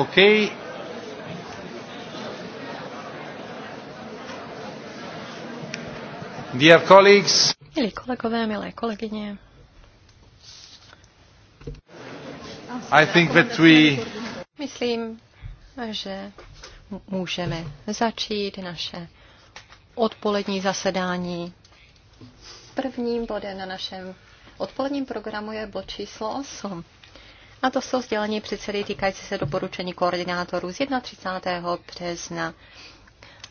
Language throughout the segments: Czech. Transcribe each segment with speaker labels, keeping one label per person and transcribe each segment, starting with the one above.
Speaker 1: OK. Dear colleagues.
Speaker 2: Milí kolegové, milé kolegyně. I think that we... Myslím, že můžeme začít naše odpolední zasedání. Prvním bodem na našem odpoledním programu je bod číslo 8. A to jsou sdělení předsedy týkající se doporučení koordinátorů z 31. března.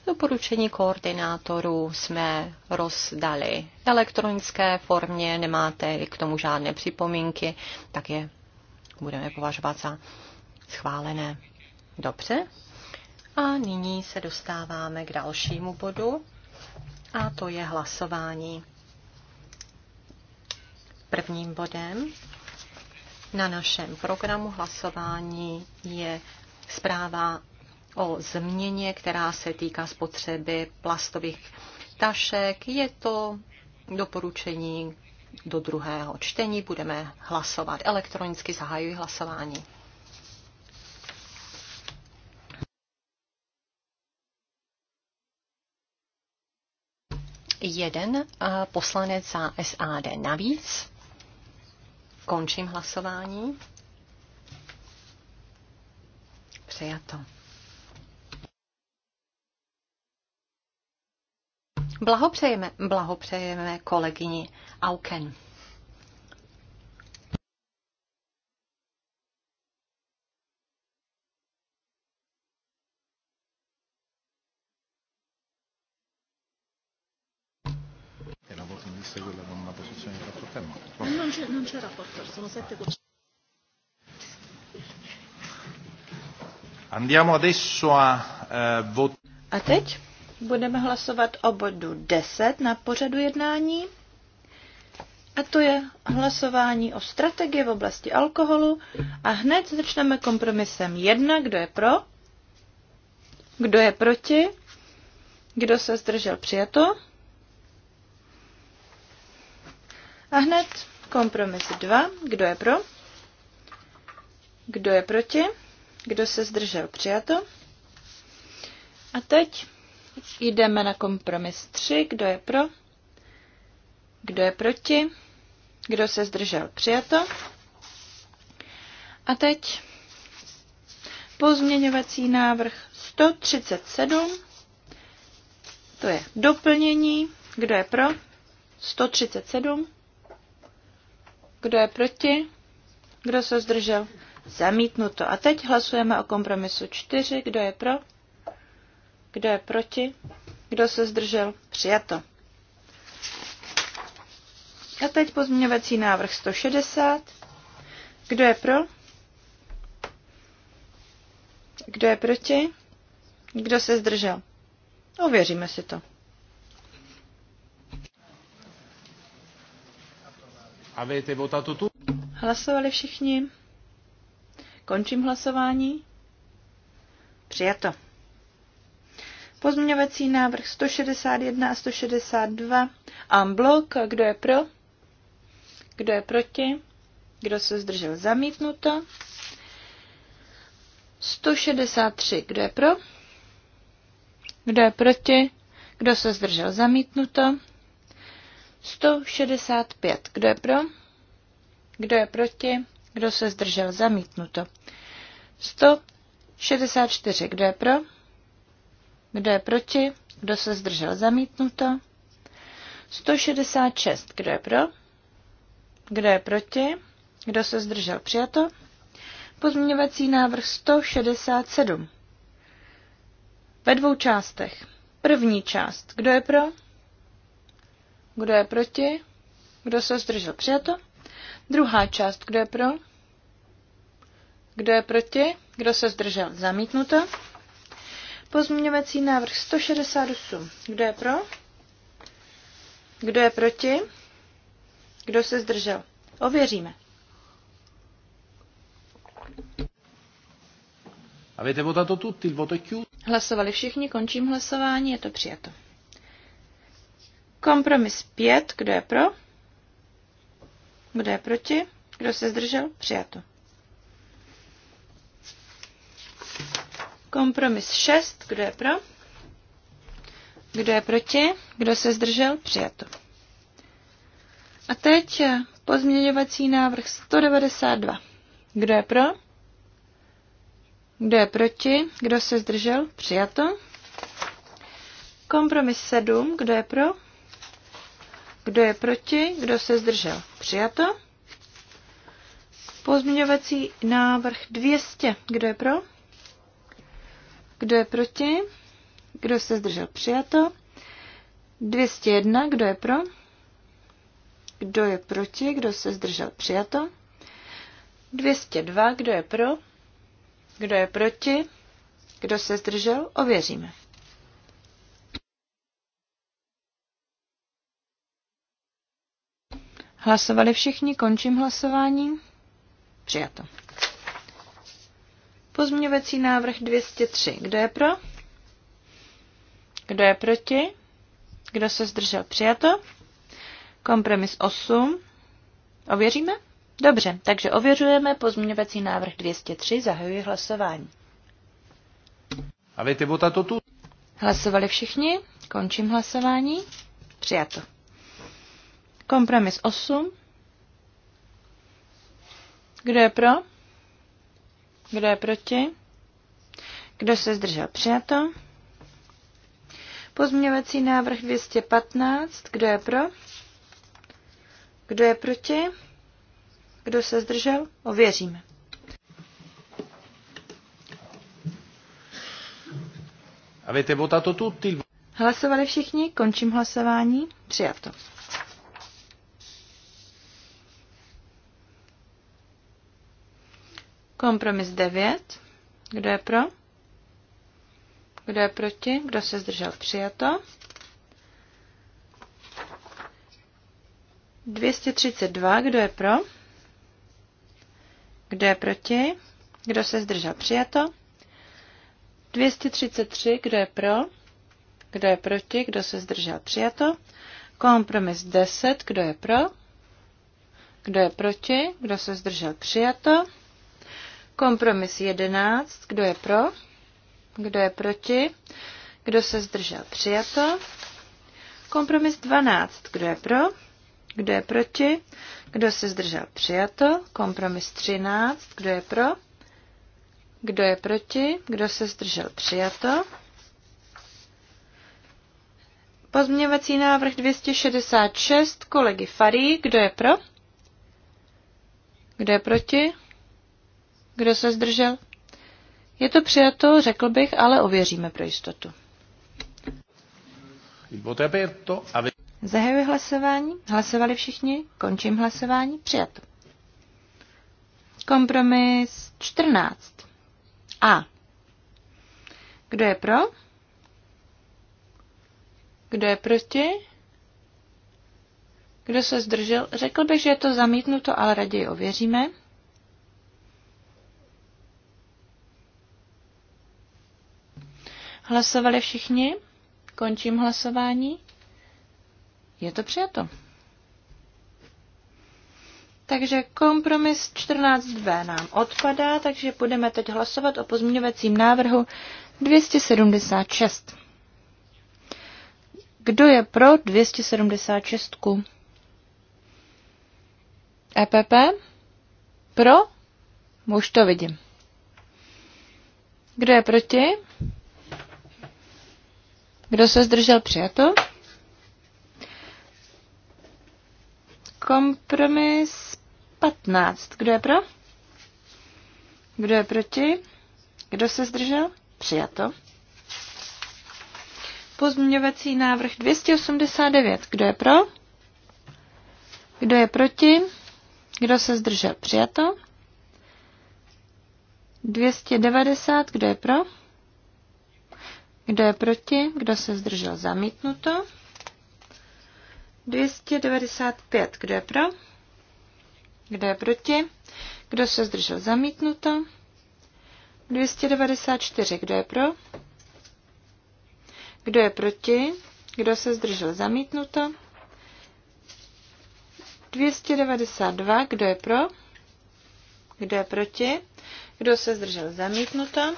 Speaker 2: Doporučení koordinátorů jsme rozdali elektronické formě, nemáte k tomu žádné připomínky, tak je budeme považovat za schválené. Dobře. A nyní se dostáváme k dalšímu bodu a to je hlasování. Prvním bodem na našem programu hlasování je zpráva o změně, která se týká spotřeby plastových tašek. Je to doporučení do druhého čtení. Budeme hlasovat elektronicky. Zahajuji hlasování. Jeden eh, poslanec za SAD navíc. Končím hlasování. Přijato. Blahopřejeme, blahopřejeme kolegyni Auken.
Speaker 3: sono sette
Speaker 1: Andiamo adesso a eh, vot...
Speaker 3: A teď budeme hlasovat o bodu 10 na pořadu jednání. A to je hlasování o strategii v oblasti alkoholu. A hned začneme kompromisem 1. Kdo je pro? Kdo je proti? Kdo se zdržel přijato? A hned Kompromis 2. Kdo je pro? Kdo je proti? Kdo se zdržel? Přijato. A teď jdeme na kompromis 3. Kdo je pro? Kdo je proti? Kdo se zdržel? Přijato. A teď pozměňovací návrh 137. To je doplnění. Kdo je pro? 137. Kdo je proti? Kdo se zdržel? Zamítnuto. A teď hlasujeme o kompromisu 4. Kdo je pro? Kdo je proti? Kdo se zdržel? Přijato. A teď pozměňovací návrh 160. Kdo je pro? Kdo je proti? Kdo se zdržel? Ověříme si to.
Speaker 1: Avete votato
Speaker 3: Hlasovali všichni. Končím hlasování. Přijato. Pozměňovací návrh 161 a 162. Amblok, kdo je pro? Kdo je proti? Kdo se zdržel zamítnuto? 163. Kdo je pro? Kdo je proti? Kdo se zdržel zamítnuto? 165. Kdo je pro? Kdo je proti? Kdo se zdržel? Zamítnuto. 164. Kdo je pro? Kdo je proti? Kdo se zdržel? Zamítnuto. 166. Kdo je pro? Kdo je proti? Kdo se zdržel? Přijato. Pozměňovací návrh 167. Ve dvou částech. První část. Kdo je pro? Kdo je proti? Kdo se zdržel? Přijato. Druhá část. Kdo je pro? Kdo je proti? Kdo se zdržel? Zamítnuto. Pozměňovací návrh 168. Kdo je pro? Kdo je proti? Kdo se zdržel? Ověříme. votato Hlasovali všichni, končím hlasování, je to přijato. Kompromis 5, kdo je pro? Kdo je proti? Kdo se zdržel? Přijato. Kompromis 6, kdo je pro? Kdo je proti? Kdo se zdržel? Přijato. A teď pozměňovací návrh 192. Kdo je pro? Kdo je proti? Kdo se zdržel? Přijato. Kompromis 7. Kdo je pro? Kdo je proti? Kdo se zdržel? Přijato. Pozměňovací návrh 200. Kdo je pro? Kdo je proti? Kdo se zdržel? Přijato. 201. Kdo je pro? Kdo je proti? Kdo se zdržel? Přijato. 202. Kdo je pro? Kdo je proti? Kdo se zdržel? Ověříme. Hlasovali všichni, končím hlasování. Přijato. Pozměňovací návrh 203. Kdo je pro? Kdo je proti? Kdo se zdržel? Přijato. Kompromis 8. Ověříme? Dobře, takže ověřujeme pozměňovací návrh 203. Zahajuji hlasování.
Speaker 1: Avete to tu?
Speaker 3: Hlasovali všichni? Končím hlasování. Přijato. Kompromis 8. Kdo je pro? Kdo je proti? Kdo se zdržel? Přijato. Pozměňovací návrh 215. Kdo je pro? Kdo je proti? Kdo se zdržel? Ověříme.
Speaker 1: Avete votato tutti?
Speaker 3: Hlasovali všichni, končím hlasování, přijato. Kompromis 9. Kdo je pro? Kdo je proti? Kdo se zdržel? Přijato. 232. Kdo je pro? Kdo je proti? Kdo se zdržel? Přijato. 233. Kdo je pro? Kdo je proti? Kdo se zdržel? Přijato. Kompromis 10. Kdo je pro? Kdo je proti? Kdo se zdržel? Přijato. Kompromis 11. Kdo je pro? Kdo je proti? Kdo se zdržel? Přijato. Kompromis 12. Kdo je pro? Kdo je proti? Kdo se zdržel? Přijato. Kompromis 13. Kdo je pro? Kdo je proti? Kdo se zdržel? Přijato. Pozměňovací návrh 266 kolegy Farí. Kdo je pro? Kdo je proti? Kdo se zdržel? Je to přijato, řekl bych, ale ověříme pro jistotu. Zahajuji hlasování. Hlasovali všichni? Končím hlasování. Přijato. Kompromis 14. A. Kdo je pro? Kdo je proti? Kdo se zdržel? Řekl bych, že je to zamítnuto, ale raději ověříme. Hlasovali všichni? Končím hlasování. Je to přijato. Takže kompromis 14b nám odpadá, takže budeme teď hlasovat o pozměňovacím návrhu 276. Kdo je pro 276? EPP? Pro? Už to vidím. Kdo je proti? Kdo se zdržel přijato? Kompromis 15. Kdo je pro? Kdo je proti? Kdo se zdržel? Přijato. Pozměňovací návrh 289. Kdo je pro? Kdo je proti? Kdo se zdržel? Přijato. 290. Kdo je pro? Kdo je proti? Kdo se zdržel? Zamítnuto. 295. Kdo je pro? Kdo je proti? Kdo se zdržel? Zamítnuto. 294. Kdo je pro? Kdo je proti? Kdo se zdržel? Zamítnuto. 292. Kdo je pro? Kdo je proti? Kdo se zdržel? Zamítnuto.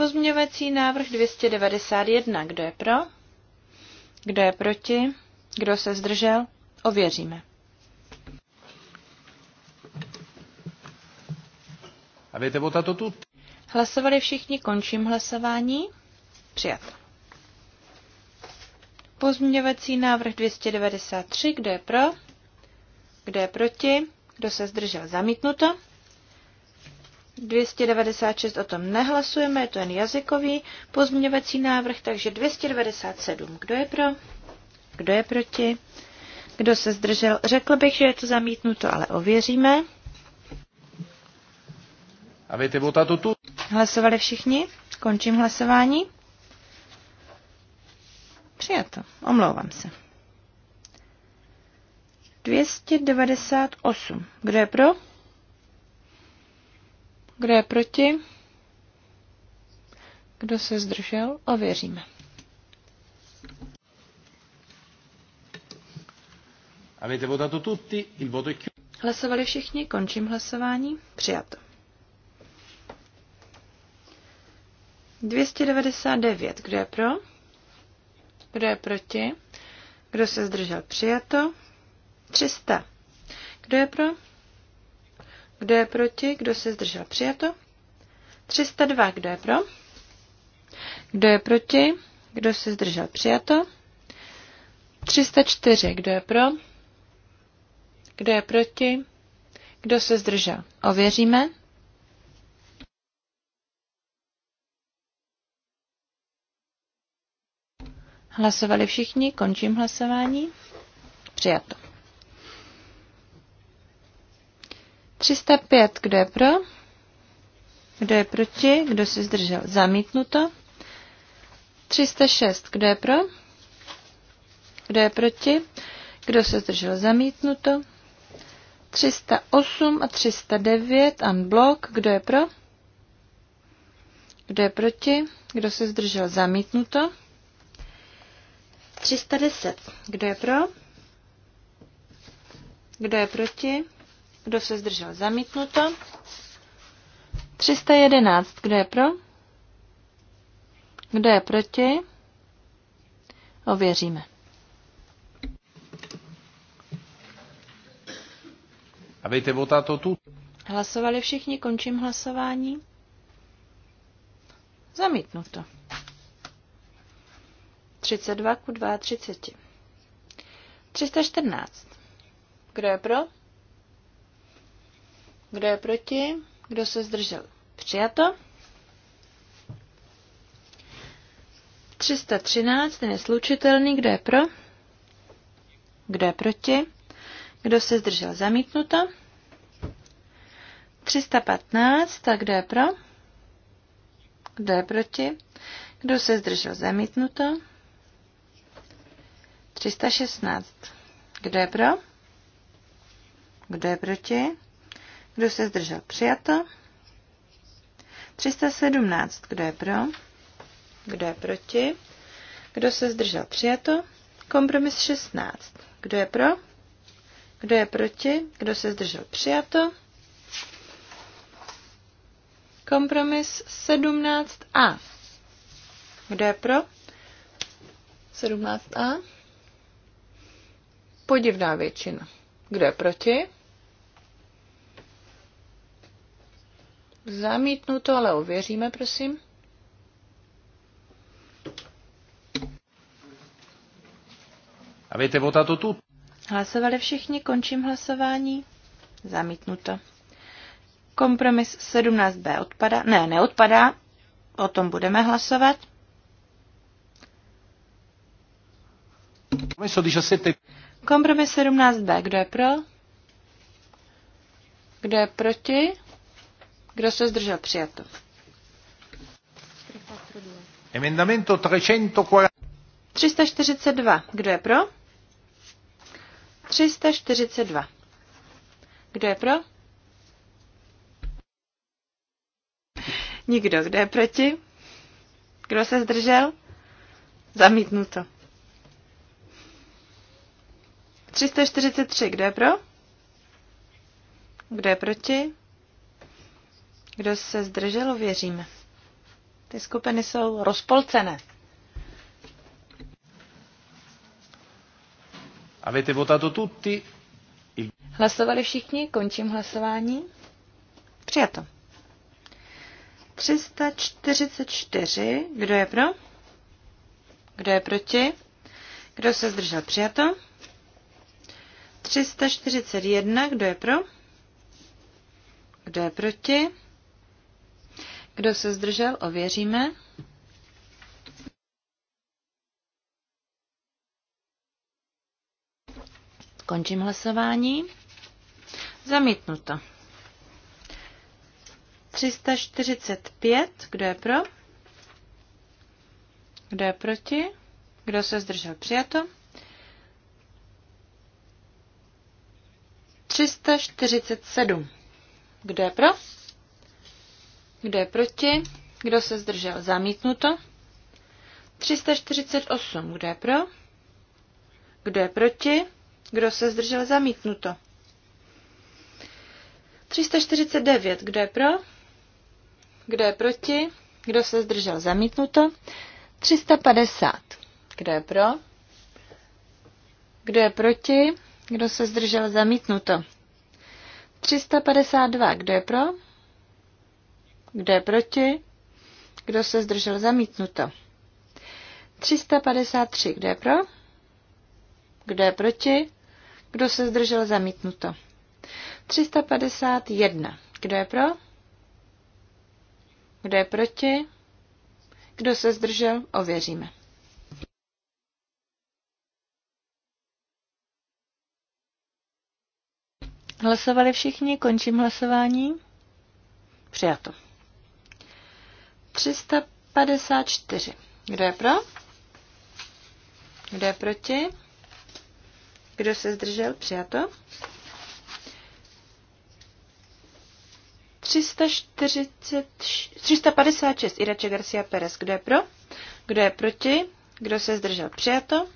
Speaker 3: Pozměňovací návrh 291. Kdo je pro? Kdo je proti? Kdo se zdržel? Ověříme.
Speaker 1: Avete tato tu?
Speaker 3: Hlasovali všichni, končím hlasování. Přijat. Pozměňovací návrh 293, kdo je pro? Kdo je proti? Kdo se zdržel? Zamítnuto. 296 o tom nehlasujeme, je to jen jazykový pozměňovací návrh, takže 297. Kdo je pro? Kdo je proti? Kdo se zdržel? Řekl bych, že je to zamítnuto, ale ověříme.
Speaker 1: A Avete votato tu?
Speaker 3: Hlasovali všichni? Končím hlasování. Přijato. Omlouvám se. 298. Kdo je pro? Kdo je proti? Kdo se zdržel? Ověříme.
Speaker 1: Avete votato tutti, il voto è chiuso.
Speaker 3: Hlasovali všichni, končím hlasování. Přijato. 299. Kdo je pro? Kdo je proti? Kdo se zdržel? Přijato. 300. Kdo je pro? Kdo je proti? Kdo se zdržel? Přijato. 302. Kdo je pro? Kdo je proti? Kdo se zdržel? Přijato. 304. Kdo je pro? Kdo je proti? Kdo se zdržel? Ověříme. Hlasovali všichni, končím hlasování. Přijato. 305, kdo je pro? Kdo je proti? Kdo se zdržel? Zamítnuto. 306, kdo je pro? Kdo je proti? Kdo se zdržel? Zamítnuto. 308 a 309 unblock. Kdo je pro? Kdo je proti? Kdo se zdržel? Zamítnuto. 310. Kdo je pro? Kdo je proti? Kdo se zdržel? Zamítnuto. 311. Kdo je pro? Kdo je proti? Ověříme.
Speaker 1: Avete votato tu?
Speaker 3: Hlasovali všichni, končím hlasování. Zamítnuto. 32 ku 32. 314. Kdo je pro? Kdo je proti? Kdo se zdržel? Přijato. 313, ten je slučitelný. Kdo je pro? Kdo je proti? Kdo se zdržel? Zamítnuto. 315, tak kdo je pro? Kdo je proti? Kdo se zdržel? Zamítnuto. 316. Kdo je pro? Kdo je proti? Kdo se zdržel? Přijato. 317. Kdo je pro? Kdo je proti? Kdo se zdržel? Přijato. Kompromis 16. Kdo je pro? Kdo je proti? Kdo se zdržel? Přijato. Kompromis 17a. Kdo je pro? 17a. Podivná většina. Kdo je proti? Zamítnuto, ale ověříme, prosím.
Speaker 1: A vota to tu?
Speaker 3: Hlasovali všichni, končím hlasování. Zamítnuto. Kompromis 17b odpada. Ne, neodpadá. O tom budeme hlasovat. Kompromis 17b. Kdo je pro? Kdo je proti? Kdo se zdržel? Přijato.
Speaker 1: Emendamento
Speaker 3: 342. Kdo je pro? 342. Kdo je pro? Nikdo. Kdo je proti? Kdo se zdržel? Zamítnuto. 343. Kdo je pro? Kdo je proti? Kdo se zdrželo, věřím. Ty skupiny jsou rozpolcené.
Speaker 1: Avete votato tutti?
Speaker 3: Hlasovali všichni, končím hlasování. Přijato. 344, kdo je pro? Kdo je proti? Kdo se zdržel? Přijato. 341, kdo je pro? Kdo je proti? Kdo se zdržel, ověříme. Končím hlasování. Zamítnuto. 345. Kdo je pro? Kdo je proti? Kdo se zdržel? Přijato. 347. Kdo je pro? Kdo je proti? Kdo se zdržel? Zamítnuto. 348. Kdo je pro? Kdo je proti? Kdo se zdržel? Zamítnuto. 349. Kdo je pro? Kdo je proti? Kdo se zdržel? Zamítnuto. 350. Kdo je pro? Kdo je proti? Kdo se zdržel? Zamítnuto. 352. Kdo je pro? Kdo je proti? Kdo se zdržel? Zamítnuto. 353. Kdo je pro? Kdo je proti? Kdo se zdržel? Zamítnuto. 351. Kdo je pro? Kdo je proti? Kdo se zdržel? Ověříme. Hlasovali všichni, končím hlasování. Přijato. 354. Kdo je pro? Kdo je proti? Kdo se zdržel? Přijato. 346. Irače Garcia Perez. Kdo je pro? Kdo je proti? Kdo se zdržel? Přijato.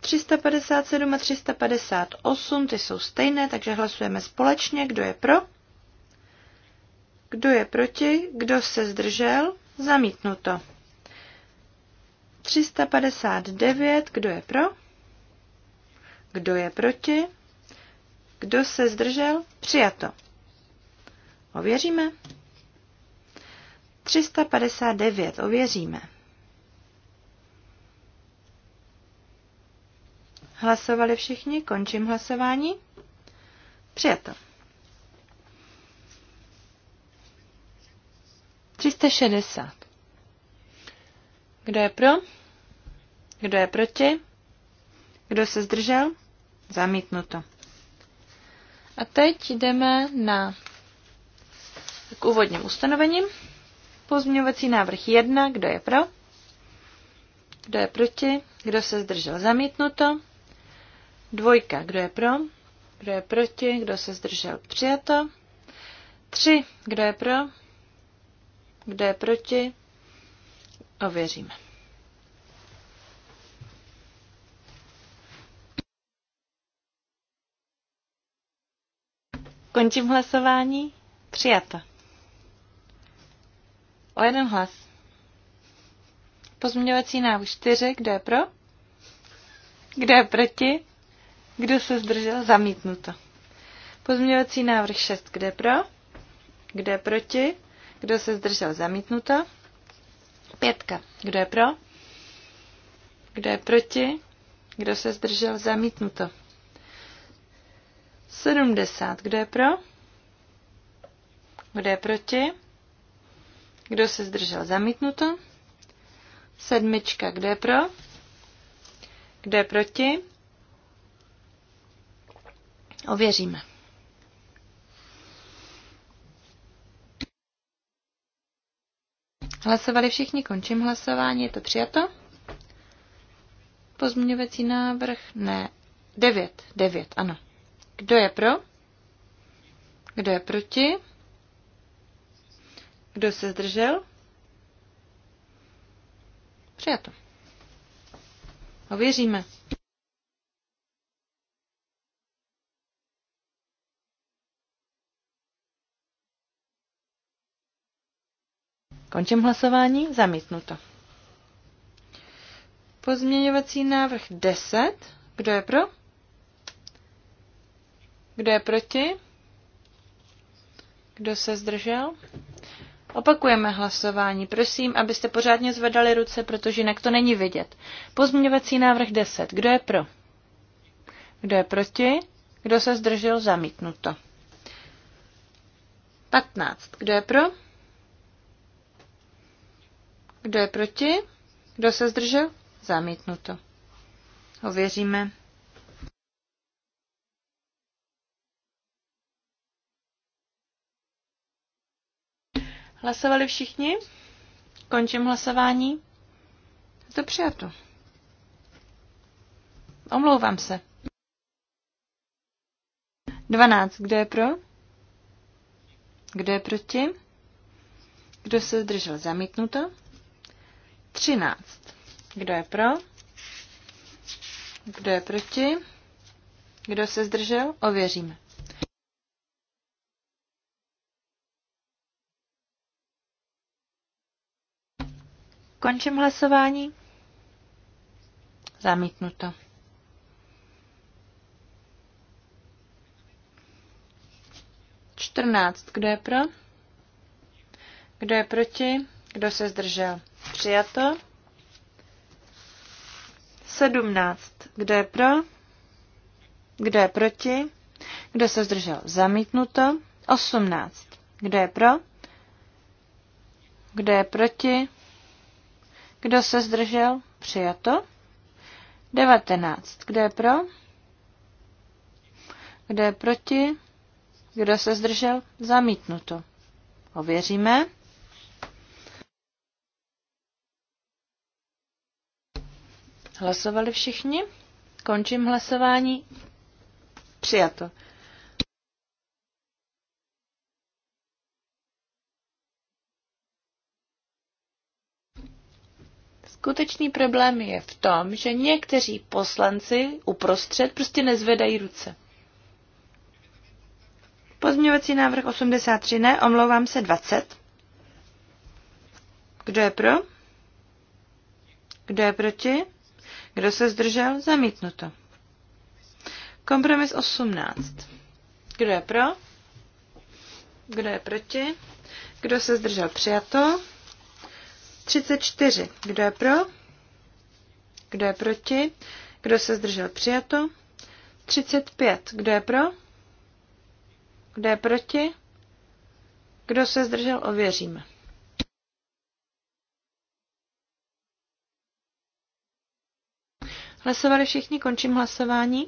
Speaker 3: 357 a 358, ty jsou stejné, takže hlasujeme společně. Kdo je pro? Kdo je proti? Kdo se zdržel? Zamítnuto. 359. Kdo je pro? Kdo je proti? Kdo se zdržel? Přijato. Ověříme. 359. Ověříme. Hlasovali všichni? Končím hlasování. Přijato. 360. Kdo je pro? Kdo je proti? Kdo se zdržel? Zamítnuto. A teď jdeme na k úvodním ustanovením. Pozměňovací návrh 1. Kdo je pro? Kdo je proti? Kdo se zdržel? Zamítnuto. Dvojka. Kdo je pro? Kdo je proti? Kdo se zdržel? Přijato. Tři. Kdo je pro? Kdo je proti? Ověříme. Končím hlasování. Přijata. O jeden hlas. Pozměňovací návrh čtyři. Kdo je pro? Kdo je proti? Kdo se zdržel? Zamítnuto. Pozměňovací návrh šest. Kdo je pro? Kdo je proti? Kdo se zdržel? Zamítnuto. Pětka. Kdo je pro? Kdo je proti? Kdo se zdržel? Zamítnuto. 70. Kdo je pro? Kdo je proti? Kdo se zdržel? Zamítnuto. Sedmička. Kdo je pro? Kdo je proti? Ověříme. Hlasovali všichni, končím hlasování, je to přijato? Pozměňovací návrh? Ne. Devět. Devět. ano. Kdo je pro? Kdo je proti? Kdo se zdržel? Přijato. Ověříme. Končím hlasování. Zamítnuto. Pozměňovací návrh 10. Kdo je pro? Kdo je proti? Kdo se zdržel? Opakujeme hlasování. Prosím, abyste pořádně zvedali ruce, protože jinak to není vidět. Pozměňovací návrh 10. Kdo je pro? Kdo je proti? Kdo se zdržel? Zamítnuto. 15. Kdo je pro? Kdo je proti? Kdo se zdržel? Zamítnuto. Ověříme. Hlasovali všichni? Končím hlasování. to přijato. Omlouvám se. 12. Kdo je pro? Kdo je proti? Kdo se zdržel? Zamítnuto. 13. Kdo je pro? Kdo je proti? Kdo se zdržel? Ověříme. Končím hlasování. Zamítnuto. Čtrnáct. Kdo je pro? Kdo je proti? Kdo se zdržel? Přijato. 17. Kdo je pro? Kdo je proti? Kdo se zdržel? Zamítnuto. 18. Kdo je pro? Kdo je proti? Kdo se zdržel? Přijato. 19. Kdo je pro? Kdo je proti? Kdo se zdržel? Zamítnuto. Ověříme. Hlasovali všichni? Končím hlasování. Přijato. Skutečný problém je v tom, že někteří poslanci uprostřed prostě nezvedají ruce. Pozměňovací návrh 83 ne, omlouvám se 20. Kdo je pro? Kdo je proti? Kdo se zdržel? Zamítnuto. Kompromis 18. Kdo je pro? Kdo je proti? Kdo se zdržel? Přijato. 34. Kdo je pro? Kdo je proti? Kdo se zdržel? Přijato. 35. Kdo je pro? Kdo je proti? Kdo se zdržel? Ověříme. Hlasovali všichni, končím hlasování.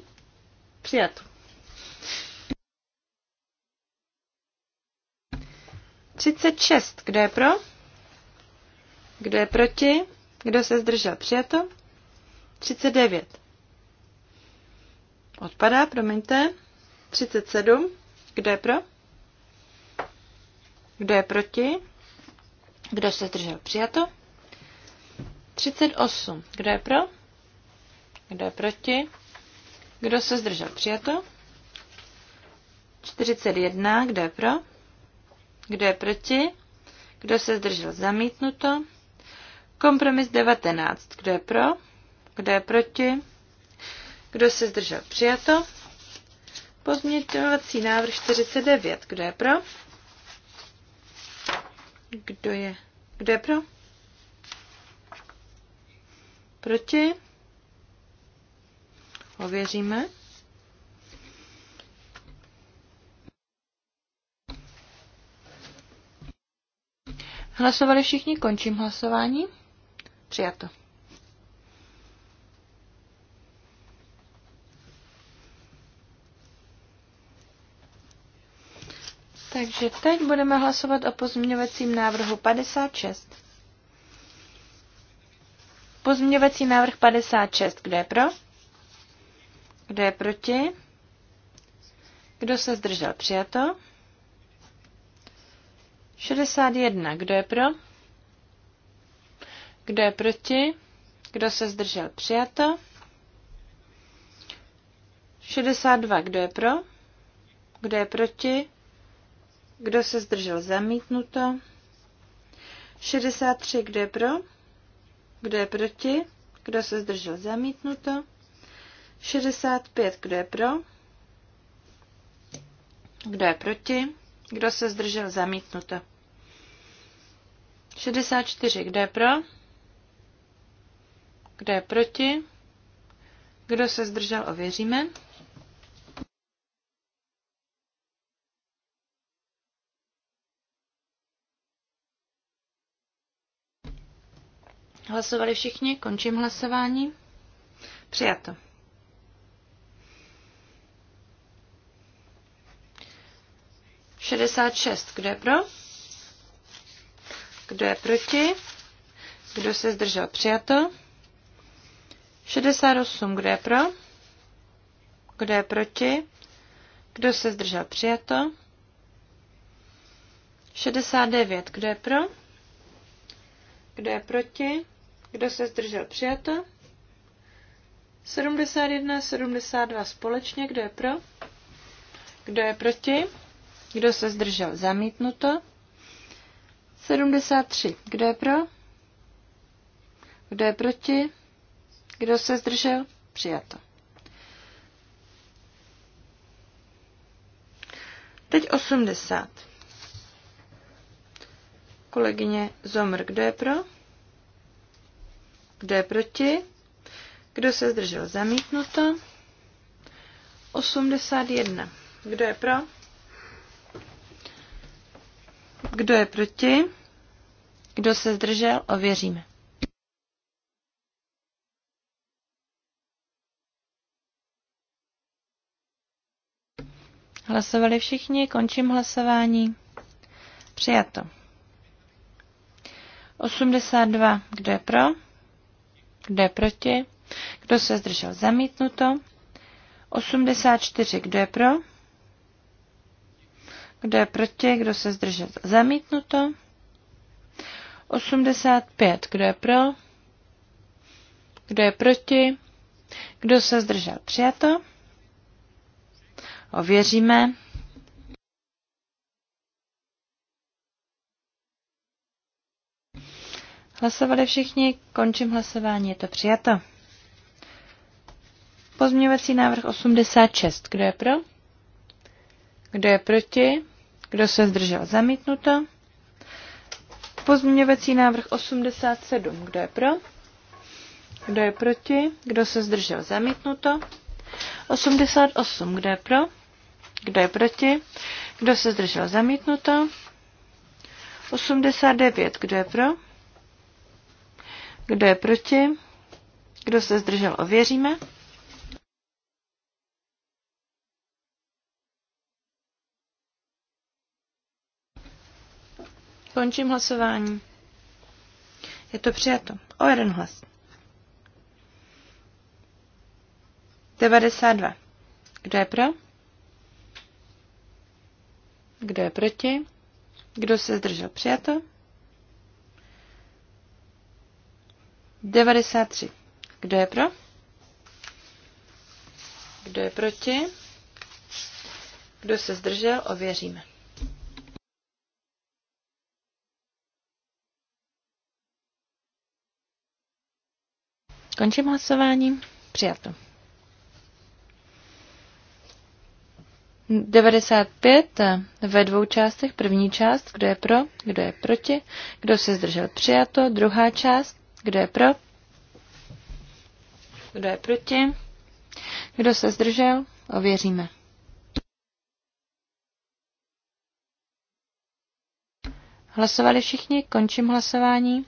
Speaker 3: Přijat. 36. Kdo je pro? Kdo je proti? Kdo se zdržel? Přijato. 39. Odpadá, promiňte. 37. Kdo je pro? Kdo je proti? Kdo se zdržel? Přijato. 38. Kdo je pro? Kdo je proti? Kdo se zdržel? Přijato. 41. Kdo je pro? Kdo je proti? Kdo se zdržel? Zamítnuto. Kompromis 19. Kdo je pro? Kdo je proti? Kdo se zdržel? Přijato. Pozměňovací návrh 49. Kdo je pro? Kdo je? Kdo je pro? Proti? Ověříme. Hlasovali všichni, končím hlasování. Přijato. Takže teď budeme hlasovat o pozměňovacím návrhu 56. Pozměňovací návrh 56. Kdo je pro? Kdo je proti? Kdo se zdržel? Přijato. 61. Kdo je pro? Kdo je proti? Kdo se zdržel? Přijato. 62. Kdo je pro? Kdo je proti? Kdo se zdržel? Zamítnuto. 63. Kdo je pro? Kdo je proti? Kdo se zdržel? Zamítnuto. 65, kdo je pro? Kdo je proti? Kdo se zdržel? Zamítnuto. 64, kdo je pro? Kdo je proti? Kdo se zdržel? Ověříme. Hlasovali všichni, končím hlasování. Přijato. 66. Kdo je pro? Kdo je proti? Kdo se zdržel? Přijato. 68. Kdo je pro? Kdo je proti? Kdo se zdržel? Přijato. 69. Kdo je pro? Kdo je proti? Kdo se zdržel? Přijato. 71, 72 společně. Kdo je pro? Kdo je proti? Kdo se zdržel? Zamítnuto. 73. Kdo je pro? Kdo je proti? Kdo se zdržel? Přijato. Teď 80. Kolegyně Zomr, kdo je pro? Kdo je proti? Kdo se zdržel? Zamítnuto. 81. Kdo je pro? Kdo je proti? Kdo se zdržel? Ověříme. Hlasovali všichni, končím hlasování. Přijato. 82. Kdo je pro? Kdo je proti? Kdo se zdržel? Zamítnuto. 84. Kdo je pro? Kdo je proti? Kdo se zdržel? Zamítnuto. 85. Kdo je pro? Kdo je proti? Kdo se zdržel? Přijato. Ověříme. Hlasovali všichni, končím hlasování, je to přijato. Pozměňovací návrh 86. Kdo je pro? Kdo je proti? Kdo se zdržel? Zamítnuto. Pozměňovací návrh 87. Kdo je pro? Kdo je proti? Kdo se zdržel? Zamítnuto. 88. Kdo je pro? Kdo je proti? Kdo se zdržel? Zamítnuto. 89. Kdo je pro? Kdo je proti? Kdo se zdržel? Ověříme. Končím hlasování. Je to přijato. O jeden hlas. 92. Kdo je pro? Kdo je proti? Kdo se zdržel? Přijato. 93. Kdo je pro? Kdo je proti? Kdo se zdržel? Ověříme. Končím hlasování. Přijato. 95 ve dvou částech. První část, kdo je pro, kdo je proti, kdo se zdržel přijato. Druhá část, kdo je pro, kdo je proti, kdo se zdržel, ověříme. Hlasovali všichni, končím hlasování.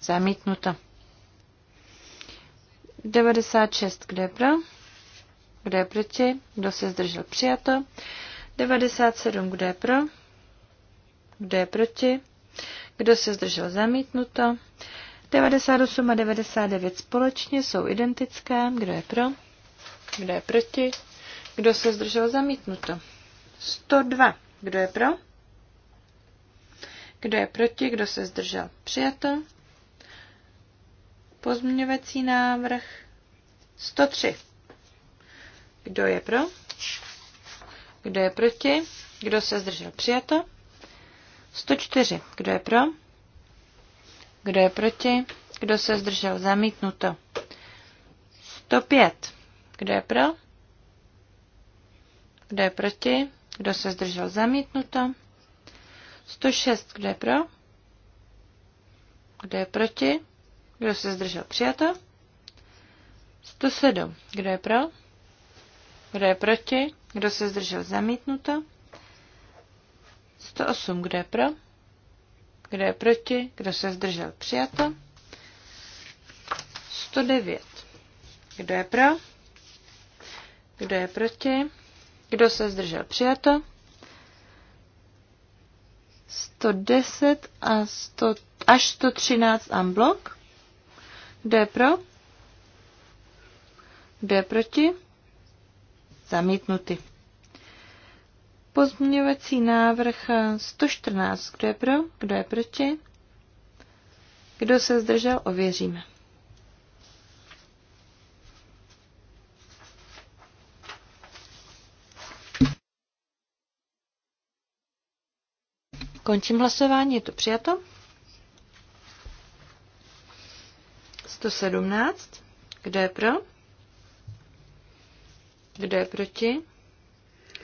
Speaker 3: Zamítnuto. 96, kdo je pro? Kdo je proti? Kdo se zdržel? Přijato. 97, kdo je pro? Kdo je proti? Kdo se zdržel? Zamítnuto. 98 a 99 společně jsou identické. Kdo je pro? Kdo je proti? Kdo se zdržel? Zamítnuto. 102. Kdo je pro? Kdo je proti? Kdo se zdržel? Přijato. Pozměňovací návrh 103. Kdo je pro? Kdo je proti? Kdo se zdržel? Přijato. 104. Kdo je pro? Kdo je proti? Kdo se zdržel? Zamítnuto. 105. Kdo je pro? Kdo je proti? Kdo se zdržel? Zamítnuto. 106. Kdo je pro? Kdo je proti? Kdo se zdržel? Přijato. 107. Kdo je pro? Kdo je proti? Kdo se zdržel? Zamítnuto. 108. Kdo je pro? Kdo je proti? Kdo se zdržel? Přijato. 109. Kdo je pro? Kdo je proti? Kdo se zdržel? Přijato. 110 a 100, až 113 unblock. D pro? Kdo proti? Zamítnuty. Pozměňovací návrh 114. Kdo je pro? Kdo je proti? Kdo se zdržel? Ověříme. Končím hlasování, je to přijato. 117. Kdo je pro? Kdo je proti?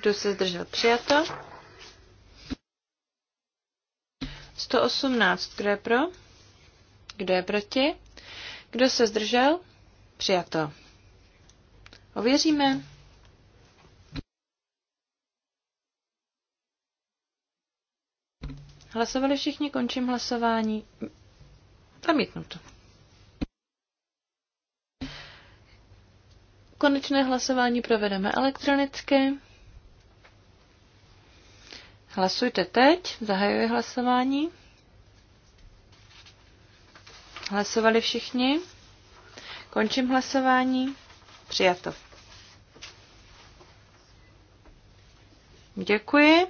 Speaker 3: Kdo se zdržel? Přijato. 118. Kdo je pro? Kdo je proti? Kdo se zdržel? Přijato. Ověříme. Hlasovali všichni, končím hlasování. Zamítnuto. Konečné hlasování provedeme elektronicky. Hlasujte teď. Zahajuji hlasování. Hlasovali všichni. Končím hlasování. Přijato. Děkuji.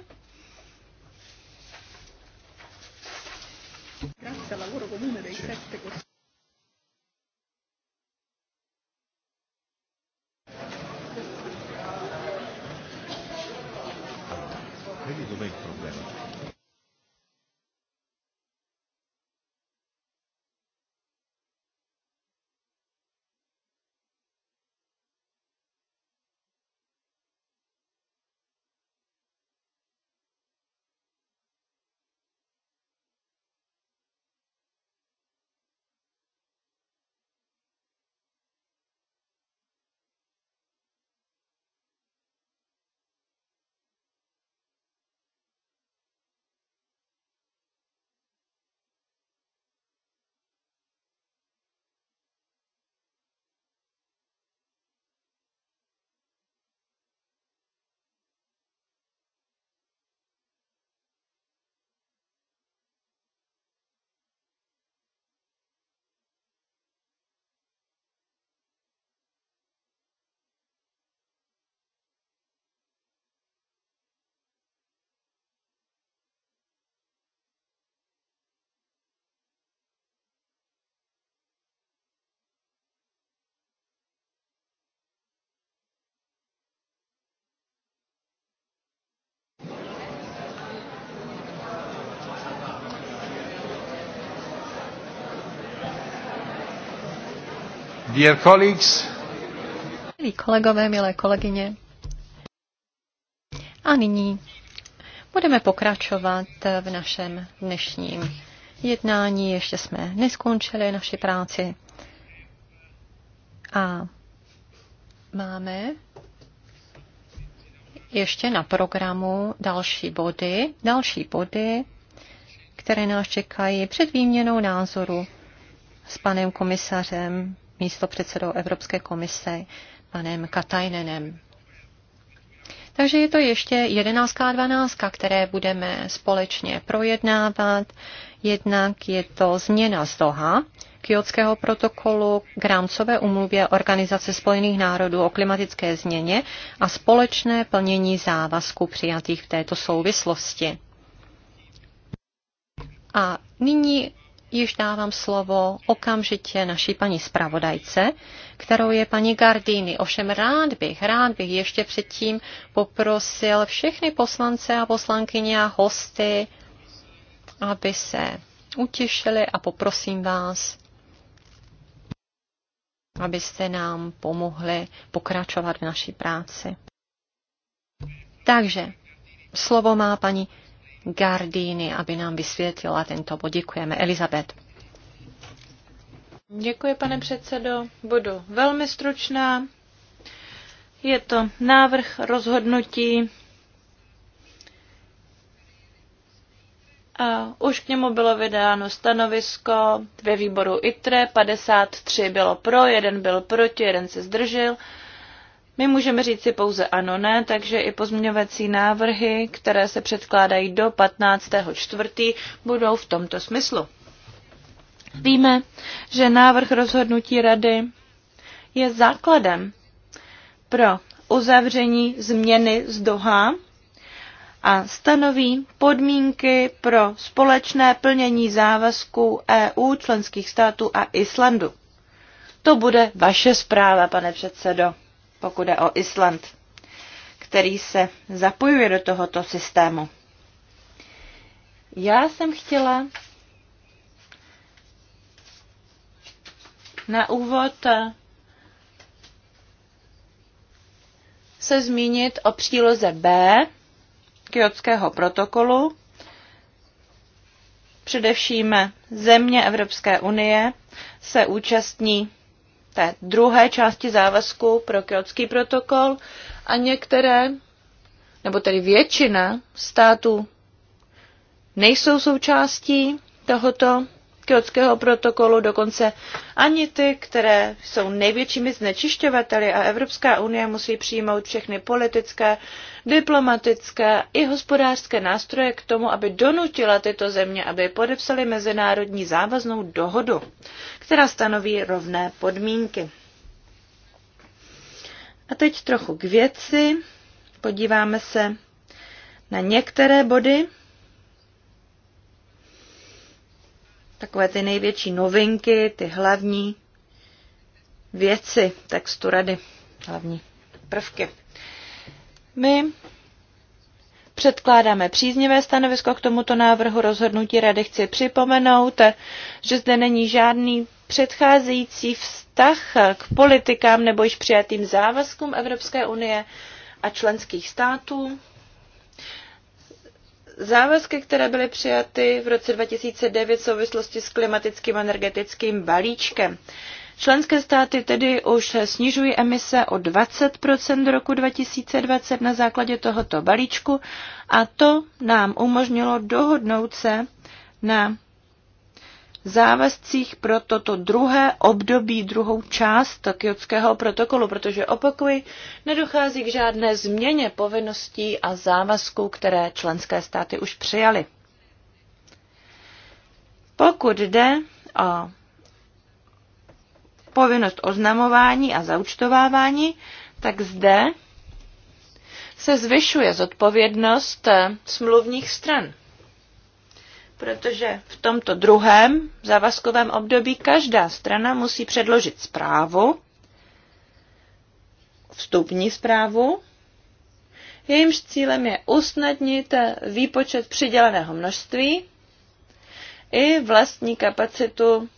Speaker 1: Dear colleagues.
Speaker 2: Milí kolegové, milé kolegyně. A nyní budeme pokračovat v našem dnešním jednání. Ještě jsme neskončili naši práci. A máme ještě na programu další body, další body, které nás čekají před výměnou názoru s panem komisařem místopředsedou Evropské komise panem Katajnenem. Takže je to ještě jedenáctka a dvanáctka, které budeme společně projednávat. Jednak je to změna z Doha, Kyotského protokolu k rámcové umluvě Organizace spojených národů o klimatické změně a společné plnění závazků přijatých v této souvislosti. A nyní již dávám slovo okamžitě naší paní zpravodajce, kterou je paní Gardini. Ovšem rád bych, rád bych ještě předtím poprosil všechny poslance a poslankyně a hosty, aby se utěšili a poprosím vás, abyste nám pomohli pokračovat v naší práci. Takže slovo má paní Gardini, aby nám vysvětlila tento bod. Děkujeme. Elizabeth.
Speaker 3: Děkuji, pane předsedo. Budu velmi stručná. Je to návrh rozhodnutí A už k němu bylo vydáno stanovisko ve výboru ITRE, 53 bylo pro, jeden byl proti, jeden se zdržel. My můžeme říct si pouze ano, ne, takže i pozměňovací návrhy, které se předkládají do 15. čtvrtý, budou v tomto smyslu. Víme, že návrh rozhodnutí rady je základem pro uzavření změny z Doha a stanoví podmínky pro společné plnění závazků EU, členských států a Islandu. To bude vaše zpráva, pane předsedo pokud je o Island, který se zapojuje do tohoto systému. Já jsem chtěla na úvod se zmínit o příloze B Kyotského protokolu, především země Evropské unie se účastní té druhé části závazku pro Kyotský protokol a některé, nebo tedy většina států nejsou součástí tohoto Kyotského protokolu, dokonce ani ty, které jsou největšími znečišťovateli a Evropská unie musí přijmout všechny politické, diplomatické i hospodářské nástroje k tomu, aby donutila tyto země, aby podepsali mezinárodní závaznou dohodu, která stanoví rovné podmínky. A teď trochu k věci. Podíváme se na některé body, takové ty největší novinky, ty hlavní věci textu rady, hlavní prvky. My Předkládáme příznivé stanovisko k tomuto návrhu rozhodnutí rady. Chci připomenout, že zde není žádný předcházející vztah k politikám nebo již přijatým závazkům Evropské unie a členských států závazky, které byly přijaty v roce 2009 v souvislosti s klimatickým energetickým balíčkem. Členské státy tedy už snižují emise o 20 do roku 2020 na základě tohoto balíčku a to nám umožnilo dohodnout se na závazcích pro toto druhé období, druhou část Kyotského protokolu, protože opakuji, nedochází k žádné změně povinností a závazků, které členské státy už přijaly. Pokud jde o povinnost oznamování a zaučtovávání, tak zde se zvyšuje zodpovědnost smluvních stran protože v tomto druhém závazkovém období každá strana musí předložit zprávu, vstupní zprávu, jejímž cílem je usnadnit výpočet přiděleného množství i vlastní kapacitu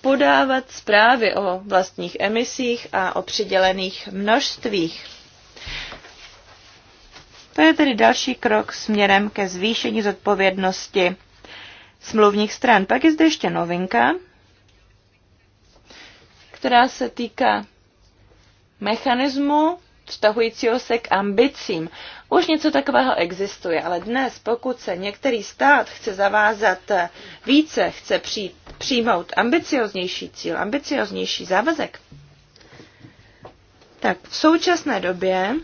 Speaker 3: podávat zprávy o vlastních emisích a o přidělených množstvích. To je tedy další krok směrem ke zvýšení zodpovědnosti smluvních stran. Pak je zde ještě novinka, která se týká mechanismu vztahujícího se k ambicím. Už něco takového existuje, ale dnes, pokud se některý stát chce zavázat více, chce přijít, přijmout ambicioznější cíl, ambicioznější závazek, tak v současné době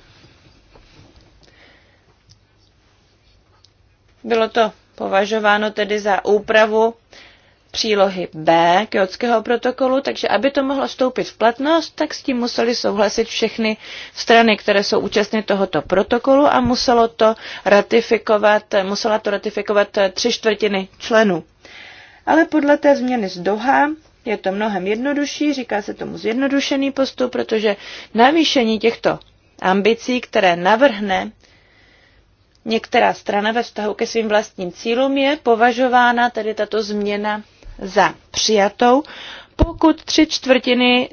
Speaker 3: Bylo to považováno tedy za úpravu přílohy B Kyotského protokolu, takže aby to mohlo stoupit v platnost, tak s tím museli souhlasit všechny strany, které jsou účastny tohoto protokolu a muselo to ratifikovat, musela to ratifikovat tři čtvrtiny členů. Ale podle té změny z Doha je to mnohem jednodušší, říká se tomu zjednodušený postup, protože navýšení těchto ambicí, které navrhne některá strana ve vztahu ke svým vlastním cílům, je považována tedy tato změna za přijatou, pokud tři čtvrtiny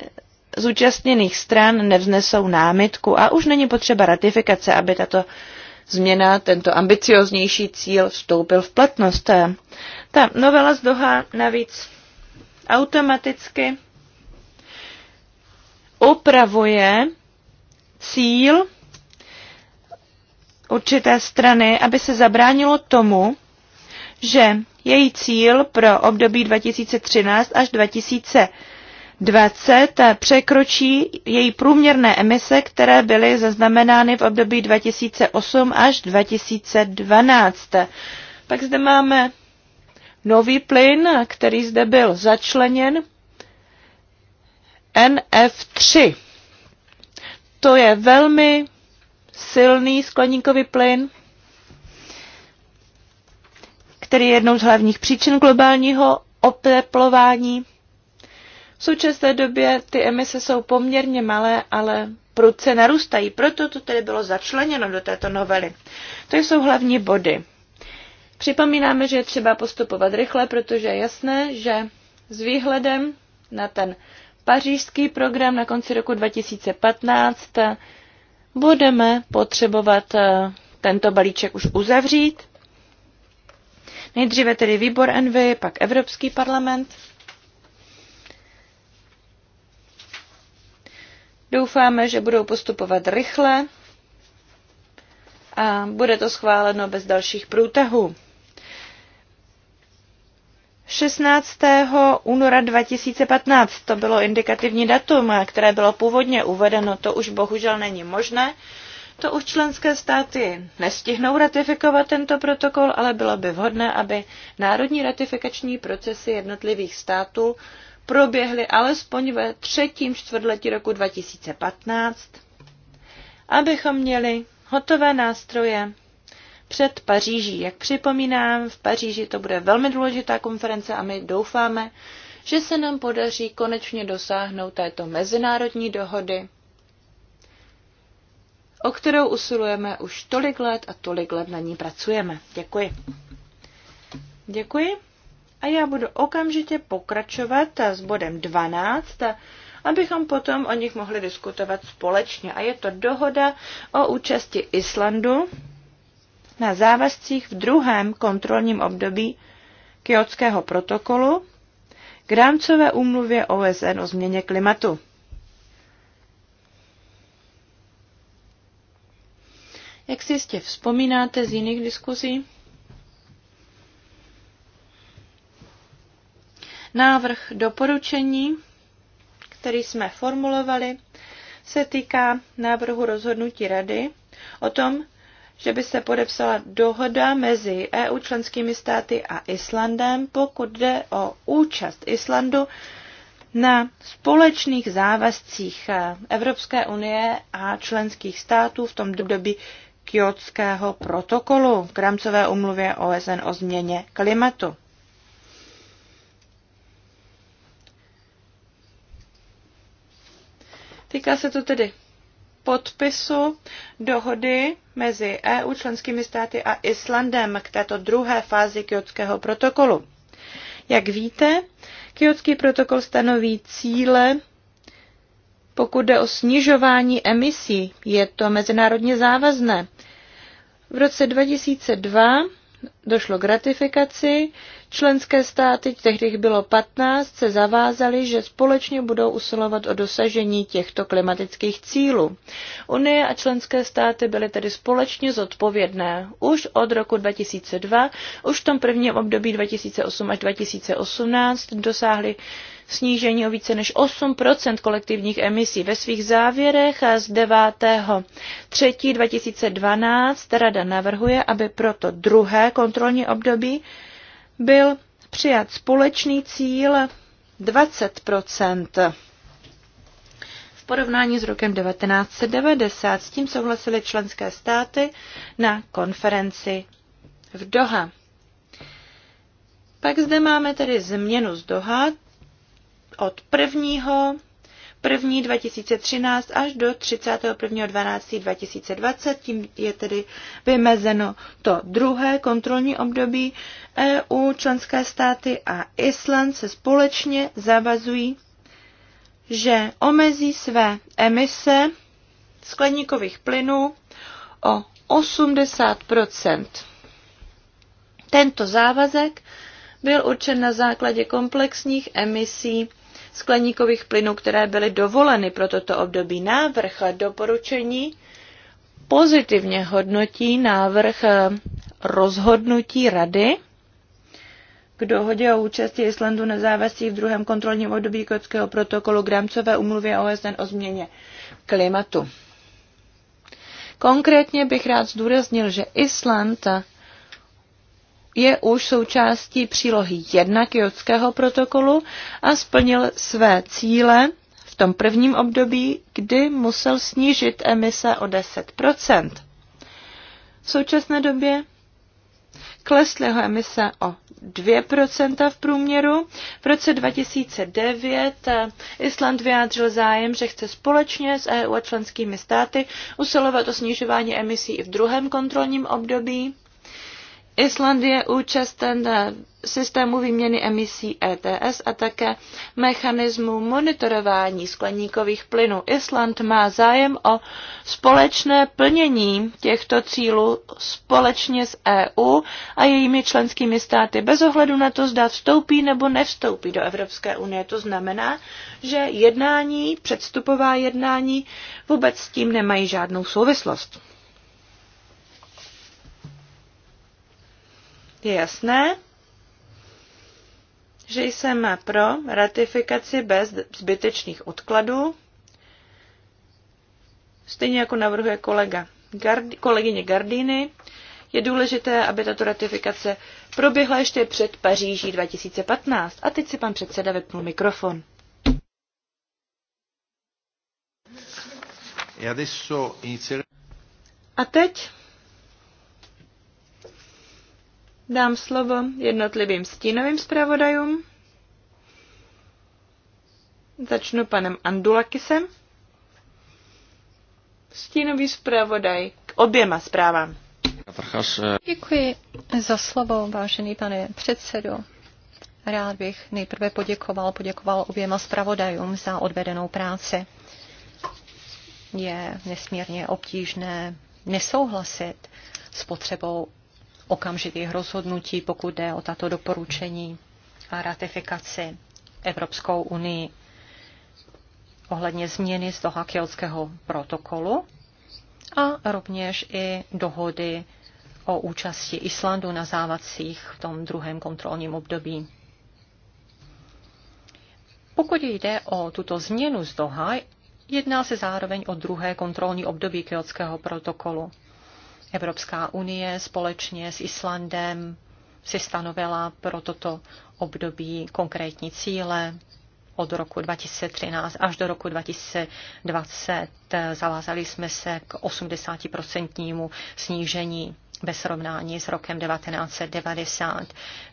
Speaker 3: zúčastněných stran nevznesou námitku a už není potřeba ratifikace, aby tato změna, tento ambicioznější cíl vstoupil v platnost. Ta novela z Doha navíc automaticky upravuje cíl určité strany, aby se zabránilo tomu, že její cíl pro období 2013 až 2020 překročí její průměrné emise, které byly zaznamenány v období 2008 až 2012. Pak zde máme nový plyn, který zde byl začleněn, NF3. To je velmi silný skleníkový plyn, který je jednou z hlavních příčin globálního oteplování. V současné době ty emise jsou poměrně malé, ale prudce narůstají. Proto to tedy bylo začleněno do této novely. To jsou hlavní body. Připomínáme, že je třeba postupovat rychle, protože je jasné, že s výhledem na ten pařížský program na konci roku 2015 budeme potřebovat eh, tento balíček už uzavřít. Nejdříve tedy výbor NV, pak Evropský parlament. Doufáme, že budou postupovat rychle a bude to schváleno bez dalších průtahů. 16. února 2015, to bylo indikativní datum, které bylo původně uvedeno, to už bohužel není možné. To už členské státy nestihnou ratifikovat tento protokol, ale bylo by vhodné, aby národní ratifikační procesy jednotlivých států proběhly alespoň ve třetím čtvrtletí roku 2015, abychom měli hotové nástroje před Paříží. Jak připomínám, v Paříži to bude velmi důležitá konference a my doufáme, že se nám podaří konečně dosáhnout této mezinárodní dohody, o kterou usilujeme už tolik let a tolik let na ní pracujeme. Děkuji. Děkuji. A já budu okamžitě pokračovat s bodem 12, abychom potom o nich mohli diskutovat společně. A je to dohoda o účasti Islandu na závazcích v druhém kontrolním období Kyotského protokolu k rámcové úmluvě OSN o změně klimatu. Jak si jistě vzpomínáte z jiných diskuzí, návrh doporučení, který jsme formulovali, se týká návrhu rozhodnutí Rady o tom, že by se podepsala dohoda mezi EU členskými státy a Islandem, pokud jde o účast Islandu na společných závazcích Evropské unie a členských států v tom době Kyotského protokolu k rámcové umluvě OSN o změně klimatu. Týká se to tedy podpisu dohody mezi EU, členskými státy a Islandem k této druhé fázi Kyotského protokolu. Jak víte, Kyotský protokol stanoví cíle, pokud jde o snižování emisí. Je to mezinárodně závazné. V roce 2002 došlo k ratifikaci Členské státy, tehdy bylo 15, se zavázaly, že společně budou usilovat o dosažení těchto klimatických cílů. Unie a členské státy byly tedy společně zodpovědné už od roku 2002, už v tom prvním období 2008 až 2018 dosáhly snížení o více než 8 kolektivních emisí. Ve svých závěrech z 9. 3. 2012 rada navrhuje, aby proto druhé kontrolní období byl přijat společný cíl 20 v porovnání s rokem 1990. S tím souhlasily členské státy na konferenci v Doha. Pak zde máme tedy změnu z Doha od 1 první 2013 až do 31. 12. 2020. Tím je tedy vymezeno to druhé kontrolní období. EU, členské státy a Island se společně zavazují, že omezí své emise skleníkových plynů o 80 Tento závazek byl určen na základě komplexních emisí skleníkových plynů, které byly dovoleny pro toto období. Návrh doporučení pozitivně hodnotí návrh eh, rozhodnutí rady k dohodě o účasti Islandu na v druhém kontrolním období Kotského protokolu k rámcové umluvě OSN o změně klimatu. Konkrétně bych rád zdůraznil, že Island je už součástí přílohy 1 Kyotského protokolu a splnil své cíle v tom prvním období, kdy musel snížit emise o 10 V současné době klesly jeho emise o 2% v průměru. V roce 2009 eh, Island vyjádřil zájem, že chce společně s EU a členskými státy usilovat o snižování emisí i v druhém kontrolním období Island je účasten na systému výměny emisí ETS a také mechanismu monitorování skleníkových plynů. Island má zájem o společné plnění těchto cílů společně s EU a jejími členskými státy bez ohledu na to, zda vstoupí nebo nevstoupí do Evropské unie. To znamená, že jednání, předstupová jednání vůbec s tím nemají žádnou souvislost. Je jasné, že jsem pro ratifikaci bez zbytečných odkladů, stejně jako navrhuje kolega, Gard, kolegyně Gardiny. Je důležité, aby tato ratifikace proběhla ještě před Paříží 2015. A teď si pan předseda vypnul mikrofon. E A teď dám slovo jednotlivým stínovým zpravodajům. Začnu panem Andulakisem. Stínový zpravodaj k oběma zprávám.
Speaker 2: Děkuji za slovo, vážený pane předsedo. Rád bych nejprve poděkoval, poděkoval oběma zpravodajům za odvedenou práci. Je nesmírně obtížné nesouhlasit s potřebou okamžitých rozhodnutí, pokud jde o tato doporučení a ratifikaci Evropskou unii ohledně změny z toho protokolu a rovněž i dohody o účasti Islandu na závacích v tom druhém kontrolním období. Pokud jde o tuto změnu z Doha, jedná se zároveň o druhé kontrolní období Kyotského protokolu. Evropská unie společně s Islandem si stanovila pro toto období konkrétní cíle od roku 2013 až do roku 2020. Zavázali jsme se k 80% snížení ve srovnání s rokem 1990.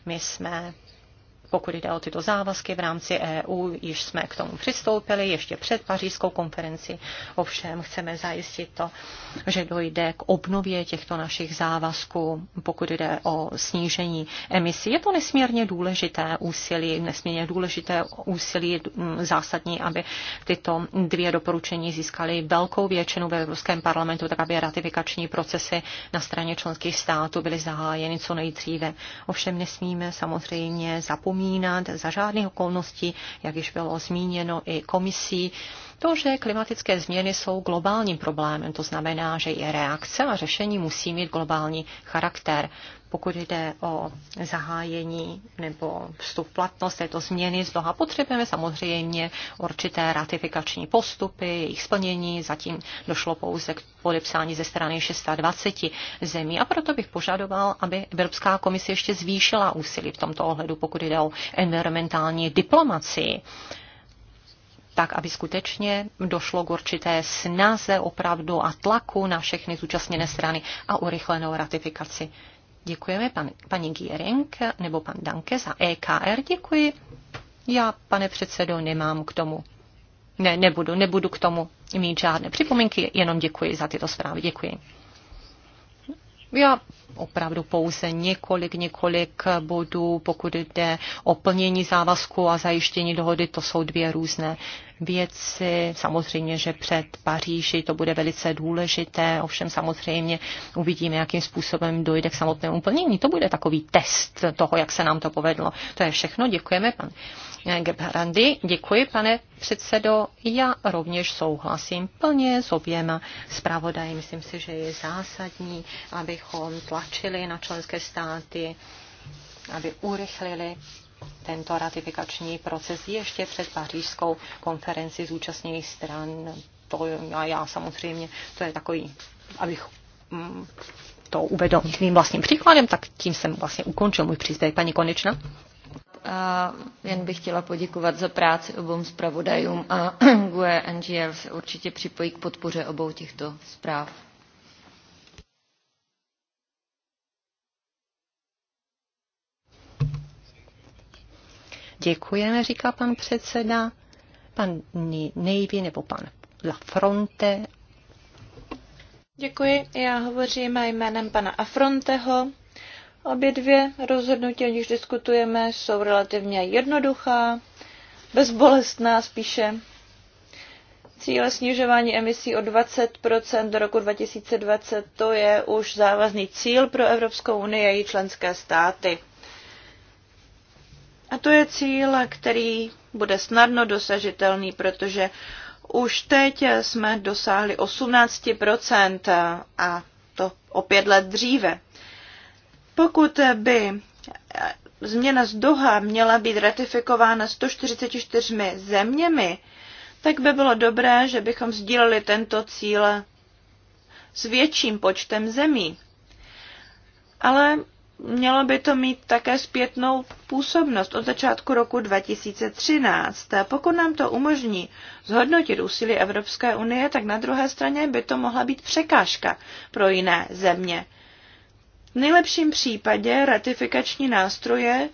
Speaker 2: My jsme pokud jde o tyto závazky v rámci EU, již jsme k tomu přistoupili ještě před pařížskou konferenci. Ovšem chceme zajistit to, že dojde k obnově těchto našich závazků, pokud jde o snížení emisí. Je to nesmírně důležité úsilí, nesmírně důležité úsilí zásadní, aby tyto dvě doporučení získaly velkou většinu ve Evropském parlamentu, tak aby ratifikační procesy na straně členských států byly zahájeny co nejdříve. Ovšem nesmíme samozřejmě zapomínat zapomínat za žádných okolností, jak již bylo zmíněno i komisí, to, že klimatické změny jsou globálním problémem, to znamená, že i reakce a řešení musí mít globální charakter. Pokud jde o zahájení nebo vstup v platnost této změny z Doha, potřebujeme samozřejmě určité ratifikační postupy, jejich splnění. Zatím došlo pouze k podepsání ze strany 620 zemí a proto bych požadoval, aby Evropská komise ještě zvýšila úsilí v tomto ohledu, pokud jde o environmentální diplomacii tak aby skutečně došlo k určité snaze opravdu a tlaku na všechny zúčastněné strany a urychlenou ratifikaci. Děkujeme pan, paní Giering nebo pan Danke za EKR. Děkuji. Já, pane předsedo, nemám k tomu. Ne, nebudu, nebudu k tomu mít žádné připomínky, jenom děkuji za tyto zprávy. Děkuji. Já opravdu pouze několik, několik bodů, pokud jde o plnění závazku a zajištění dohody, to jsou dvě různé věci. Samozřejmě, že před Paříži to bude velice důležité, ovšem samozřejmě uvidíme, jakým způsobem dojde k samotnému plnění. To bude takový test toho, jak se nám to povedlo. To je všechno. Děkujeme, pan Gebrandy. Děkuji, pane předsedo. Já rovněž souhlasím plně s oběma zpravodaji. Myslím si, že je zásadní, abychom tlačili na členské státy, aby urychlili tento ratifikační proces ještě před pařížskou konferenci zúčastněných stran. To, a já samozřejmě, to je takový, abych mm, to uvedl mým vlastním příkladem, tak tím jsem vlastně ukončil můj příspěvek. Paní Konečna
Speaker 4: a jen bych chtěla poděkovat za práci obou zpravodajům a GUE NGL se určitě připojí k podpoře obou těchto zpráv.
Speaker 2: Děkujeme, říká pan předseda, pan Nejvy nebo pan Lafronte.
Speaker 3: Děkuji, já hovořím jménem pana Afronteho Obě dvě rozhodnutí, o nichž diskutujeme, jsou relativně jednoduchá, bezbolestná spíše. Cíle snižování emisí o 20 do roku 2020 to je už závazný cíl pro Evropskou unii a její členské státy. A to je cíl, který bude snadno dosažitelný, protože už teď jsme dosáhli 18 a to o pět let dříve. Pokud by změna z Doha měla být ratifikována 144 zeměmi, tak by bylo dobré, že bychom sdíleli tento cíl s větším počtem zemí. Ale mělo by to mít také zpětnou působnost od začátku roku 2013. Pokud nám to umožní zhodnotit úsilí Evropské unie, tak na druhé straně by to mohla být překážka pro jiné země. V nejlepším případě ratifikační nástroje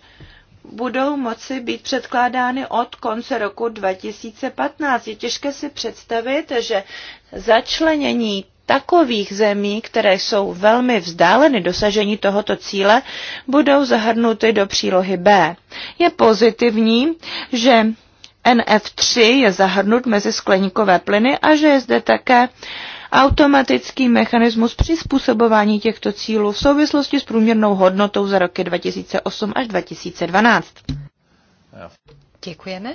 Speaker 3: budou moci být předkládány od konce roku 2015. Je těžké si představit, že začlenění takových zemí, které jsou velmi vzdáleny dosažení tohoto cíle, budou zahrnuty do přílohy B. Je pozitivní, že NF3 je zahrnut mezi skleníkové plyny a že je zde také uh, automatický mechanismus přizpůsobování těchto cílů v souvislosti s průměrnou hodnotou za roky 2008 až 2012.
Speaker 2: Děkujeme.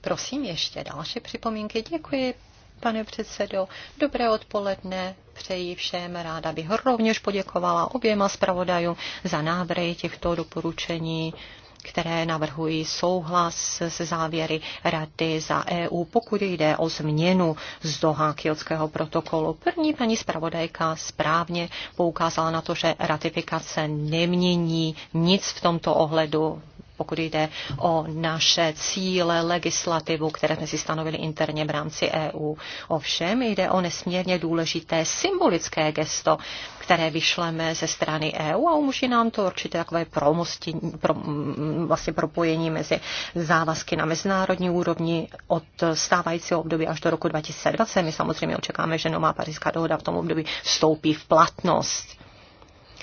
Speaker 2: Prosím ještě další připomínky. Děkuji, pane předsedo. Dobré odpoledne přeji všem. Ráda bych rovněž poděkovala oběma zpravodajům za návrhy těchto doporučení které navrhují souhlas se závěry Rady za EU, pokud jde o změnu z Doha Kyotského protokolu. První paní zpravodajka správně poukázala na to, že ratifikace nemění nic v tomto ohledu pokud jde o naše cíle, legislativu, které jsme si stanovili interně v rámci EU. Ovšem jde o nesmírně důležité symbolické gesto, které vyšleme ze strany EU a umožní nám to určitě takové promosti, pro, mm, vlastně propojení mezi závazky na mezinárodní úrovni od stávajícího období až do roku 2020. My samozřejmě očekáváme, že nová pařížská dohoda v tom období vstoupí v platnost.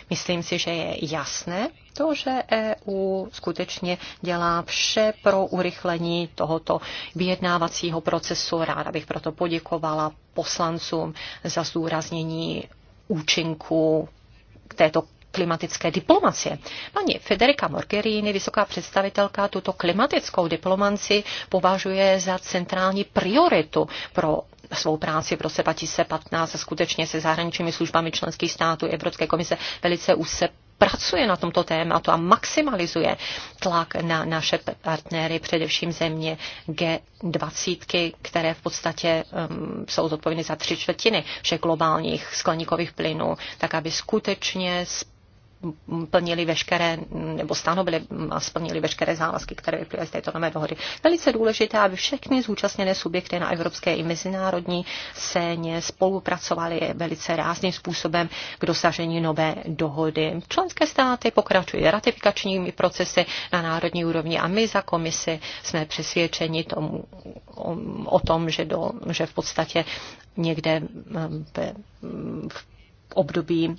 Speaker 2: Myslím si, že je jasné, to, že EU skutečně dělá vše pro urychlení tohoto vyjednávacího procesu. Ráda bych proto poděkovala poslancům za zdůraznění účinku této klimatické diplomacie. Paní Federica Morgherini, vysoká představitelka, tuto klimatickou diplomaci považuje za centrální prioritu pro svou práci v roce 2015 a skutečně se zahraničními službami členských států Evropské komise velice úzce pracuje na tomto tématu a maximalizuje tlak na naše partnery, především země G20, které v podstatě um, jsou zodpovědné za tři čtvrtiny všech globálních skleníkových plynů, tak aby skutečně plnili veškeré, nebo stanovili a splnili veškeré závazky, které vyplývají z této nové dohody. Velice důležité, aby všechny zúčastněné subjekty na evropské i mezinárodní scéně spolupracovaly velice rázným způsobem k dosažení nové dohody. Členské státy pokračují ratifikačními procesy na národní úrovni a my za komisi jsme přesvědčeni tomu, o, o tom, že, do, že v podstatě někde eh, v, v období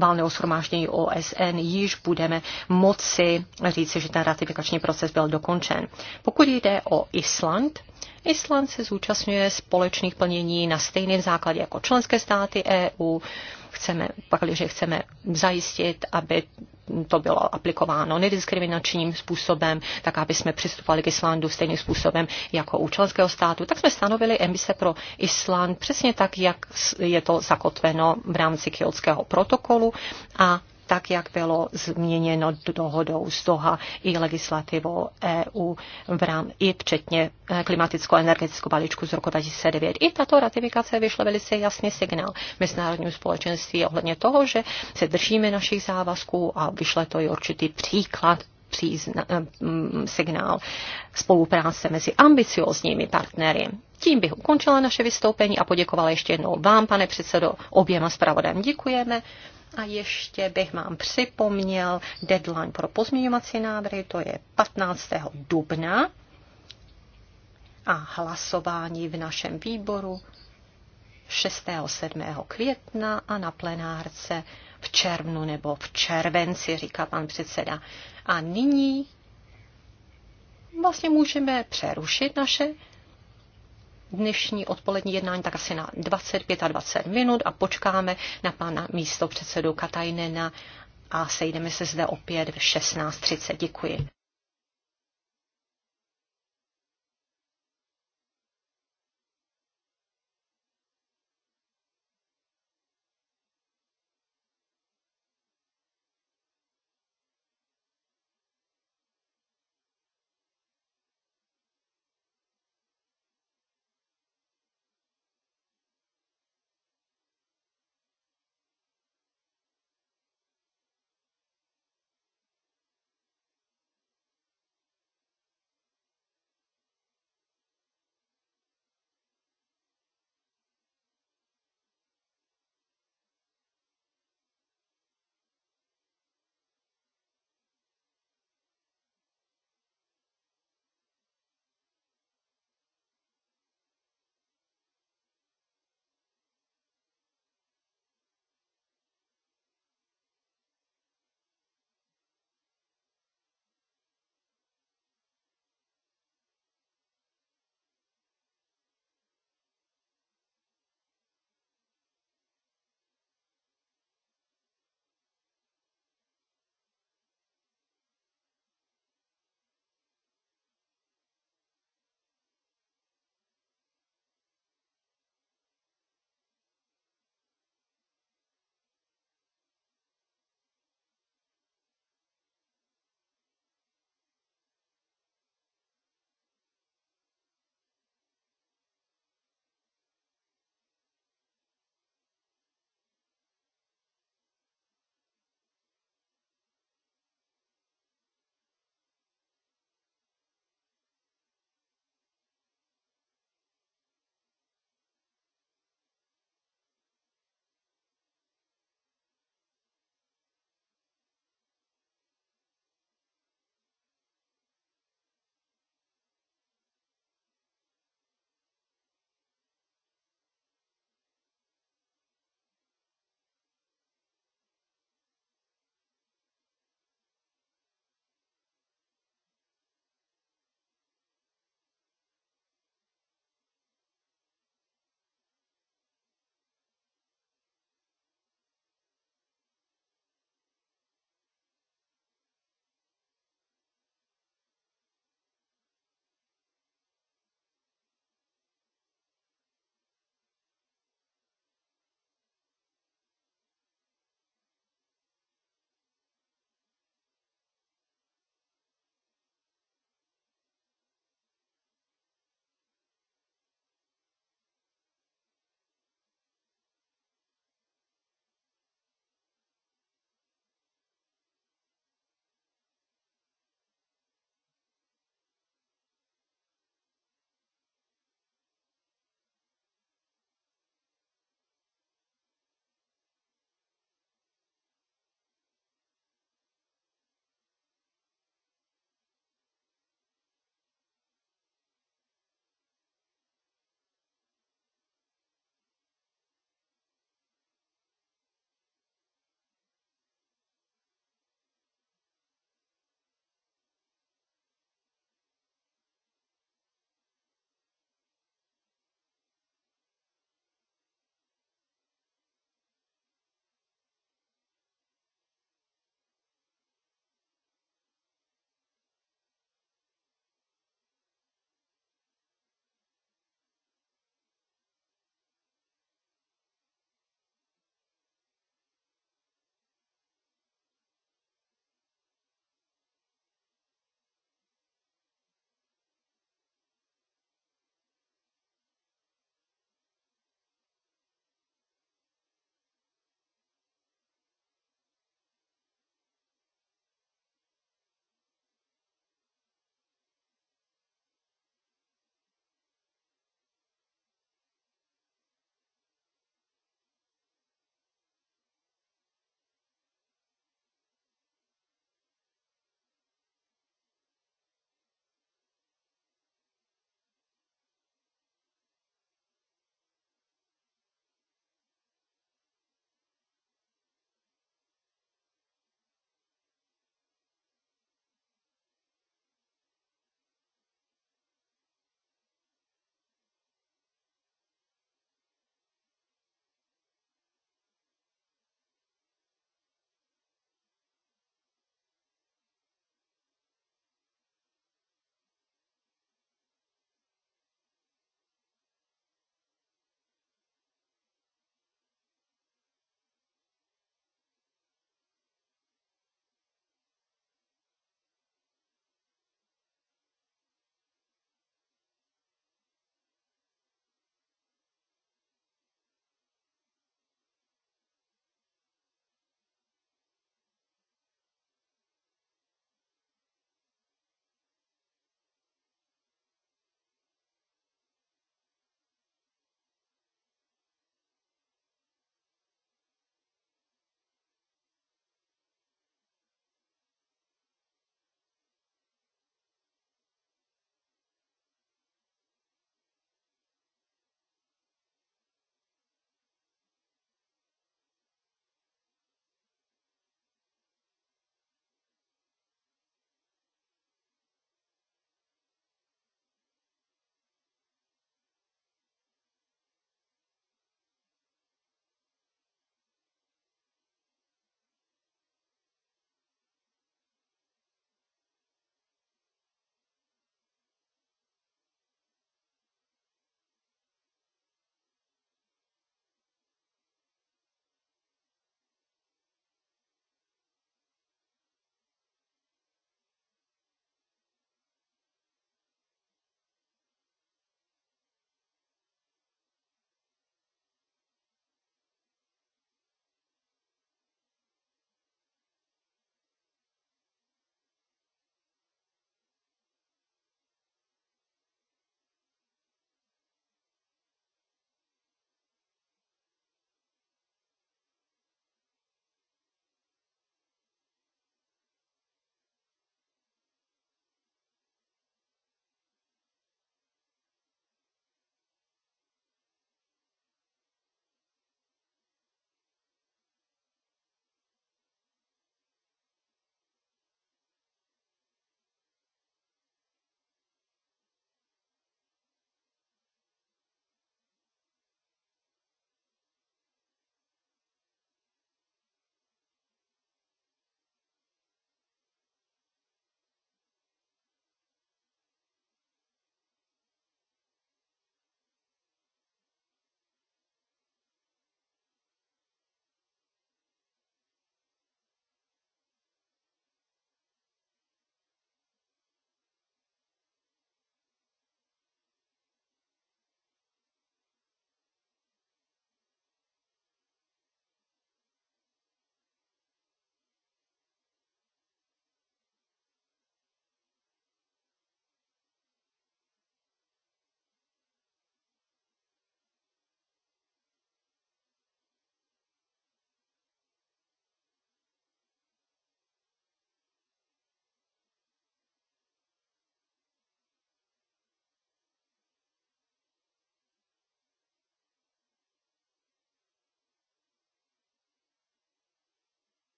Speaker 2: válného shromáždění OSN již budeme moci říci, že ten ratifikační proces byl dokončen. Pokud jde o Island, Island se zúčastňuje společných plnění na stejném základě jako členské státy EU. Chceme, pak, že chceme zajistit, aby to bylo aplikováno nediskriminačním způsobem, tak aby jsme přistupovali k Islandu stejným způsobem jako u členského státu, tak jsme stanovili emise pro Island přesně tak, jak je to zakotveno v rámci Kyotského protokolu a tak jak bylo změněno dohodou z toho i legislativou EU v rám, i včetně e, klimatickou energetickou balíčku z roku 2009. I tato ratifikace vyšla velice jasný signál mezinárodnímu společenství ohledně toho, že se držíme našich závazků a vyšle to i určitý příklad přízna, e, signál spolupráce mezi ambiciozními partnery. Tím bych ukončila naše vystoupení a poděkovala ještě jednou vám, pane předsedo, oběma zpravodajům. Děkujeme a ještě bych vám připomněl deadline pro pozměňovací návrhy, to je 15. dubna a hlasování v našem výboru 6. 7. května a na plenárce v červnu nebo v červenci, říká pan předseda. A nyní vlastně můžeme přerušit naše dnešní odpolední jednání tak asi na 20-25 minut a počkáme na pana místo předsedu Katajnena a sejdeme se zde opět v 16.30. Děkuji.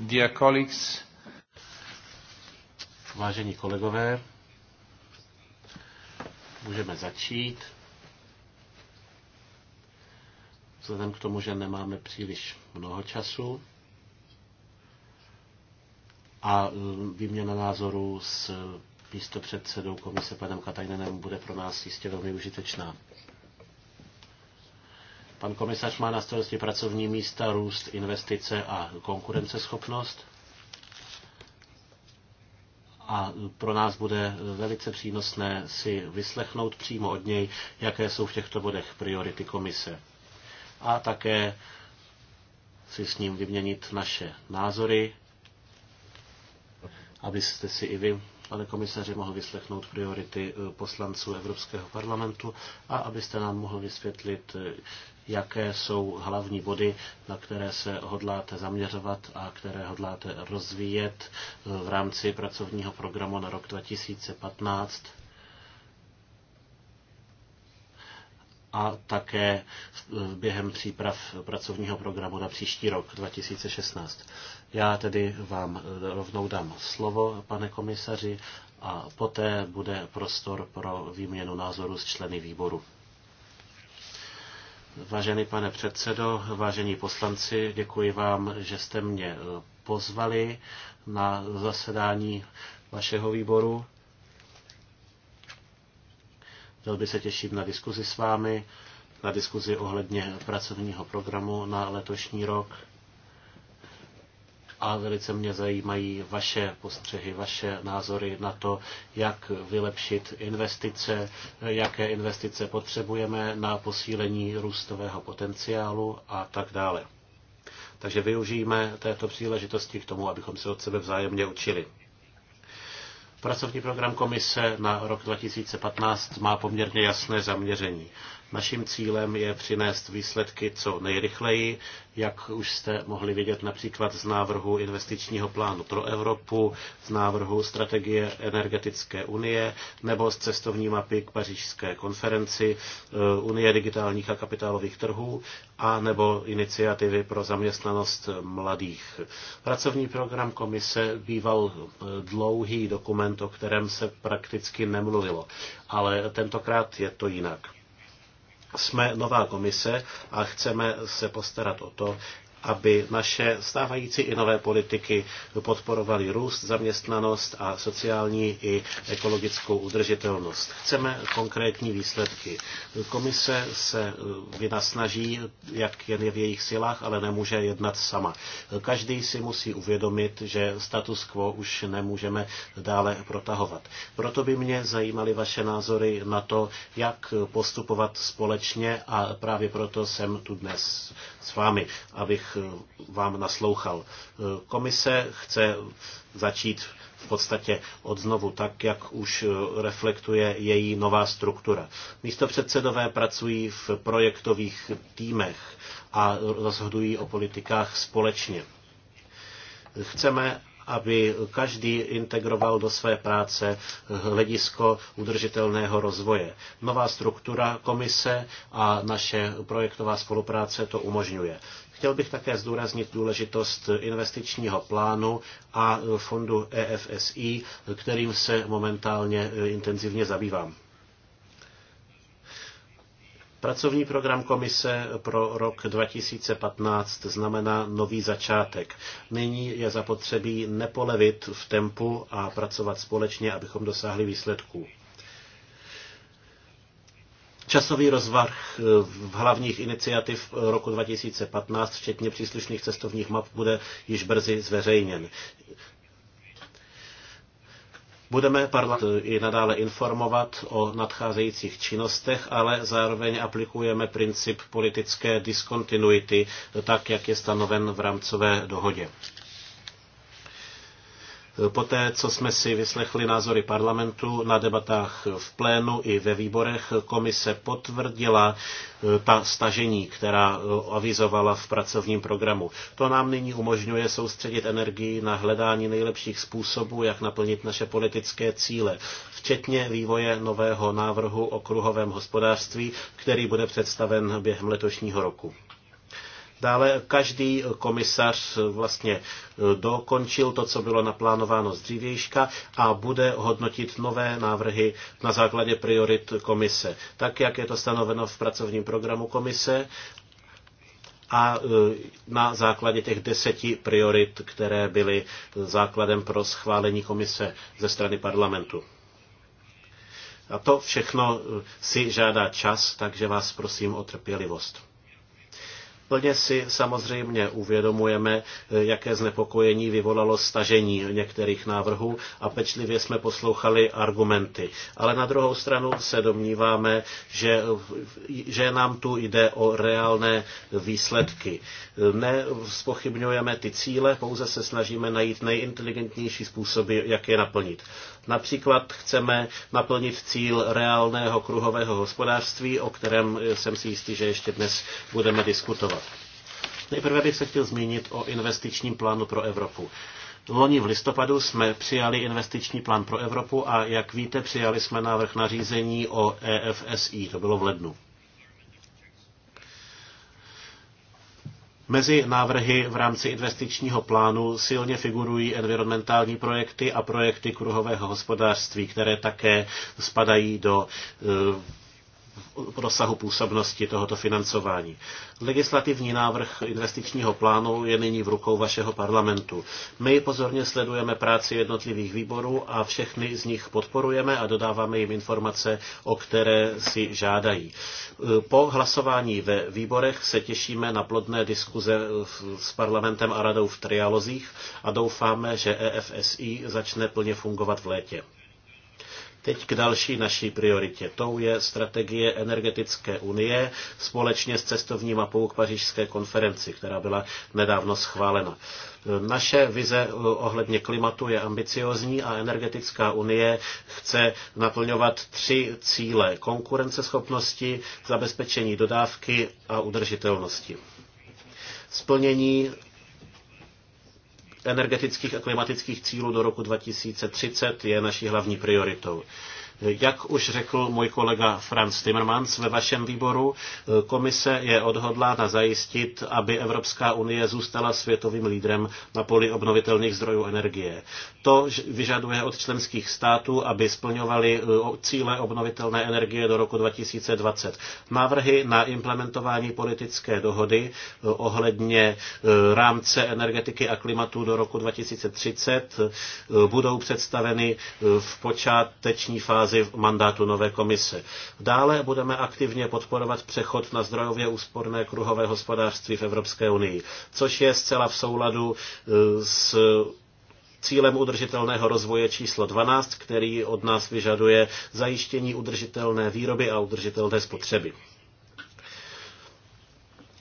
Speaker 5: Dear colleagues, Vážení kolegové, můžeme začít. Vzhledem k tomu, že nemáme příliš mnoho času a e, výměna názoru s místopředsedou komise panem Katajnenem bude pro nás jistě velmi užitečná. Pan komisař má na starosti pracovní místa, růst, investice a konkurenceschopnost. A pro nás bude velice přínosné si vyslechnout přímo od něj, jaké jsou v těchto bodech priority komise. A také si s ním vyměnit naše názory, abyste si i vy pane komisaři, mohl vyslechnout priority eh, poslanců Evropského parlamentu a abyste nám mohl vysvětlit, eh, jaké jsou hlavní body, na které se hodláte zaměřovat a které hodláte rozvíjet eh, v rámci pracovního programu na rok 2015 a také během příprav pracovního programu na příští rok 2016. Já tedy vám eh, rovnou dám slovo, pane komisaři, a poté bude prostor pro výměnu názoru s členy výboru. Vážený pane předsedo, vážení poslanci, děkuji vám, že jste mě eh, pozvali na zasedání vašeho výboru. Velmi se těším na diskuzi s vámi, na diskuzi ohledně pracovního programu na letošní rok a velice mě zajímají vaše postřehy, vaše názory na to, jak vylepšit investice, jaké investice potřebujeme na posílení růstového potenciálu a tak dále. Takže využijeme této příležitosti k tomu, abychom se od sebe vzájemně učili.
Speaker 4: Pracovní program
Speaker 5: komise na rok 2015 má poměrně jasné zaměření. Naším cílem je přinést výsledky co nejrychleji, jak už jste mohli vidět například z návrhu investičního plánu pro Evropu, z návrhu strategie energetické unie nebo z cestovní mapy k pařížské konferenci eh, Unie digitálních a kapitálových trhů a nebo iniciativy pro zaměstnanost mladých. Pracovní program komise býval eh, dlouhý dokument, o kterém se prakticky nemluvilo, ale tentokrát je to jinak jsme nová komise a chceme se postarat o to, aby naše stávající i nové politiky podporovaly růst, zaměstnanost a sociální i ekologickou udržitelnost. Chceme konkrétní výsledky. Komise se eh, vynasnaží, jak jen je v jejich silách, ale nemůže jednat sama. Každý si musí uvědomit, že status quo už nemůžeme dále protahovat. Proto by mě zajímaly vaše názory na to, jak postupovat společně a právě proto jsem tu dnes s vámi, abych Eh, vám naslouchal. Eh, komise chce začít v podstatě od znovu, tak jak už eh, reflektuje její nová struktura. Místo předsedové pracují v projektových týmech a rozhodují o politikách společně. Chceme, aby každý integroval do své práce hledisko udržitelného rozvoje. Nová struktura komise a naše projektová spolupráce to umožňuje. Chtěl bych také zdůraznit důležitost investičního plánu a fondu EFSI, kterým se momentálně eh, intenzivně zabývám. Pracovní program komise pro rok 2015 znamená nový začátek. Nyní je zapotřebí nepolevit v tempu a pracovat společně, abychom dosáhli výsledků. Časový rozvrh eh, v hlavních iniciativ roku 2015, včetně příslušných cestovních map, bude již brzy zveřejněn. Budeme parlament i nadále informovat o nadcházejících činnostech, ale zároveň aplikujeme princip politické diskontinuity, eh, tak jak je stanoven v rámcové dohodě. Poté, co jsme si vyslechli názory parlamentu na debatách v plénu i ve výborech, komise potvrdila eh, ta stažení, která eh, avizovala v pracovním programu. To nám nyní umožňuje soustředit energii na hledání nejlepších způsobů, jak naplnit naše politické cíle, včetně vývoje nového návrhu o kruhovém hospodářství, který bude představen během letošního roku. Dále každý komisař vlastně eh, dokončil to, co bylo naplánováno z dřívějška a bude hodnotit nové návrhy na základě priorit komise, tak jak je to stanoveno v pracovním programu komise a eh, na základě těch deseti priorit, které byly eh, základem pro schválení komise ze strany parlamentu. A to všechno si žádá čas, takže vás prosím o trpělivost. Plně si samozřejmě uvědomujeme, jaké znepokojení vyvolalo stažení některých návrhů a pečlivě jsme poslouchali argumenty. Ale na druhou stranu se domníváme, že, že nám tu jde o reálné výsledky. Nespochybňujeme ty cíle, pouze se snažíme najít nejinteligentnější způsoby, jak je naplnit. Například chceme naplnit cíl reálného kruhového hospodářství, o kterém jsem si jistý, že ještě dnes budeme diskutovat pokračovat. Nejprve bych se chtěl zmínit o investičním plánu pro Evropu. Loni v listopadu jsme přijali investiční plán pro Evropu a jak víte, přijali jsme návrh na řízení o EFSI, to bylo v lednu. Mezi návrhy v rámci investičního plánu silně figurují environmentální projekty a projekty kruhového hospodářství, které také spadají do eh, rozsahu působnosti tohoto financování. Legislativní návrh investičního plánu je nyní v rukou vašeho parlamentu. My pozorně sledujeme práci jednotlivých výborů a všechny z nich podporujeme a dodáváme jim informace, o které si žádají. Po hlasování ve výborech se těšíme na plodné diskuze s parlamentem a radou v trialozích a doufáme, že EFSI začne plně fungovat v létě. Teď k další naší prioritě. Tou je strategie energetické unie společně s cestovní mapou k pařížské konferenci, která byla nedávno schválena. Naše vize eh, ohledně klimatu je ambiciozní a energetická unie chce naplňovat tři cíle. Konkurenceschopnosti, zabezpečení dodávky a udržitelnosti. Splnění energetických a klimatických cílů do roku 2030 je naší hlavní prioritou. Jak už řekl můj kolega Franz Timmermans ve vašem výboru, komise je odhodlána zajistit, aby Evropská unie zůstala světovým lídrem na poli obnovitelných zdrojů energie. To vyžaduje od členských států, aby splňovali e, cíle obnovitelné energie do roku 2020. Návrhy na implementování politické dohody e, ohledně e, rámce energetiky a klimatu do roku 2030 budou představeny v počáteční fázi fázi mandátu nové komise. Dále budeme aktivně podporovat přechod na zdrojově úsporné kruhové hospodářství v Evropské unii, což je zcela v souladu e, s cílem udržitelného rozvoje číslo 12, který od nás vyžaduje zajištění udržitelné výroby a udržitelné spotřeby.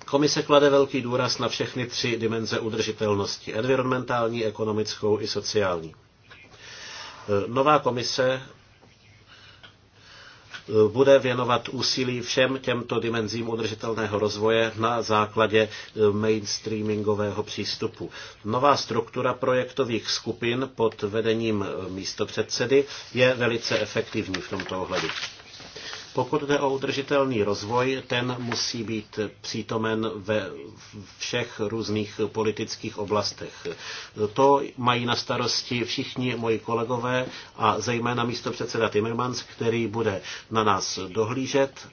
Speaker 5: Komise klade velký důraz na všechny tři dimenze udržitelnosti, environmentální, ekonomickou i sociální. E, nová komise bude věnovat úsilí všem těmto dimenzím udržitelného rozvoje na základě eh, mainstreamingového přístupu. Nová struktura projektových skupin pod vedením eh, místopředsedy je velice efektivní v tomto ohledu. Pokud jde o udržitelný rozvoj, ten musí být přítomen ve všech různých politických oblastech. To mají na starosti všichni moji kolegové a zejména místo předseda Timmermans, který bude na nás dohlížet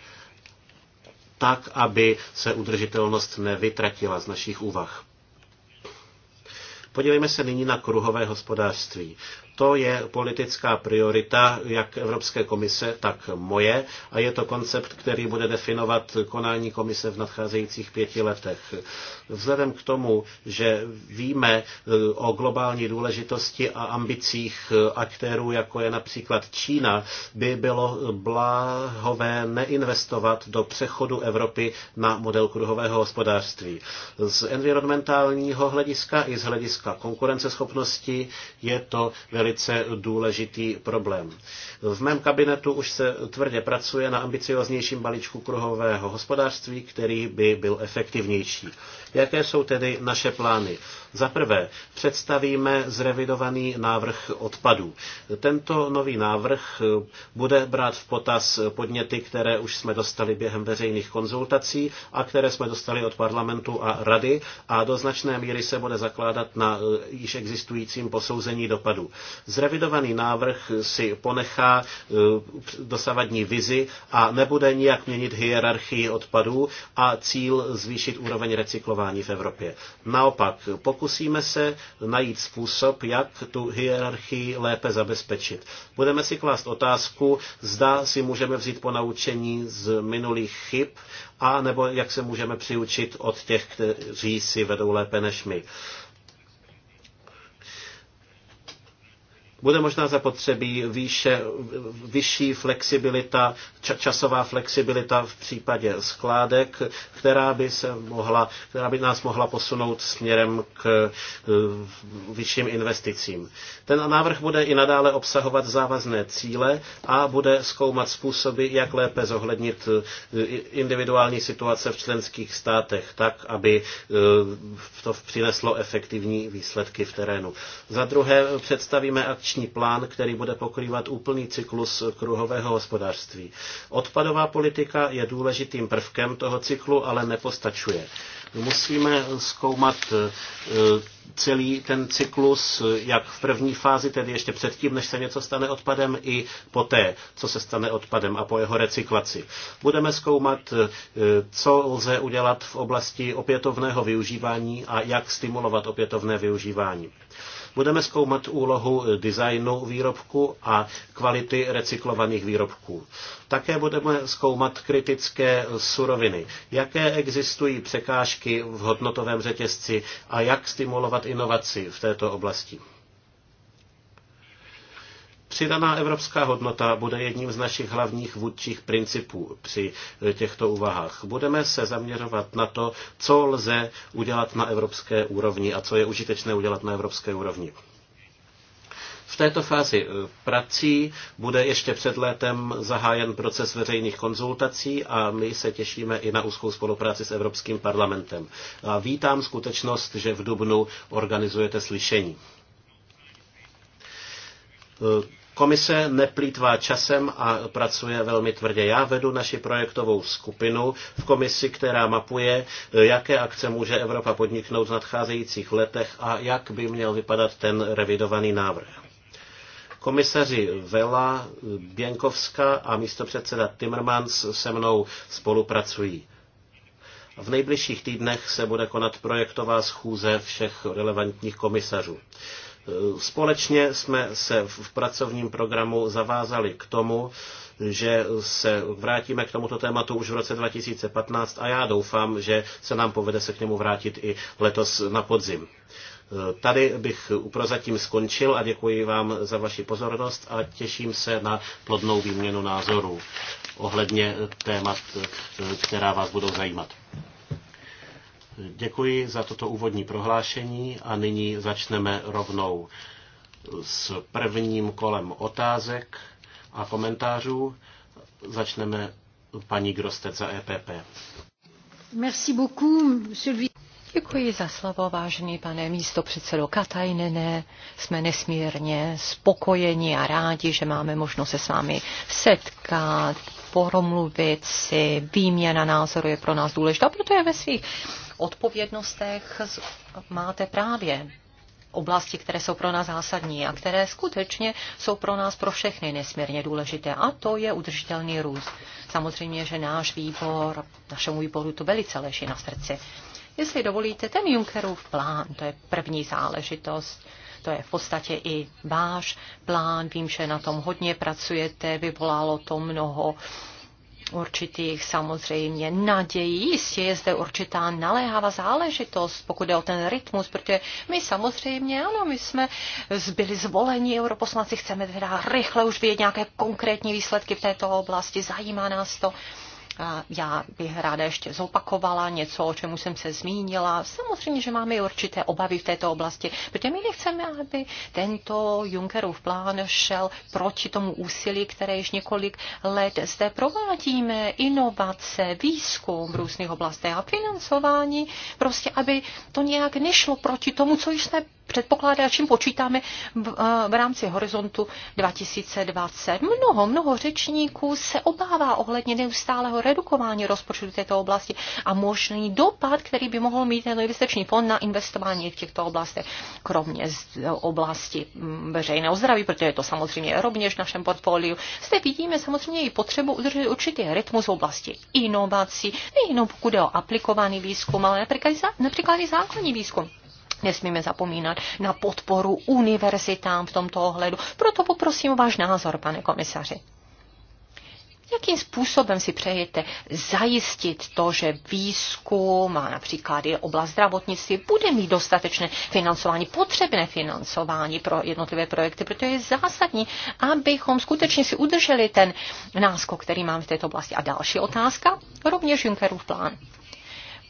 Speaker 5: tak, aby se udržitelnost nevytratila z našich úvah. Podívejme se nyní na kruhové hospodářství. To je politická priorita jak Evropské komise, tak moje a je to koncept, který bude definovat konání komise v nadcházejících pěti letech. Vzhledem k tomu, že víme eh, o globální důležitosti a ambicích eh, aktérů, jako je například Čína, by bylo bláhové neinvestovat do přechodu Evropy na model kruhového hospodářství. Z environmentálního hlediska i z hlediska konkurenceschopnosti je to velice velice důležitý problém. V mém kabinetu už se tvrdě pracuje na ambicioznějším balíčku kruhového hospodářství, který by byl efektivnější. Jaké jsou tedy naše plány? Za prvé, představíme zrevidovaný návrh odpadů. Tento nový návrh bude brát v potaz podněty, které už jsme dostali během veřejných konzultací a které jsme dostali od parlamentu a rady a do značné míry se bude zakládat na eh, již existujícím posouzení dopadů. Zrevidovaný návrh si ponechá eh, dosavadní vizi a nebude nijak měnit hierarchii odpadů a cíl zvýšit úroveň recyklování vzdělávání v Evropě. Naopak, pokusíme se najít způsob, jak tu hierarchii lépe zabezpečit. Budeme si klást otázku, zda si můžeme vzít po naučení z minulých chyb, a nebo jak se můžeme přiučit od těch, kteří si vedou lépe než my. Bude možná zapotřebí výše, vyšší flexibilita, časová flexibilita v případě skládek, která by, se mohla, která by nás mohla posunout směrem k eh, vyšším investicím. Ten návrh bude i nadále obsahovat závazné cíle a bude zkoumat způsoby, jak lépe zohlednit eh, individuální situace v členských státech, tak, aby eh, to přineslo efektivní výsledky v terénu. Za druhé představíme akční akční plán, který bude pokrývat úplný cyklus kruhového hospodářství. Odpadová politika je důležitým prvkem toho cyklu, ale nepostačuje. Musíme zkoumat eh, celý ten cyklus, jak v první fázi, tedy ještě předtím, než se něco stane odpadem, i poté, co se stane odpadem a po jeho recyklaci. Budeme zkoumat, eh, co lze udělat v oblasti opětovného využívání a jak stimulovat opětovné využívání. Budeme zkoumat úlohu designu výrobku a kvality recyklovaných výrobků. Také budeme zkoumat kritické suroviny. Jaké existují překážky v hodnotovém řetězci a jak stimulovat inovaci v této oblasti. Přidaná evropská hodnota bude jedním z našich hlavních vůdčích principů při eh, těchto úvahách. Budeme se zaměřovat na to, co lze udělat na evropské úrovni a co je užitečné udělat na evropské úrovni. V této fázi eh, prací bude ještě před létem zahájen proces veřejných konzultací a my se těšíme i na úzkou spolupráci s Evropským parlamentem. A vítám skutečnost, že v Dubnu organizujete slyšení. Eh, Komise neplýtvá časem a pracuje velmi tvrdě. Já vedu naši projektovou skupinu v komisi, která mapuje, jaké akce může Evropa podniknout v nadcházejících letech a jak by měl vypadat ten revidovaný návrh. Komisaři Vela, Běnkovská a místopředseda Timmermans se mnou spolupracují. V nejbližších týdnech se bude konat projektová schůze všech relevantních komisařů. Eh, společně jsme se v pracovním programu zavázali k tomu, že se vrátíme k tomuto tématu už v roce 2015 a já doufám, že se nám povede se k němu vrátit i letos na podzim. Eh, tady bych uprozatím skončil a děkuji vám za vaši pozornost a těším se na plodnou výměnu názorů ohledně témat, eh, která vás budou zajímat. Děkuji za toto úvodní prohlášení a nyní začneme rovnou s prvním kolem otázek a komentářů. Začneme paní Grostec za EPP.
Speaker 4: Merci beaucoup, monsieur
Speaker 2: le... Děkuji za slovo, vážený pane místo předsedo Katajnene. Jsme nesmírně spokojeni a rádi, že máme možnost se s vámi setkat, poromluvit si. Výměna názoru je pro nás důležitá, proto je ve svých odpovědnostech máte právě oblasti, které jsou pro nás zásadní a které skutečně jsou pro nás pro všechny nesmírně důležité. A to je udržitelný růst. Samozřejmě, že náš výbor, našemu výboru to velice leží na srdci. Jestli dovolíte, ten Junckerův plán, to je první záležitost, to je v podstatě i váš plán, vím, že na tom hodně pracujete, vyvolalo to mnoho uh, určitých samozřejmě nadějí. Jistě je zde určitá naléhavá záležitost, pokud je o ten rytmus, protože my samozřejmě, ano, my jsme byli zvoleni europoslanci, chceme teda rychle už vidět nějaké konkrétní výsledky v této oblasti, zajímá nás to. Já bych ráda ještě zopakovala něco, o čemu jsem se zmínila. Samozřejmě, že máme určité obavy v této oblasti, protože my nechceme, aby tento Junckerův plán šel proti tomu úsilí, které již několik let zde provádíme, inovace, výzkum v různých oblastech a financování, prostě aby to nějak nešlo proti tomu, co jsme předpokládá, čím počítáme v, eh, v rámci horizontu 2020. Mnoho, mnoho řečníků se obává ohledně neustálého redukování rozpočtu této oblasti a možný dopad, který by mohl mít ten investiční fond na investování v těchto oblastech, kromě z eh, oblasti mm, veřejného zdraví, protože je to samozřejmě rovněž v našem portfoliu. Zde vidíme samozřejmě i potřebu udržet určitý rytmus v oblasti inovací, nejenom pokud je o aplikovaný výzkum, ale například i základní výzkum. Nesmíme zapomínat na podporu univerzitám v tomto ohledu. Proto poprosím váš názor, pane komisaři. Jakým způsobem si přejete zajistit to, že výzkum a například i oblast zdravotnictví bude mít dostatečné financování, potřebné financování pro jednotlivé projekty, protože je zásadní, abychom skutečně si udrželi ten náskok, který máme v této oblasti. A další otázka, rovněž Junckerův plán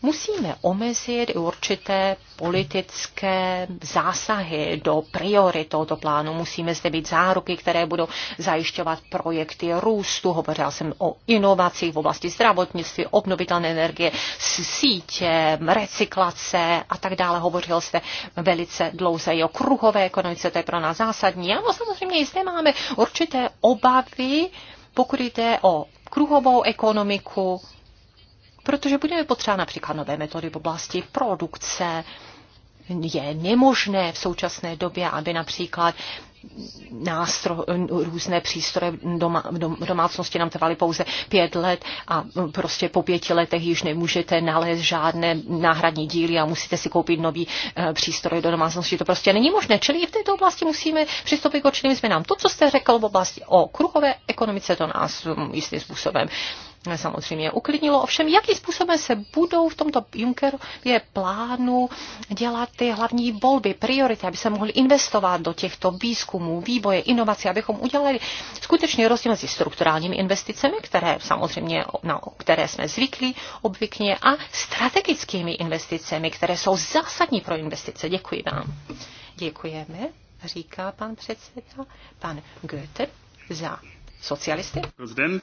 Speaker 2: musíme omezit určité politické zásahy do priory tohoto plánu. Musíme zde být záruky, které budou zajišťovat projekty růstu. Hovořila jsem o inovacích v oblasti zdravotnictví, obnovitelné energie, sítě, recyklace a tak dále. Hovořil jste velice dlouze i o kruhové ekonomice, to je pro nás zásadní. Ano, samozřejmě i zde máme určité obavy, pokud jde o kruhovou ekonomiku, protože budeme potřebovat například nové metody v oblasti produkce. Je nemožné v současné době, aby například nástro, různé přístroje doma, domácnosti nám trvaly pouze pět let a prostě po pěti letech již nemůžete nalézt žádné náhradní díly a musíte si koupit nový eh, přístroj do domácnosti. To prostě není možné. Čili i v této oblasti musíme přistoupit k určitým změnám. To, co jste řekl v oblasti o kruhové ekonomice, to nás mm, jistým způsobem samozřejmě uklidnilo. Ovšem, jakým způsobem se budou v tomto Junckerově plánu dělat ty hlavní volby, priority, aby se mohli investovat do těchto výzkumů, vývoje, inovací, abychom udělali skutečný rozdíl mezi strukturálními investicemi, které samozřejmě, na které jsme zvyklí obvykně, a strategickými investicemi, které jsou zásadní pro investice. Děkuji vám. Děkujeme, říká pan předseda, pan Goethe za socialisty.
Speaker 5: Prezident.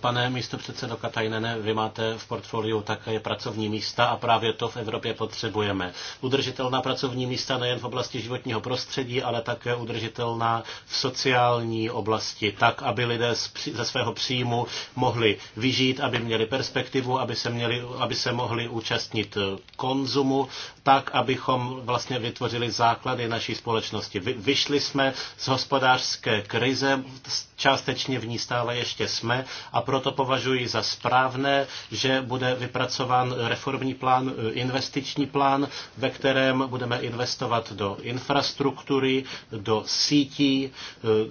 Speaker 5: Pane místo předsedo Katajnene, vy máte v portfoliu také pracovní místa a právě to v Evropě potřebujeme. Udržitelná pracovní místa nejen v oblasti životního prostředí, ale také udržitelná v sociální oblasti, tak, aby lidé ze svého příjmu mohli vyžít, aby měli perspektivu, aby se, měli, aby se mohli účastnit konzumu, tak, abychom vlastně vytvořili základy naší společnosti. Vy, vyšli jsme z hospodářské krize, částečně v ní stále ještě jsme, a proto považuji za správné, že bude vypracován reformní plán, investiční plán, ve kterém budeme investovat do infrastruktury, do sítí.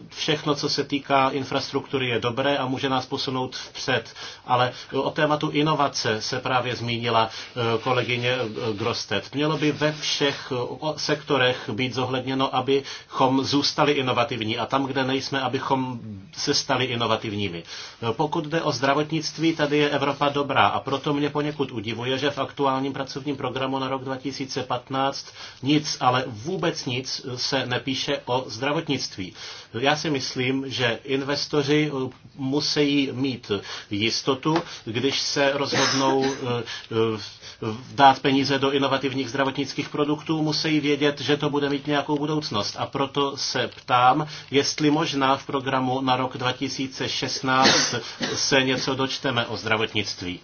Speaker 5: Všechno, co se týká infrastruktury, je dobré a může nás posunout vpřed. Ale o tématu inovace se právě zmínila eh, kolegyně eh, Grostet. Mělo by ve všech eh, sektorech být zohledněno, abychom zůstali inovativní a tam, kde nejsme, abychom se stali inovativními. Pokud pokud jde o zdravotnictví, tady je Evropa dobrá a proto mě poněkud udivuje, že v aktuálním pracovním programu na rok 2015 nic, ale vůbec nic se nepíše o zdravotnictví. No, já si myslím, že investoři eh, musí mít jistotu, když se rozhodnou eh, eh, dát peníze do inovativních zdravotnických produktů, musí vědět, že to bude mít nějakou budoucnost. A proto se ptám, jestli možná v programu na rok 2016 se něco dočteme o zdravotnictví.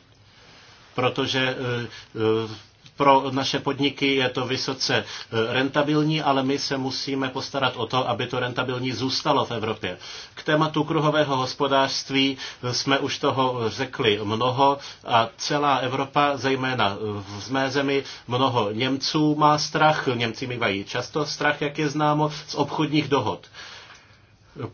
Speaker 5: Protože pro naše podniky je to vysoce e, rentabilní, ale my se musíme postarat o to, aby to rentabilní zůstalo v Evropě. K tématu kruhového hospodářství e, jsme už toho řekli mnoho a celá Evropa, zejména e, v mé zemi, mnoho Němců má strach, Němci mývají často strach, jak je známo, z obchodních dohod.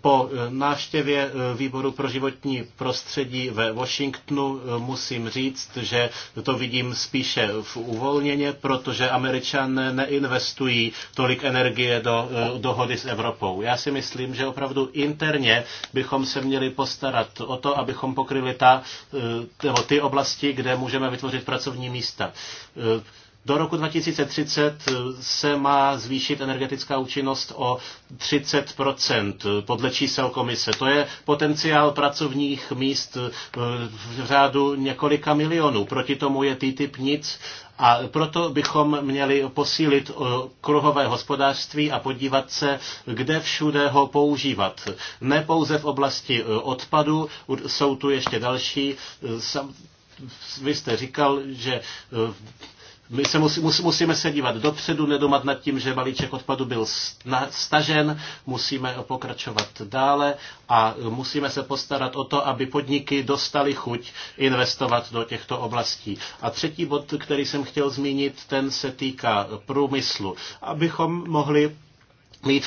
Speaker 5: Po e, návštěvě e, výboru pro životní prostředí ve Washingtonu e, musím říct, že to vidím spíše v uvolněně, protože američané neinvestují tolik energie do dohody s Evropou. Já si myslím, že opravdu interně bychom se měli postarat o to, abychom pokryli ta, ty oblasti, kde můžeme vytvořit pracovní místa do roku 2030 eh, se má zvýšit energetická účinnost o 30 podle čísel komise. To je potenciál pracovních míst eh, v řádu několika milionů. Proti tomu je TTIP nic a proto bychom měli posílit eh, kruhové hospodářství a podívat se, kde všude ho používat. Ne pouze v oblasti odpadu, jsou tu ještě další. Vy jste říkal, že my se musí, musí, musíme se dívat dopředu, nedomat nad tím, že balíček odpadu byl stažen, musíme pokračovat dále a musíme se postarat o to, aby podniky dostaly chuť investovat do těchto oblastí. A třetí bod, který jsem chtěl zmínit, ten se týká průmyslu. Abychom mohli mít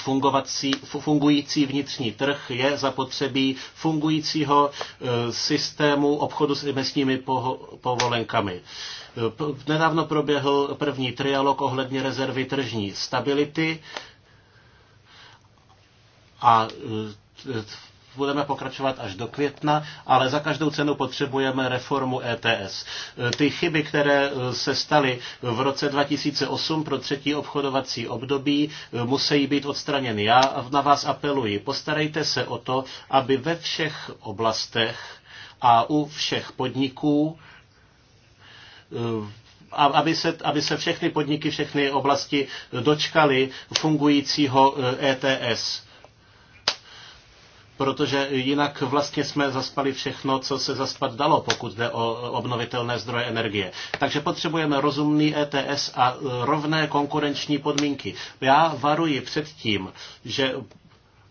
Speaker 5: fungující vnitřní trh, je zapotřebí fungujícího eh, systému obchodu s emisními povolenkami. Eh, nedávno proběhl první trialog ohledně rezervy tržní stability a eh, budeme pokračovat až do května, ale za každou cenu potřebujeme reformu ETS. E, ty chyby, které e, se staly v roce 2008 pro třetí obchodovací období, e, musí být odstraněny. Já na vás apeluji, postarejte se o to, aby ve všech oblastech a u všech podniků aby se, aby se všechny podniky, všechny oblasti dočkaly fungujícího ETS protože jinak vlastně jsme zaspali všechno, co se zaspat dalo, pokud jde o obnovitelné zdroje energie. Takže potřebujeme rozumný ETS a rovné konkurenční podmínky. Já varuji před tím, že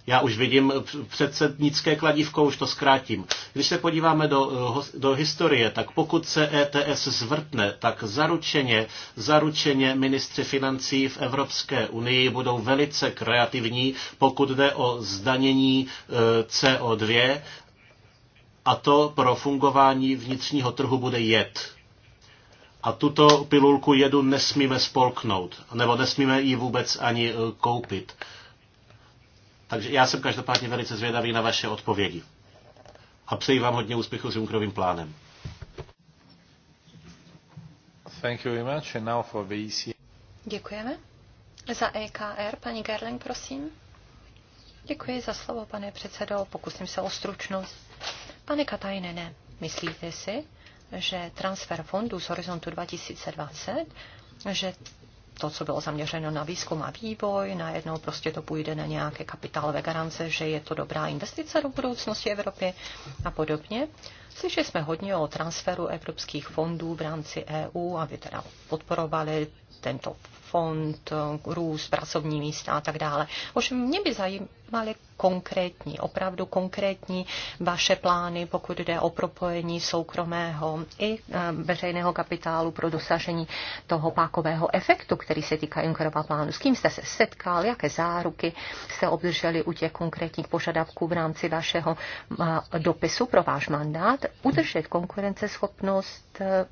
Speaker 5: já už vidím předsednické kladívko, už to zkrátím. Když se podíváme do, do historie, tak pokud se ETS zvrtne, tak zaručeně, zaručeně ministři financí v Evropské unii budou velice kreativní, pokud jde o zdanění eh, CO2 a to pro fungování vnitřního trhu bude jed. A tuto pilulku jedu nesmíme spolknout, nebo nesmíme ji vůbec ani eh, koupit. Takže já jsem každopádně velice zvědavý na vaše odpovědi. A přeji vám hodně úspěchu s Junckerovým plánem. Thank you very much. And now for the e
Speaker 3: Děkujeme.
Speaker 2: Za EKR, paní Gerling, prosím. Děkuji za slovo, pane předsedo. Pokusím se o stručnost. Pane Katajnene, myslíte si, že transfer fondů z horizontu 2020, že to, co bylo zaměřeno na výzkum a vývoj, najednou prostě to půjde na nějaké kapitálové garance, že je to dobrá investice do budoucnosti Evropy a podobně. Slyšeli jsme hodně o transferu evropských fondů v rámci EU, aby teda podporovali tento fond, růst, pracovní místa a tak dále. Ovšem mě by zajímalo, mali konkrétní, opravdu konkrétní vaše plány, pokud jde o propojení soukromého i eh, veřejného kapitálu pro dosažení toho pákového efektu, který se týká Junckerova plánu. S kým jste se setkal, jaké záruky jste obdrželi u těch konkrétních požadavků v rámci vašeho eh, dopisu pro váš mandát, udržet konkurenceschopnost eh,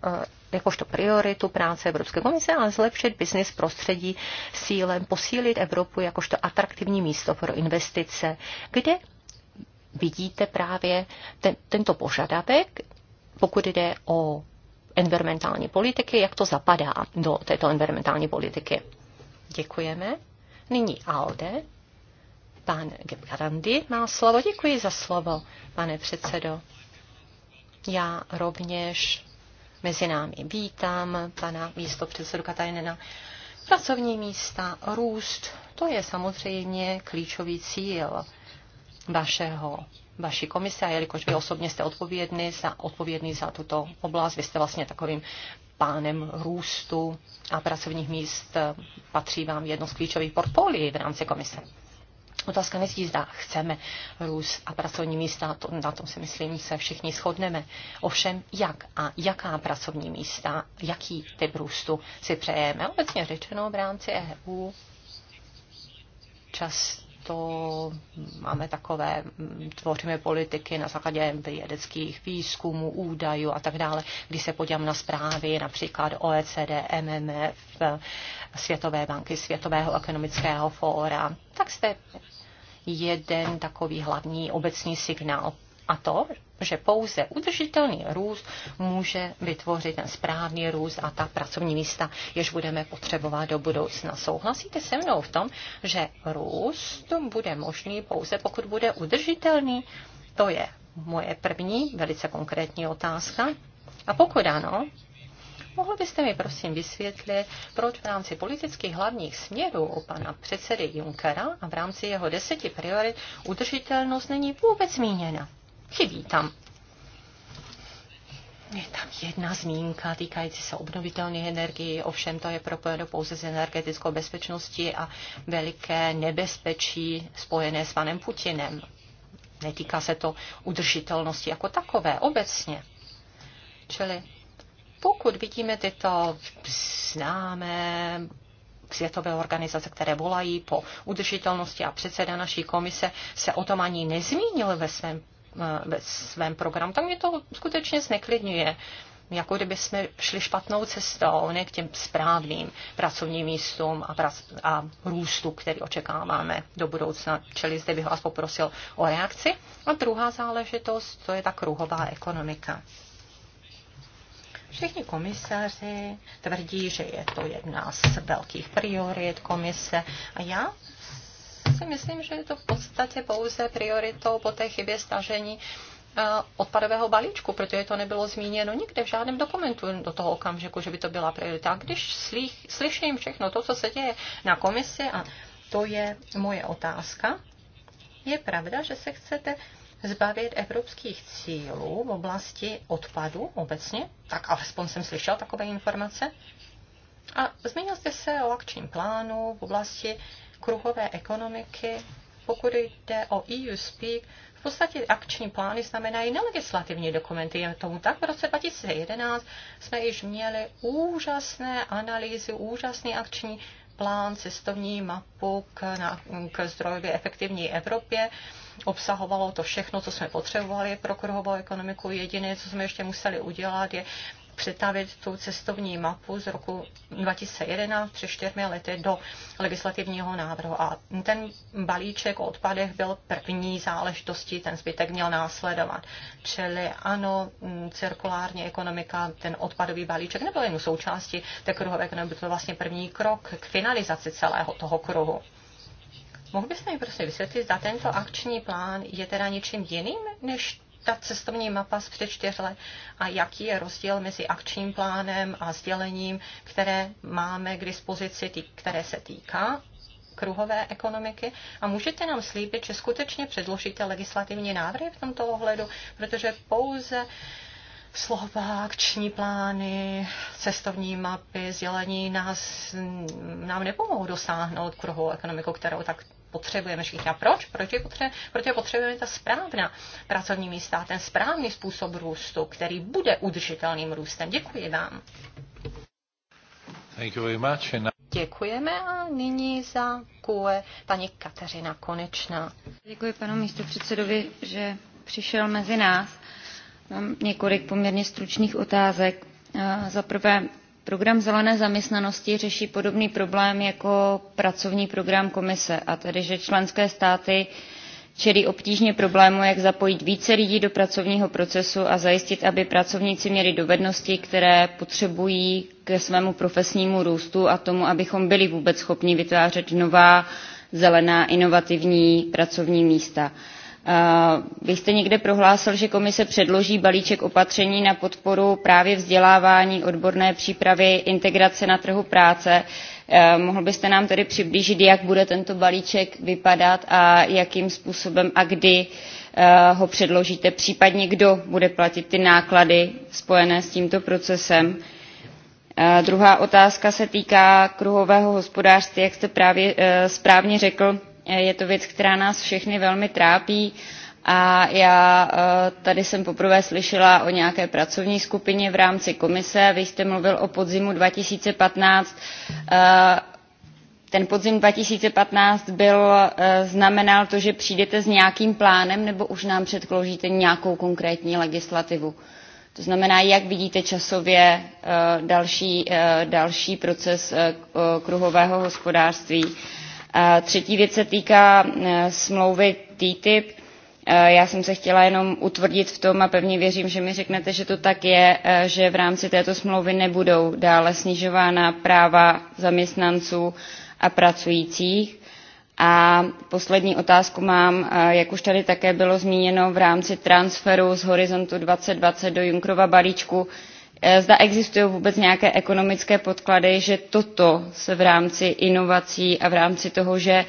Speaker 2: jakožto prioritu práce Evropské komise a zlepšit biznis prostředí s cílem posílit Evropu jakožto atraktivní místo pro investice investice, kde vidíte právě ten, tento požadavek, pokud jde o environmentální politiky, jak to zapadá do této environmentální politiky. Děkujeme. Nyní Alde. Pan Gebrandy má slovo. Děkuji za slovo, pane předsedo. Já rovněž mezi námi vítám pana předsedu Katajnena Pracovní místa, růst, to je samozřejmě klíčový cíl vašeho, vaší komise, a jelikož vy osobně jste odpovědný za, odpovědný za tuto oblast, vy jste vlastně takovým pánem růstu a pracovních míst patří vám jedno z klíčových portfolií v rámci komise. Otázka nezní, zda chceme růst a pracovní místa, to, na tom si myslím, se všichni shodneme. Ovšem, jak a jaká pracovní místa, jaký typ růstu si přejeme. Obecně řečeno v rámci EU často máme takové, mm, tvoříme politiky na základě vědeckých výzkumů, údajů a tak dále. Když se podívám na zprávy například OECD, MMF, Světové banky, Světového ekonomického fóra, tak jste jeden takový hlavní obecný signál. A to, že pouze udržitelný růst může vytvořit ten správný růst a ta pracovní místa, jež budeme potřebovat do budoucna. Souhlasíte se mnou v tom, že růst bude možný pouze pokud bude udržitelný? To je moje první velice konkrétní otázka. A pokud ano, Mohl byste mi prosím vysvětlit, proč v rámci politických hlavních směrů u pana předsedy Junckera a v rámci jeho deseti priorit udržitelnost není vůbec zmíněna? Chybí tam. Je tam jedna zmínka týkající se obnovitelných energií, ovšem to je propojeno pouze s energetickou bezpečností a veliké nebezpečí spojené s panem Putinem. Netýká se to udržitelnosti jako takové, obecně. Čili pokud vidíme tyto známé světové organizace, které volají po udržitelnosti a předseda naší komise se o tom ani nezmínil ve svém, eh, ve svém programu, tak mě to skutečně zneklidňuje. Jako kdyby jsme šli špatnou cestou, ne k těm správným pracovním místům a, prac, a růstu, který očekáváme do budoucna. Čili zde bych vás poprosil o reakci. A druhá záležitost, to je ta kruhová ekonomika. Všichni komisaři tvrdí, že je to jedna z velkých priorit komise a já si myslím, že je to v podstatě pouze prioritou po té chybě stažení eh, odpadového balíčku, protože to nebylo zmíněno nikde v žádném dokumentu do toho okamžiku, že by to byla priorita. A když slyším všechno to, co se děje na komisi, a to je moje otázka, je pravda, že se chcete zbavit evropských cílů v oblasti odpadu obecně, tak alespoň jsem slyšel takové informace. A zmínil jste se o akčním plánu v oblasti kruhové ekonomiky. Pokud jde o EU Speak, v podstatě akční plány znamenají nelegislativní dokumenty. Je tomu tak, v roce 2011 jsme již měli úžasné analýzy, úžasný akční plán, cestovní mapu k, na, k zdrojově efektivní Evropě obsahovalo to všechno, co jsme potřebovali pro kruhovou ekonomiku. Jediné, co jsme ještě museli udělat, je přetavit tu cestovní mapu z roku 2011 před čtyřmi lety do legislativního návrhu. A ten balíček o odpadech byl první záležitostí, ten zbytek měl následovat. Čili ano, cirkulární ekonomika, ten odpadový balíček nebyl jen součástí té kruhové ekonomiky, byl to vlastně první krok k finalizaci celého toho kruhu. Mohl byste mi prostě vysvětlit, zda tento akční plán je teda něčím jiným než ta cestovní mapa z před čtyř let a jaký je rozdíl mezi akčním plánem a sdělením, které máme k dispozici, tý, které se týká kruhové ekonomiky a můžete nám slíbit, že skutečně předložíte legislativní návrhy v tomto ohledu, protože pouze slova, akční plány, cestovní mapy, sdělení nás, nám nepomohou dosáhnout kruhovou ekonomiku, kterou tak potřebujeme všichni. A proč? Proč je potřebujeme? Protože potřebujeme ta správná pracovní místa, ten správný způsob růstu, který bude udržitelným růstem. Děkuji vám.
Speaker 1: Thank you very much. And...
Speaker 2: Děkujeme a nyní za kůle paní Kateřina Konečná.
Speaker 4: Děkuji panu předsedovi, že přišel mezi nás. Mám několik poměrně stručných otázek. Eh, za prvé, Program zelené zaměstnanosti řeší podobný problém jako pracovní program komise, a tedy, že členské státy čelí obtížně problému, jak zapojit více lidí do pracovního procesu a zajistit, aby pracovníci měli dovednosti, které potřebují ke svému profesnímu růstu a tomu, abychom byli vůbec schopni vytvářet nová zelená inovativní pracovní místa. Eh, vy jste někde prohlásil, že komise předloží balíček opatření na podporu právě vzdělávání, odborné přípravy, integrace na trhu práce. Eh, mohl byste nám tedy přiblížit, jak bude tento balíček vypadat a jakým způsobem a kdy eh, ho předložíte, případně kdo bude platit ty náklady spojené s tímto procesem. Druhá otázka se týká kruhového hospodářství, jak jste právě správně řekl Eh, je to věc, která nás všechny velmi trápí a já eh, tady jsem poprvé slyšela o nějaké pracovní skupině v rámci komise. Vy jste mluvil o podzimu 2015. Eh, ten podzim 2015 byl, znamenal to, že přijdete s nějakým plánem nebo už nám předkloužíte nějakou konkrétní legislativu. To znamená, jak vidíte časově další, další proces kruhového hospodářství třetí věc se týká e, smlouvy TTIP. E, já jsem se chtěla jenom utvrdit v tom a pevně věřím, že mi řeknete, že to tak je, e, že v rámci této smlouvy nebudou dále snižována práva zaměstnanců a pracujících. A poslední otázku mám, jak už tady také bylo zmíněno v rámci transferu z Horizontu 2020 do Junkrova balíčku, Eh, zda existují vůbec nějaké ekonomické podklady že toto se v rámci inovací a v rámci toho že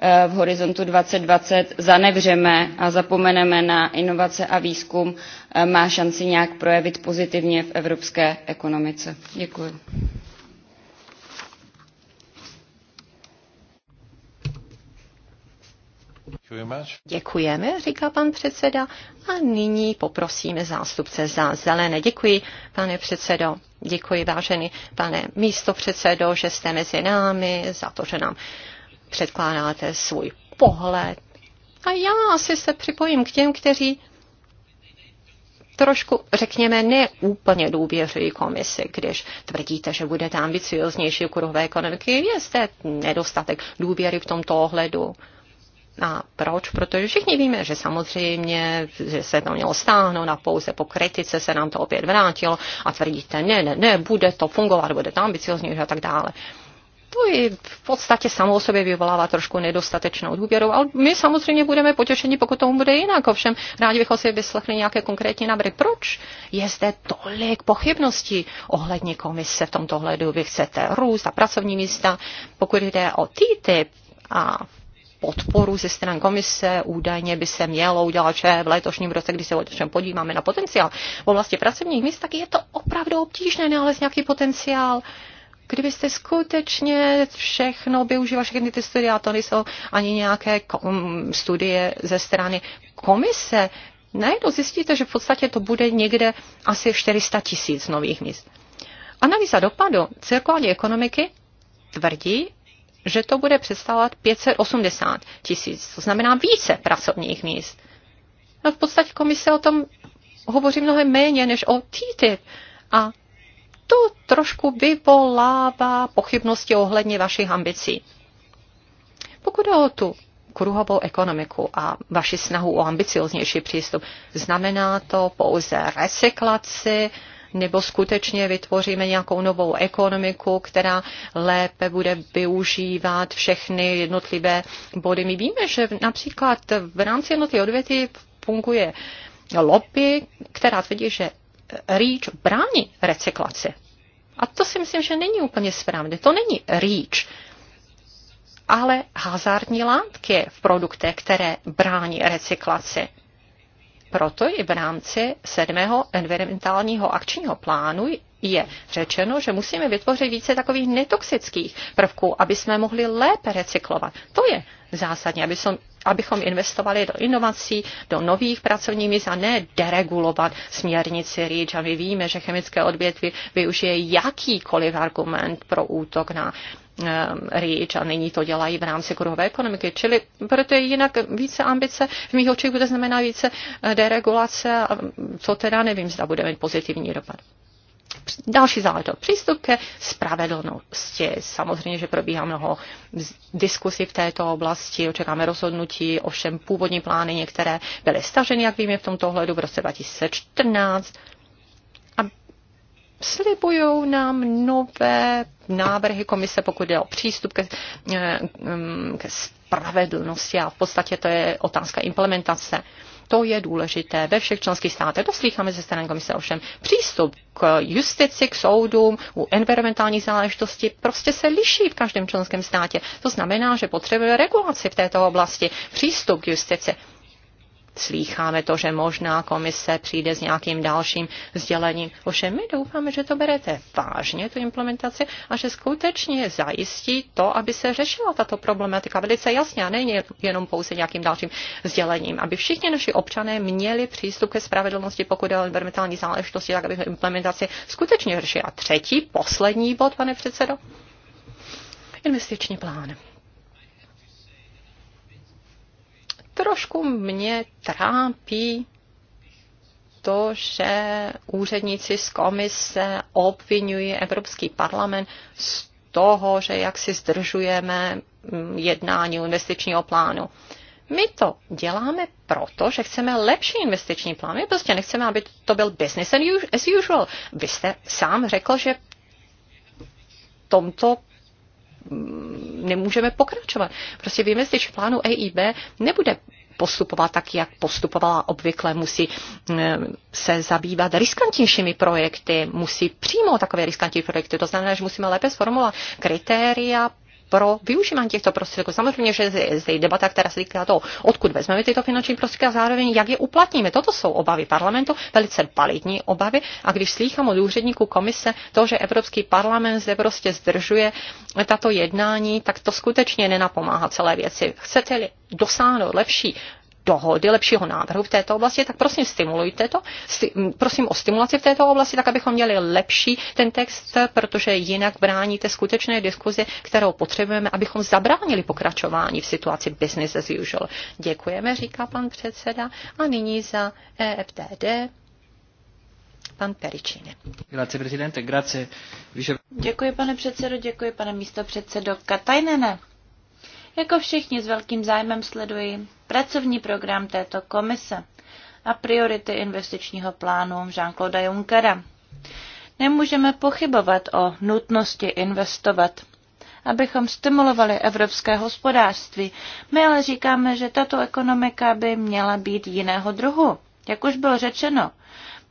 Speaker 4: eh, v horizontu two thousand and twenty zanevřeme a zapomeneme na inovace a výzkum eh, má šanci nějak projevit pozitivně v evropské ekonomice. děkuji.
Speaker 1: Děkujeme,
Speaker 4: říká
Speaker 2: pan předseda. A nyní poprosíme zástupce za zelené. Děkuji, pane předsedo. Děkuji, vážený pane místo předsedo, že jste mezi námi, za to, že nám předkládáte svůj pohled. A já asi se připojím k těm, kteří trošku, řekněme, neúplně důvěřují komisi, když tvrdíte, že budete ambicioznější kruhové ekonomiky. Je zde nedostatek důvěry v tomto ohledu. A proč? Protože všichni víme, že samozřejmě, že se to mělo stáhnout a pouze po kritice se nám to opět vrátilo a tvrdíte, ne, ne, ne, bude to fungovat, bude to ambiciozní a tak dále. To je v podstatě samo o sobě vyvolává trošku nedostatečnou důvěru, ale my samozřejmě budeme potěšeni, pokud tomu bude jinak. Ovšem, rádi bychom si vyslechli nějaké konkrétní návrhy. Proč je zde tolik pochybností ohledně komise v tomto hledu? Vy chcete růst a pracovní místa. Pokud jde o TTIP, a podporu ze stran komise. Údajně by se mělo udělat vše v letošním roce, když se všem podíváme na potenciál v oblasti pracovních míst, tak je to opravdu obtížné nalézt nějaký potenciál kdybyste skutečně všechno využívali, všechny ty studia, to nejsou ani nějaké studie ze strany komise, najednou zjistíte, že v podstatě to bude někde asi 400 tisíc nových míst. Analýza dopadu cirkulární ekonomiky tvrdí, že to bude představovat 580 tisíc, to znamená více pracovních míst. No v podstatě komise o tom hovoří mnohem méně než o TTIP. A to trošku vyvolává pochybnosti ohledně vašich ambicí. Pokud o tu kruhovou ekonomiku a vaši snahu o ambicioznější přístup, znamená to pouze recyklaci nebo skutečně vytvoříme nějakou novou ekonomiku, která lépe bude využívat všechny jednotlivé body. My víme, že například v rámci jednoty odvěty funguje lobby, která tvrdí, že REACH brání recyklaci. A to si myslím, že není úplně správné. To není REACH, ale hazardní látky v produktech, které brání recyklaci proto i v rámci sedmého environmentálního akčního plánu je řečeno, že musíme vytvořit více takových netoxických prvků, aby jsme mohli lépe recyklovat. To je zásadní, aby som, abychom investovali do inovací, do nových pracovních míst a ne deregulovat směrnici REACH. A my víme, že chemické odvětví využije jakýkoliv argument pro útok na Eh, rýč a nyní to dělají v rámci kruhové ekonomiky. Čili proto je jinak více ambice, v mých očích bude znamená více eh, deregulace, a mm, co teda nevím, zda bude mít pozitivní dopad. Další záležitost. Přístup ke spravedlnosti. Samozřejmě, že probíhá mnoho diskusí v této oblasti, očekáme rozhodnutí, ovšem původní plány některé byly staženy, jak víme v tomto ohledu v roce 2014 slibují nám nové návrhy komise, pokud jde o přístup ke, eh, mm, ke spravedlnosti a v podstatě to je otázka implementace. To je důležité ve všech členských státech. To slýcháme ze strany komise ovšem. Přístup k justici, k soudům, u environmentálních záležitostí prostě se liší v každém členském státě. To znamená, že potřebuje regulaci v této oblasti, přístup k justici slýcháme to, že možná komise přijde s nějakým dalším sdělením. Ovšem my doufáme, že to berete vážně, tu implementaci, a že skutečně zajistí to, aby se řešila tato problematika velice jasně a není jenom pouze nějakým dalším sdělením. Aby všichni naši občané měli přístup ke spravedlnosti, pokud je o environmentální záležitosti, tak aby implementaci skutečně řešila. Třetí, poslední bod, pane předsedo, investiční plán. Trošku mě trápí to, že úředníci z komise obvinují Evropský parlament z toho, že jak si zdržujeme mm, jednání investičního plánu. My to děláme proto, že chceme lepší investiční plán. My prostě nechceme, aby to byl business as usual. Vy jste sám řekl, že tomto Mm, nemůžeme pokračovat. Prostě víme, že plánu EIB nebude postupovat tak, jak postupovala obvykle, musí mm, se zabývat riskantnějšími projekty, musí přijmout takové riskantní projekty, to znamená, že musíme lépe sformulovat kritéria pro využívání těchto prostředků. Samozřejmě, že je zde debata, která se týká toho, odkud vezmeme tyto finanční prostředky a zároveň, jak je uplatníme. Toto jsou obavy parlamentu, velice palitní obavy. A když slýchám od úředníků komise to, že Evropský parlament zde prostě zdržuje tato jednání, tak to skutečně nenapomáhá celé věci. Chcete-li dosáhnout lepší dohody, lepšího návrhu v této oblasti, tak prosím stimulujte to, sti, prosím o stimulaci v této oblasti, tak abychom měli lepší ten text, protože jinak bráníte skutečné diskuzi, kterou potřebujeme, abychom zabránili pokračování v situaci business as usual. Děkujeme, říká pan předseda.
Speaker 3: A nyní za EFTD pan Pericini. Děkuji, pane předsedo, děkuji, pane místo předsedo Katajnene. Jako všichni s velkým zájmem sleduji pracovní program této komise a priority investičního plánu Jean-Claude Junckera. Nemůžeme pochybovat o nutnosti investovat, abychom stimulovali evropské hospodářství. My ale říkáme, že tato ekonomika by měla být jiného druhu. Jak už bylo řečeno,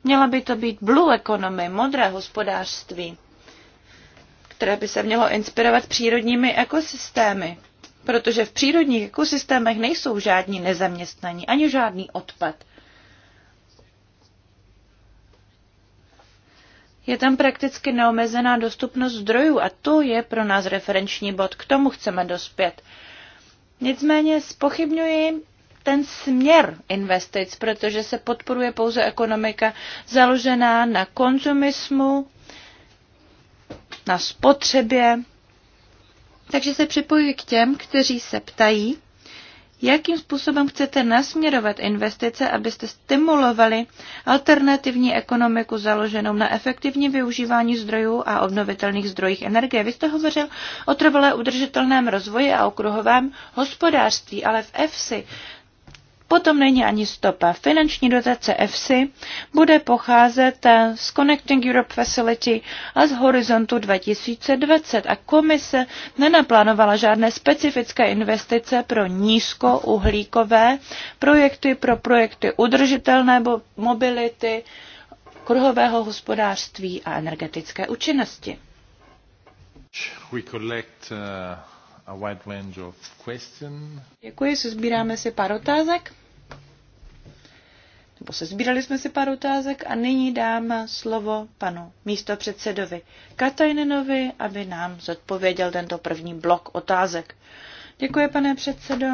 Speaker 3: měla by to být blue economy, modré hospodářství, které by se mělo inspirovat přírodními ekosystémy protože v přírodních ekosystémech nejsou žádní nezaměstnaní ani žádný odpad. Je tam prakticky neomezená dostupnost zdrojů a to je pro nás referenční bod, k tomu chceme dospět. Nicméně spochybňuji ten směr investic, protože se podporuje pouze ekonomika založená na konzumismu, na spotřebě, takže se připojuji k těm, kteří se ptají, jakým způsobem chcete nasměrovat investice, abyste stimulovali alternativní ekonomiku založenou na efektivní využívání zdrojů a obnovitelných zdrojích energie. Vy jste hovořil o trvalé udržitelném rozvoji a okruhovém hospodářství, ale v EFSI Potom není ani stopa. Finanční dotace EFSI bude pocházet eh, z Connecting Europe Facility a z horizontu 2020 a komise nenaplánovala žádné specifické investice pro nízkouhlíkové projekty, pro projekty udržitelné mobility, kruhového hospodářství a energetické účinnosti.
Speaker 1: We collect, uh a wide range of
Speaker 3: Děkuji, sezbíráme si pár otázek. Nebo sezbírali jsme si pár otázek a nyní dám slovo panu místopředsedovi Katajnenovi, aby nám zodpověděl tento první blok otázek. Děkuji, pane předsedo.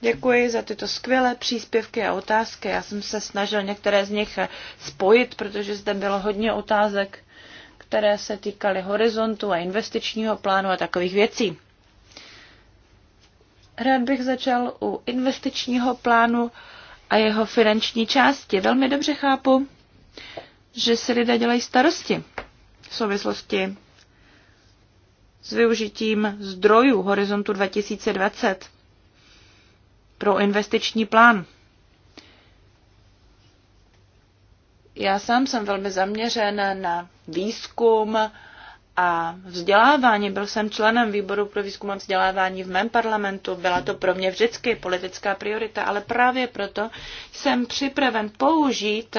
Speaker 3: Děkuji za tyto skvělé příspěvky a otázky. Já jsem se snažil některé z nich spojit, protože zde bylo hodně otázek které se týkaly horizontu a investičního plánu a takových věcí. Rád bych začal u investičního plánu a jeho finanční části. Velmi dobře chápu, že si lidé dělají starosti v souvislosti s využitím zdrojů Horizontu 2020 pro investiční plán. Já sám jsem velmi zaměřen na výzkum a vzdělávání. Byl jsem členem výboru pro výzkum a vzdělávání v mém parlamentu. Byla to pro mě vždycky politická priorita, ale právě proto jsem připraven použít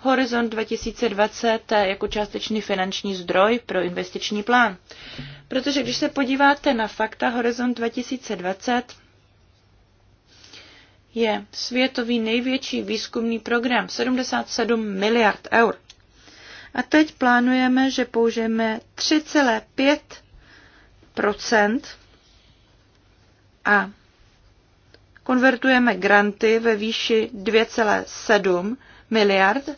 Speaker 3: Horizont 2020 jako částečný finanční zdroj pro investiční plán. Protože když se podíváte na fakta Horizont 2020, je světový největší výzkumný program, 77 miliard eur. A teď plánujeme, že použijeme 3,5 a konvertujeme granty ve výši 2,7 miliard,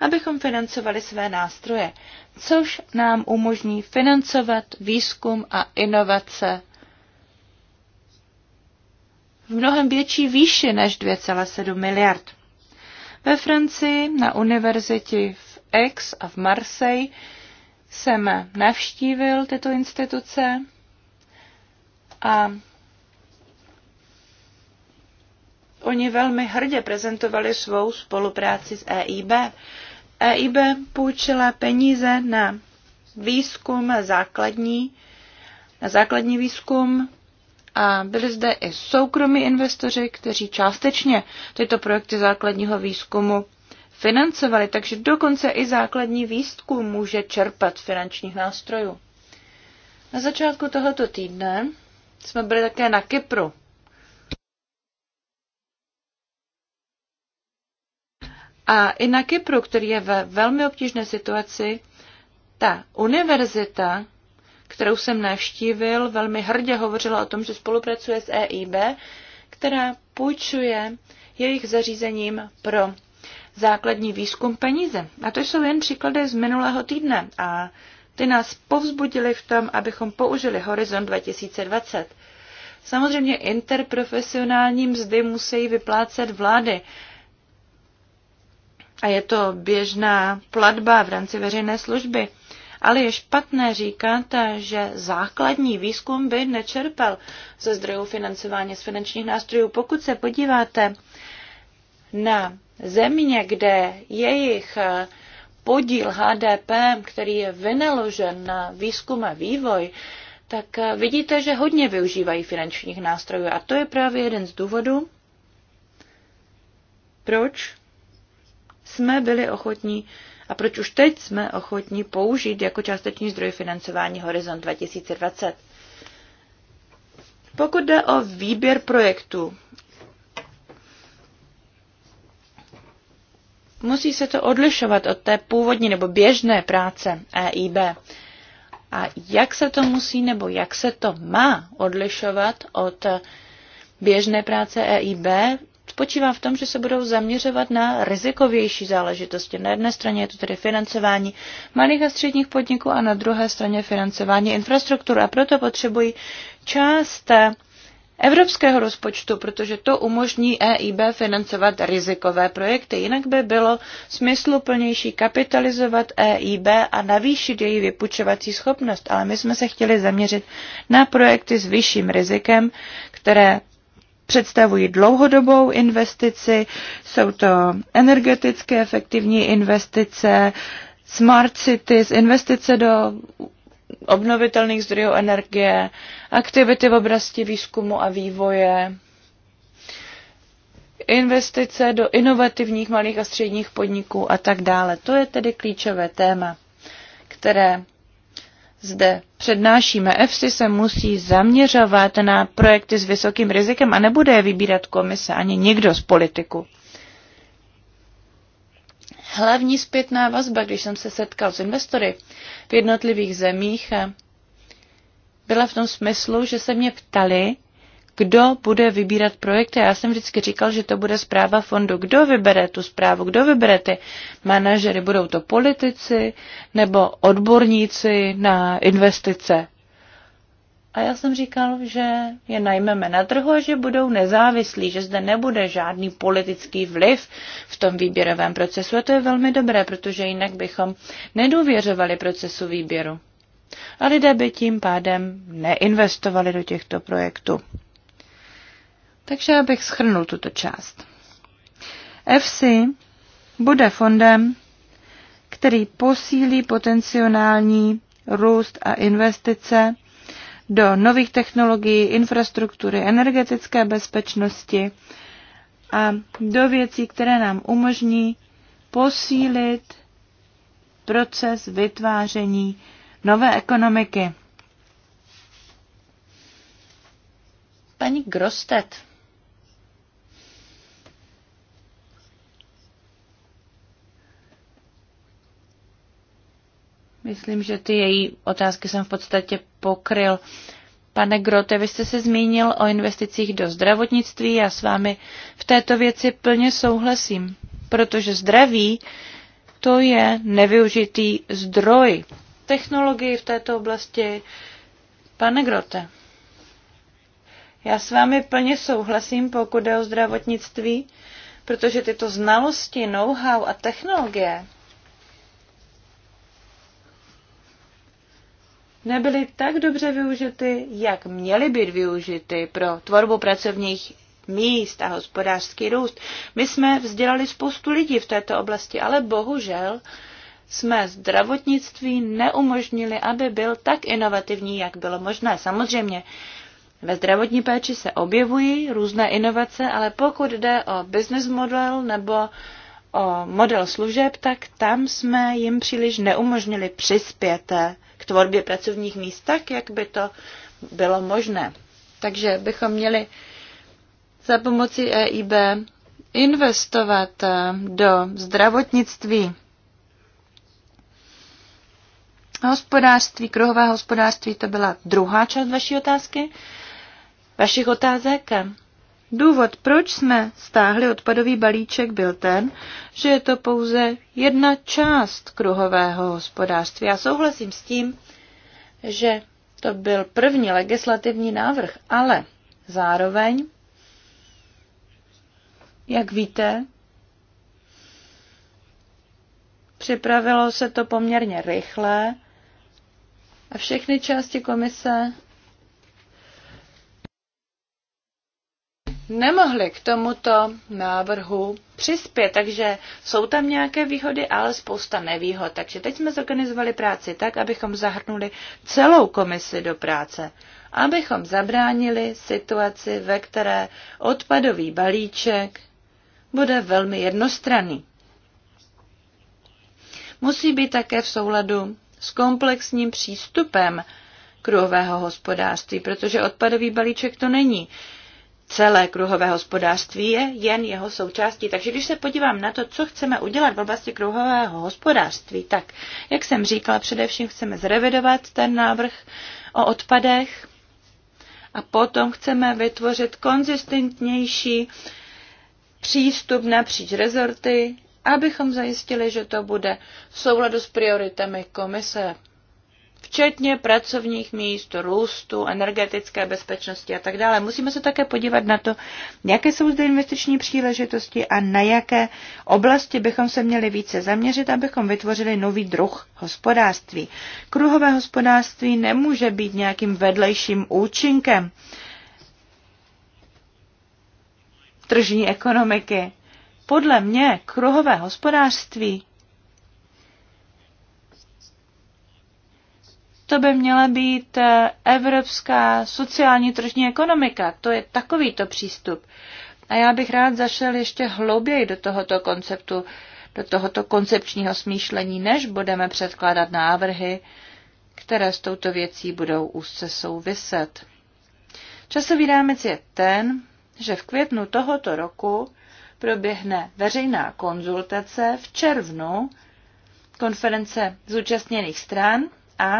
Speaker 3: abychom financovali své nástroje, což nám umožní financovat výzkum a inovace v mnohem větší výši než 2,7 miliard. Ve Francii na univerzitě v Aix a v Marseille jsem navštívil tyto instituce a oni velmi hrdě prezentovali svou spolupráci s EIB. EIB půjčila peníze na výzkum základní, na základní výzkum a byli zde i soukromí investoři, kteří částečně tyto projekty základního výzkumu financovali, takže dokonce i základní výzkum může čerpat finančních nástrojů. Na začátku tohoto týdne jsme byli také na Kypru. A i na Kypru, který je ve velmi obtížné situaci, ta univerzita kterou jsem navštívil, velmi hrdě hovořila o tom, že spolupracuje s EIB, která půjčuje jejich zařízením pro základní výzkum peníze. A to jsou jen příklady z minulého týdne a ty nás povzbudili v tom, abychom použili Horizon 2020. Samozřejmě interprofesionální mzdy musí vyplácet vlády. A je to běžná platba v rámci veřejné služby ale je špatné říkat, že základní výzkum by nečerpal ze zdrojů financování z finančních nástrojů. Pokud se podíváte na země, kde jejich podíl HDP, který je vynaložen na výzkum a vývoj, tak vidíte, že hodně využívají finančních nástrojů. A to je právě jeden z důvodů, proč jsme byli ochotní a proč už teď jsme ochotní použít jako částečný zdroj financování Horizont 2020. Pokud jde o výběr projektů, musí se to odlišovat od té původní nebo běžné práce EIB. A jak se to musí nebo jak se to má odlišovat od běžné práce EIB, spočívá v tom, že se budou zaměřovat na rizikovější záležitosti. Na jedné straně je to tedy financování malých a středních podniků a na druhé straně financování infrastruktur a proto potřebují část evropského rozpočtu, protože to umožní EIB financovat rizikové projekty. Jinak by bylo smysluplnější kapitalizovat EIB a navýšit její vypučovací schopnost, ale my jsme se chtěli zaměřit na projekty s vyšším rizikem, které představují dlouhodobou investici, jsou to energeticky efektivní investice, smart cities, investice do obnovitelných zdrojů energie, aktivity v oblasti výzkumu a vývoje, investice do inovativních malých a středních podniků a tak dále. To je tedy klíčové téma, které zde přednášíme. EFSI se musí zaměřovat na projekty s vysokým rizikem a nebude je vybírat komise ani nikdo z politiku. Hlavní zpětná vazba, když jsem se setkal s investory v jednotlivých zemích, byla v tom smyslu, že se mě ptali, kdo bude vybírat projekty. Já jsem vždycky říkal, že to bude zpráva fondu. Kdo vybere tu zprávu, kdo vybere ty manažery, budou to politici nebo odborníci na investice. A já jsem říkal, že je najmeme na trhu a že budou nezávislí, že zde nebude žádný politický vliv v tom výběrovém procesu. A to je velmi dobré, protože jinak bychom nedůvěřovali procesu výběru. A lidé by tím pádem neinvestovali do těchto projektů. Takže abych schrnul tuto část. FC bude fondem, který posílí potenciální růst a investice do nových technologií, infrastruktury, energetické bezpečnosti a do věcí, které nám umožní posílit proces vytváření nové ekonomiky. Paní Grostet Myslím, že ty její otázky jsem v podstatě pokryl. Pane Grote, vy jste se zmínil o investicích do zdravotnictví. Já s vámi v této věci plně souhlasím, protože zdraví to je nevyužitý zdroj technologii v této oblasti. Pane Grote, já s vámi plně souhlasím, pokud jde o zdravotnictví, protože tyto znalosti, know-how a technologie nebyly tak dobře využity, jak měly být využity pro tvorbu pracovních míst a hospodářský růst. My jsme vzdělali spoustu lidí v této oblasti, ale bohužel jsme zdravotnictví neumožnili, aby byl tak inovativní, jak bylo možné. Samozřejmě ve zdravotní péči se objevují různé inovace, ale pokud jde o business model nebo o model služeb, tak tam jsme jim příliš neumožnili přispět tvorbě pracovních míst tak, jak by to bylo možné. Takže bychom měli za pomoci EIB investovat eh, do zdravotnictví, hospodářství, kruhové hospodářství, to byla druhá část vaší otázky, vašich otázek. Důvod, proč jsme stáhli odpadový balíček, byl ten, že je to pouze jedna část kruhového hospodářství. Já souhlasím s tím, že to byl první legislativní návrh, ale zároveň, jak víte, připravilo se to poměrně rychle a všechny části komise nemohli k tomuto návrhu přispět, takže jsou tam nějaké výhody, ale spousta nevýhod. Takže teď jsme zorganizovali práci tak, abychom zahrnuli celou komisi do práce, abychom zabránili situaci, ve které odpadový balíček bude velmi jednostranný. Musí být také v souladu s komplexním přístupem kruhového hospodářství, protože odpadový balíček to není celé kruhové hospodářství je jen jeho součástí. Takže když se podívám na to, co chceme udělat v oblasti kruhového hospodářství, tak, jak jsem říkala, především chceme zrevidovat ten návrh o odpadech a potom chceme vytvořit konzistentnější přístup napříč rezorty, abychom zajistili, že to bude v souladu s prioritami komise včetně pracovních míst, růstu, energetické bezpečnosti a tak dále. Musíme se také podívat na to, jaké jsou zde investiční příležitosti a na jaké oblasti bychom se měli více zaměřit, abychom vytvořili nový druh hospodářství. Kruhové hospodářství nemůže být nějakým vedlejším účinkem tržní ekonomiky. Podle mě kruhové hospodářství to by měla být e, evropská sociální tržní ekonomika. To je takovýto přístup. A já bych rád zašel ještě hlouběji do tohoto konceptu, do tohoto koncepčního smýšlení, než budeme předkládat návrhy, které s touto věcí budou úzce souviset. Časový rámec je ten, že v květnu tohoto roku proběhne veřejná konzultace, v červnu konference zúčastněných stran a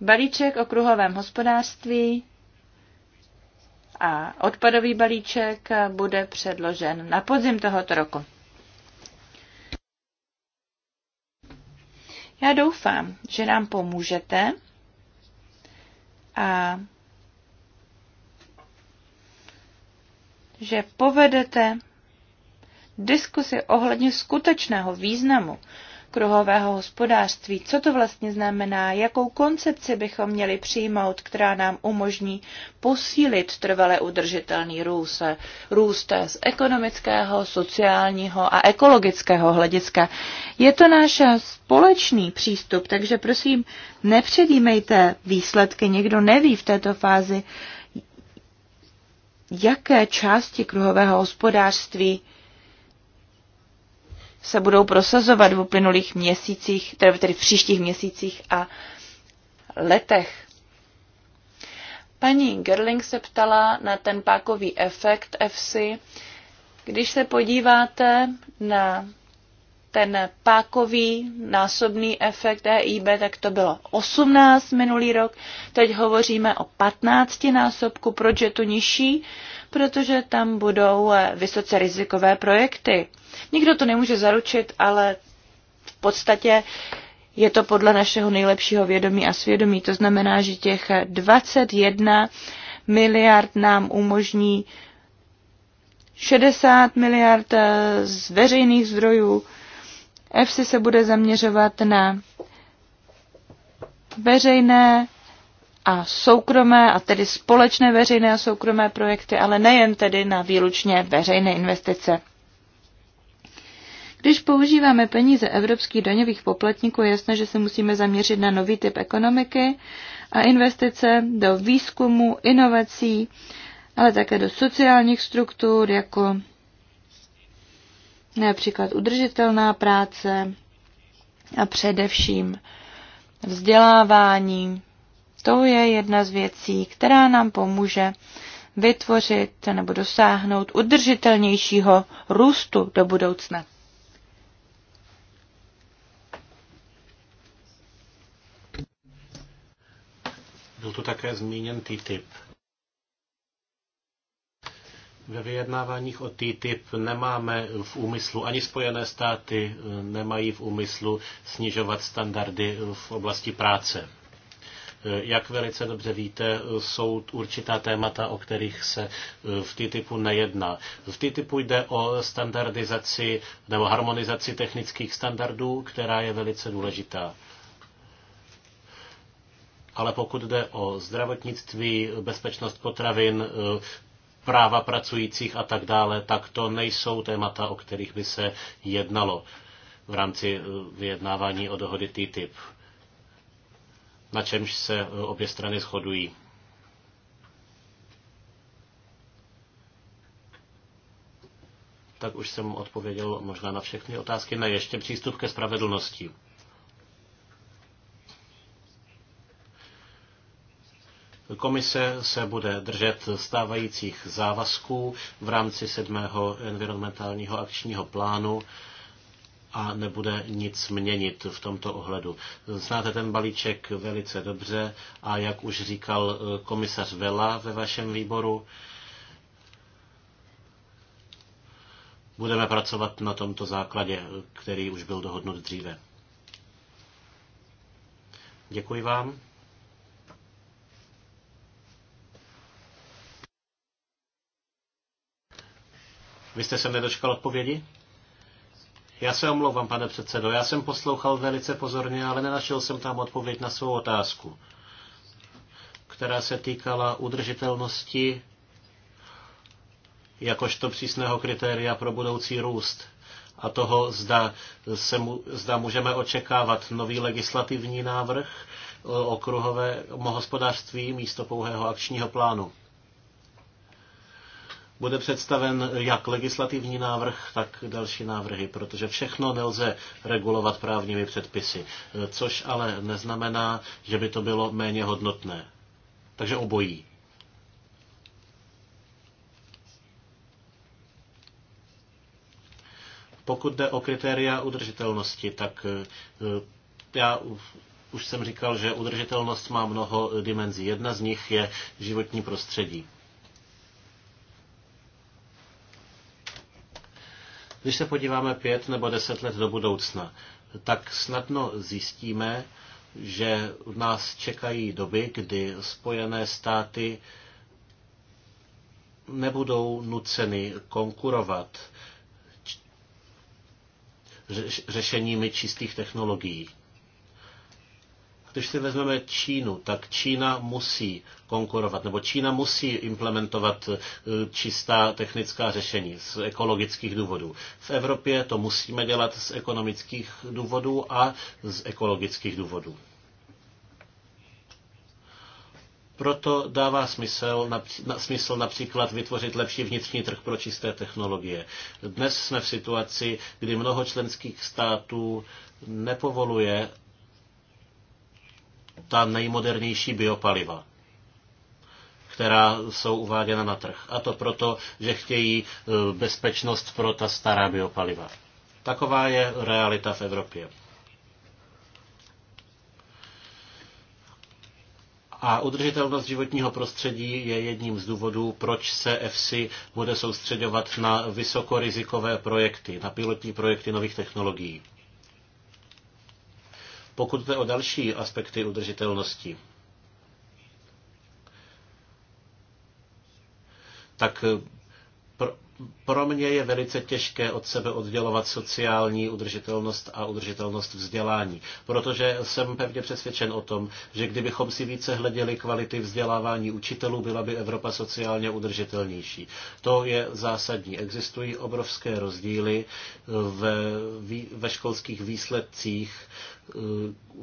Speaker 3: balíček o kruhovém hospodářství a odpadový balíček bude předložen na podzim tohoto roku. Já doufám, že nám pomůžete a že povedete diskusi ohledně skutečného významu kruhového hospodářství. Co to vlastně znamená? Jakou koncepci bychom měli přijmout, která nám umožní posílit trvale udržitelný růst, růst z ekonomického, sociálního a ekologického hlediska? Je to náš společný přístup, takže prosím, nepředímejte výsledky. Někdo neví v této fázi, jaké části kruhového hospodářství se budou prosazovat v uplynulých měsících, tedy, v příštích měsících a letech. Paní Gerling se ptala na ten pákový efekt FC. Když se podíváte na ten pákový násobný efekt EIB, tak to bylo 18 minulý rok, teď hovoříme o 15 násobku, proč je to nižší, protože tam budou eh, vysoce rizikové projekty. Nikdo to nemůže zaručit, ale v podstatě je to podle našeho nejlepšího vědomí a svědomí. To znamená, že těch 21 miliard nám umožní 60 miliard eh, z veřejných zdrojů. EFSI se bude zaměřovat na veřejné a soukromé, a tedy společné veřejné a soukromé projekty, ale nejen tedy na výlučně veřejné investice. Když používáme peníze evropských daňových poplatníků, je jasné, že se musíme zaměřit na nový typ ekonomiky a investice do výzkumu, inovací, ale také do sociálních struktur, jako například udržitelná práce a především vzdělávání, to je jedna z věcí, která nám pomůže vytvořit nebo dosáhnout udržitelnějšího růstu do budoucna.
Speaker 5: Byl tu také zmíněn TTIP. Ve vyjednáváních o TTIP nemáme v úmyslu, ani Spojené státy nemají v úmyslu snižovat standardy v oblasti práce. Jak velice dobře víte, jsou určitá témata, o kterých se eh, v TTIPu nejedná. V TTIPu jde o standardizaci nebo harmonizaci technických standardů, která je velice důležitá. Ale pokud jde o zdravotnictví, bezpečnost potravin, eh, práva pracujících a tak dále, tak to nejsou témata, o kterých by se jednalo v rámci eh, vyjednávání o dohody TTIP na čemž se eh, obě strany shodují. Tak už jsem odpověděl možná na všechny otázky. na ještě přístup ke spravedlnosti. Komise se bude držet stávajících závazků v rámci sedmého environmentálního akčního plánu a nebude nic měnit v tomto ohledu. Znáte ten balíček velice dobře a jak už říkal eh, komisař Vela ve vašem výboru, budeme pracovat na tomto základě, který už byl dohodnut dříve. Děkuji vám. Vy jste se nedočkal odpovědi? Já se omlouvám, pane předsedo, já jsem poslouchal velice pozorně, ale nenašel jsem tam odpověď na svou otázku, která se týkala udržitelnosti jakožto přísného kritéria pro budoucí růst a toho, zda, se mu, zda můžeme očekávat nový legislativní návrh e, okruhového hospodářství místo pouhého akčního plánu bude představen jak legislativní návrh, tak další návrhy, protože všechno nelze regulovat právními předpisy, což ale neznamená, že by to bylo méně hodnotné. Takže obojí. Pokud jde o kritéria udržitelnosti, tak eh, já už jsem říkal, že udržitelnost má mnoho dimenzí. Jedna z nich je životní prostředí. Když se podíváme pět nebo deset let do budoucna, tak snadno zjistíme, že u nás čekají doby, kdy Spojené státy nebudou nuceny konkurovat řešeními čistých technologií. Když si vezmeme Čínu, tak Čína musí konkurovat, nebo Čína musí implementovat e, čistá technická řešení z ekologických důvodů. V Evropě to musíme dělat z ekonomických důvodů a z ekologických důvodů. Proto dává smysl, na, smysl například vytvořit lepší vnitřní trh pro čisté technologie. Dnes jsme v situaci, kdy mnoho členských států nepovoluje ta nejmodernější biopaliva která jsou uváděna na trh. A to proto, že chtějí e, bezpečnost pro ta stará biopaliva. Taková je realita v Evropě. A udržitelnost životního prostředí je jedním z důvodů, proč se EFSI bude soustředovat na vysokorizikové projekty, na pilotní projekty nových technologií. Pokud jde o další aspekty udržitelnosti, tak pro mě je velice těžké od sebe oddělovat sociální udržitelnost a udržitelnost vzdělání, protože jsem pevně přesvědčen o tom, že kdybychom si více hleděli kvality vzdělávání učitelů, byla by Evropa sociálně udržitelnější. To je zásadní. Existují obrovské rozdíly eh, ve, ve školských výsledcích eh,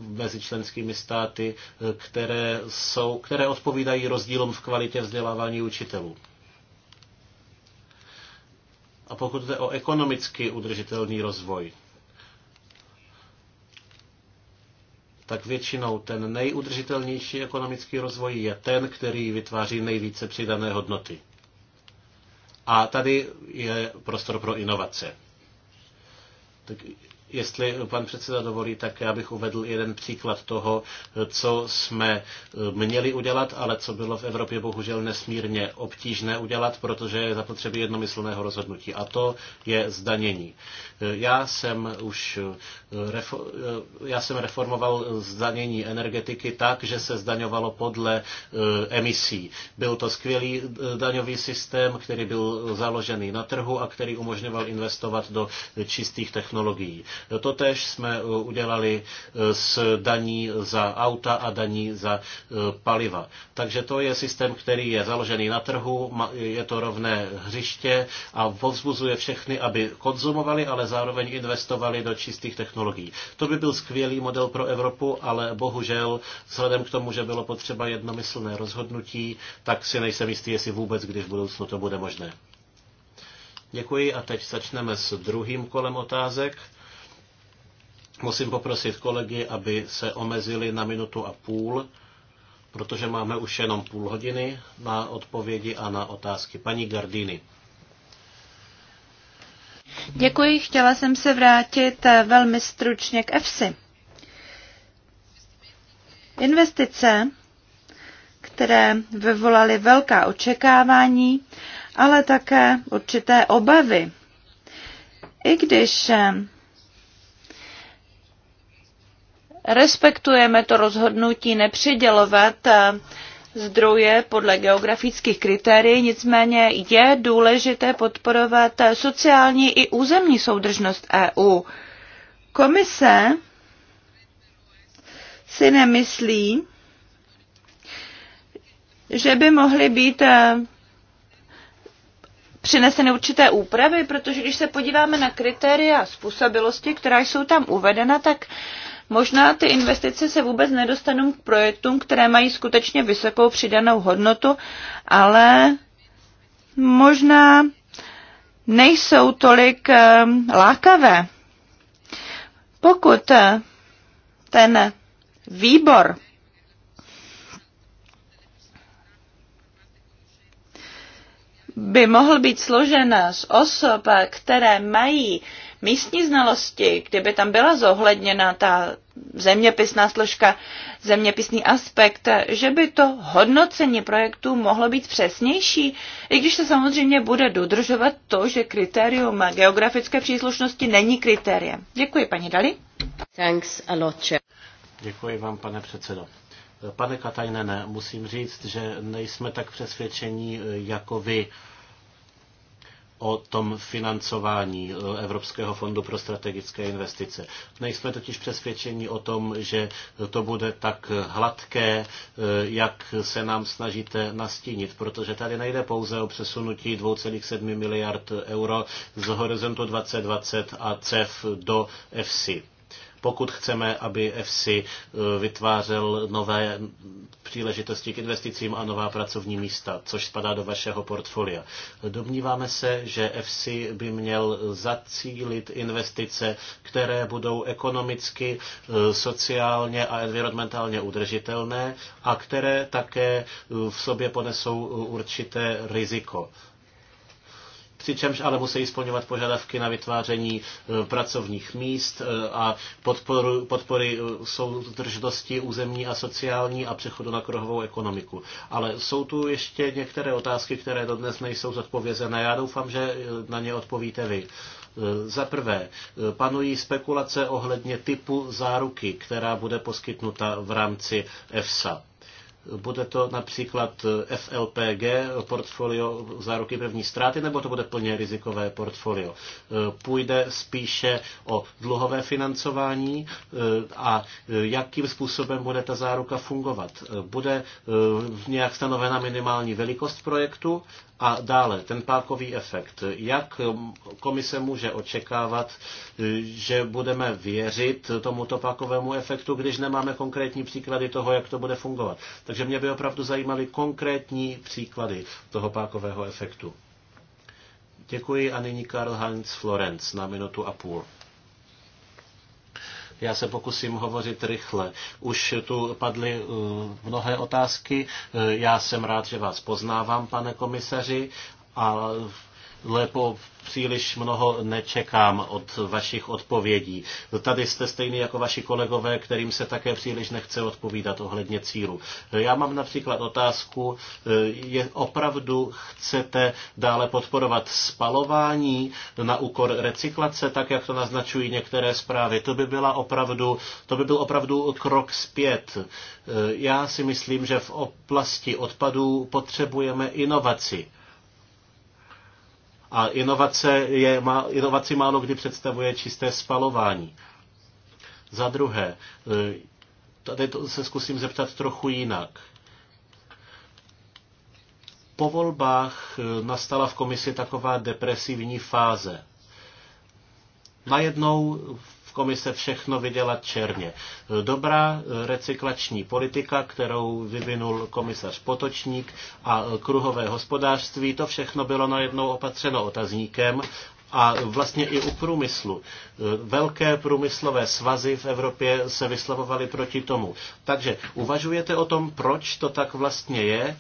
Speaker 5: mezi členskými státy, eh, které, jsou, které odpovídají rozdílům v kvalitě vzdělávání učitelů. A pokud jde o ekonomicky udržitelný rozvoj, tak většinou ten nejudržitelnější ekonomický rozvoj je ten, který vytváří nejvíce přidané hodnoty. A tady je prostor pro inovace. Tak Jestli pan předseda dovolí, tak já bych uvedl jeden příklad toho, co jsme eh, měli udělat, ale co bylo v Evropě bohužel nesmírně obtížné udělat, protože je zapotřebí jednomyslného rozhodnutí. A to je zdanění. Eh, já jsem už eh, já jsem reformoval zdanění energetiky tak, že se zdaňovalo podle emisí. Byl to skvělý daňový systém, který byl založený na trhu a který umožňoval investovat do čistých technologií. Totež jsme eh, udělali eh, s daní za auta a daní za eh, paliva. Takže to je systém, který je založený na trhu, je to rovné hřiště a povzbuzuje všechny, aby konzumovali, ale zároveň investovali do čistých technologií. To by byl skvělý model pro Evropu, ale bohužel vzhledem k tomu, že bylo potřeba jednomyslné rozhodnutí, tak si nejsem jistý, jestli vůbec když v budoucnu to bude možné. Děkuji a teď začneme s druhým kolem otázek. Musím poprosit kolegy, aby se omezili na minutu a půl, protože máme už jenom půl hodiny na odpovědi a na otázky. Paní Gardini.
Speaker 3: Děkuji, chtěla jsem se vrátit eh, velmi stručně k EFSI. Investice, které vyvolaly velká očekávání, ale také určité obavy. I když eh, respektujeme to rozhodnutí nepřidělovat eh, zdroje podle geografických kritérií, nicméně je důležité podporovat eh, sociální i územní soudržnost EU. Komise si nemyslí, že by mohly být eh, přineseny určité úpravy, protože když se podíváme na kritéria způsobilosti, která jsou tam uvedena, tak Možná ty investice se vůbec nedostanou k projektům, které mají skutečně vysokou přidanou hodnotu, ale možná nejsou tolik eh, lákavé. Pokud eh, ten výbor by mohl být složen z osob, eh, které mají místní znalosti, kdyby tam byla zohledněna ta zeměpisná složka, zeměpisný aspekt, že by to hodnocení projektu mohlo být přesnější, i když se samozřejmě bude dodržovat to, že kritérium geografické příslušnosti není kritériem. Děkuji, paní Dali. Thanks
Speaker 5: a lot, Děkuji vám, pane předsedo. Pane Katajnene, musím říct, že nejsme tak přesvědčení eh, jako vy o tom financování e, Evropského fondu pro strategické investice. Nejsme totiž přesvědčeni o tom, že to bude tak hladké, e, jak se nám snažíte nastínit, protože tady nejde pouze o přesunutí 2,7 miliard euro z horizontu 2020 a CEF do EFSI pokud chceme, aby FC eh, vytvářel nové příležitosti k investicím a nová pracovní místa, což spadá do vašeho portfolia. Domníváme se, že FC by měl zacílit investice, které budou ekonomicky, eh, sociálně a environmentálně udržitelné a které také eh, v sobě ponesou určité riziko přičemž ale musí splňovat požadavky na vytváření e, pracovních míst e, a podporu, podpory e, soudržnosti územní a sociální a přechodu na kruhovou ekonomiku. Ale jsou tu ještě některé otázky, které dodnes nejsou zodpovězené. Já doufám, že na ně odpovíte vy. Za prvé, panují spekulace ohledně typu záruky, která bude poskytnuta v rámci EFSA. Bude to například FLPG, portfolio záruky první ztráty, nebo to bude plně rizikové portfolio? Půjde spíše o dluhové financování eh, a jakým způsobem bude ta záruka fungovat? Bude eh, nějak stanovena minimální velikost projektu a dále, ten pákový efekt. Jak komise může očekávat, že budeme věřit tomuto pákovému efektu, když nemáme konkrétní příklady toho, jak to bude fungovat? Takže mě by opravdu zajímaly konkrétní příklady toho pákového efektu. Děkuji a nyní Karl Heinz Florenz na minutu a půl. Já se pokusím hovořit rychle. Už tu padly eh, mnohé otázky. Eh, já jsem rád, že vás poznávám, pane komisaři, a lepo příliš mnoho nečekám od vašich odpovědí. Tady jste stejný jako vaši kolegové, kterým se také příliš nechce odpovídat ohledně cílu. Já mám například otázku, eh, je opravdu chcete dále podporovat spalování na úkor recyklace, tak jak to naznačují některé zprávy. To by, byla opravdu, to by byl opravdu krok zpět. Eh, já si myslím, že v oblasti odpadů potřebujeme inovaci a inovace je, inovaci málo kdy představuje čisté spalování. Za druhé, eh, tady se zkusím zeptat trochu jinak. Po volbách eh, nastala v komisi taková depresivní fáze. Najednou komise všechno viděla černě. Dobrá eh, recyklační politika, kterou vyvinul komisař Potočník a eh, kruhové hospodářství, to všechno bylo najednou opatřeno otazníkem a vlastně i u průmyslu. Eh, velké průmyslové svazy v Evropě se vyslavovaly proti tomu. Takže uvažujete o tom, proč to tak vlastně je?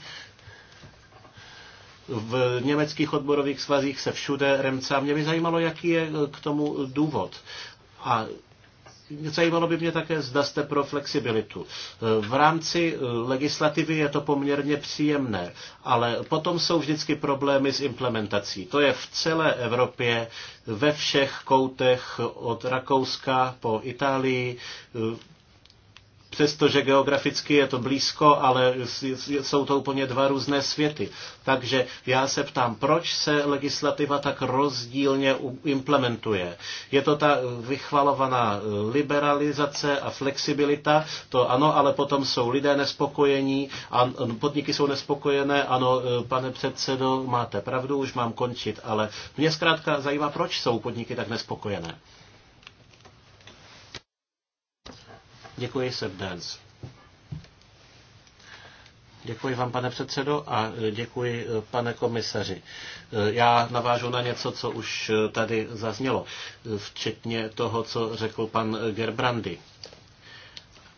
Speaker 5: V německých odborových svazích se všude remcá. Mě by zajímalo, jaký je k tomu důvod. A Zajímalo by mě také, zda jste pro flexibilitu. V rámci eh, legislativy je to poměrně příjemné, ale potom jsou vždycky problémy s implementací. To je v celé Evropě, ve všech koutech, od Rakouska po Itálii, eh, přestože geograficky je to blízko, ale jsou to úplně dva různé světy. Takže já se ptám, proč se legislativa tak rozdílně implementuje? Je to ta vychvalovaná eh, liberalizace a flexibilita, to ano, ale potom jsou lidé nespokojení a podniky jsou nespokojené, ano, eh, pane předsedo, máte pravdu, už mám končit, ale mě zkrátka zajímá, proč jsou podniky tak nespokojené. Děkuji, Seb Děkuji vám, pane předsedo, a děkuji, pane komisaři. Já navážu na něco, co už tady zaznělo, včetně toho, co řekl pan Gerbrandy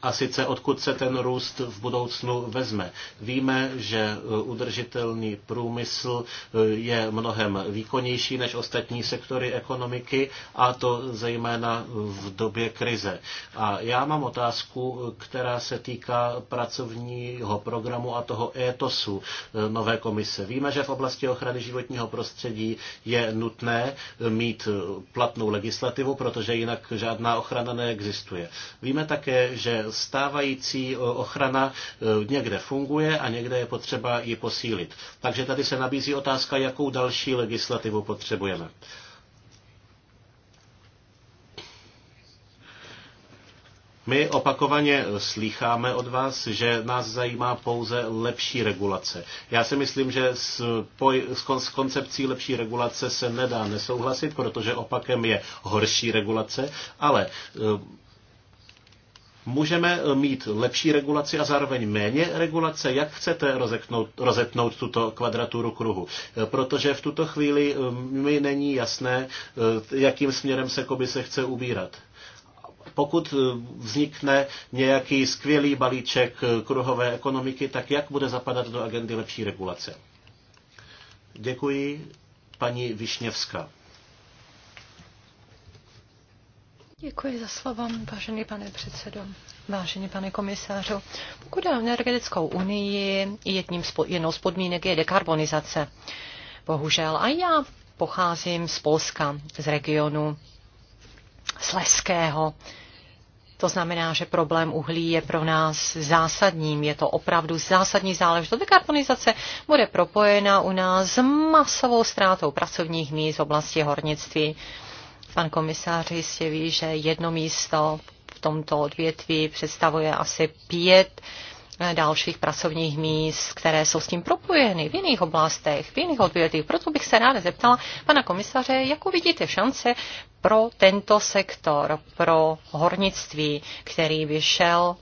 Speaker 5: a sice odkud se ten růst v budoucnu vezme. Víme, že e, udržitelný průmysl e, je mnohem výkonnější než ostatní sektory ekonomiky a to zejména v době krize. A já mám otázku, e, která se týká pracovního programu a toho étosu nové komise. Víme, že v oblasti ochrany životního prostředí je nutné mít platnou legislativu, protože jinak žádná ochrana neexistuje. Víme také, že stávající eh, ochrana eh, někde funguje a někde je potřeba ji posílit. Takže tady se nabízí otázka, jakou další legislativu potřebujeme. My opakovaně eh, slýcháme od vás, že nás zajímá pouze lepší regulace. Já si myslím, že s, poj, s koncepcí lepší regulace se nedá nesouhlasit, protože opakem je horší regulace, ale Můžeme eh, mít lepší regulaci a zároveň méně regulace, jak chcete rozeknout, rozetnout tuto kvadraturu kruhu. Eh, protože v tuto chvíli eh, mi není jasné, jakým směrem se komise chce ubírat pokud vznikne nějaký skvělý balíček kruhové ekonomiky, tak jak bude zapadat do agendy lepší regulace? Děkuji, paní Višněvská.
Speaker 2: Děkuji za slovo, vážený pane předsedo, vážený pane komisářu. Pokud jde o energetickou unii, jedním z, jednou z podmínek je dekarbonizace. Bohužel. A já pocházím z Polska, z regionu Sleského. To znamená, že problém uhlí je pro nás zásadním. Je to opravdu zásadní záležitost. Dekarbonizace bude propojena u nás s masovou ztrátou pracovních míst v oblasti hornictví. Pan komisář jistě ví, že jedno místo v tomto odvětví představuje asi pět eh, dalších pracovních míst, které jsou s tím propojeny v jiných oblastech, v jiných odvětvích. Proto bych se ráda zeptala pana komisaře, jakou vidíte šance pro tento sektor, pro hornictví, který by šel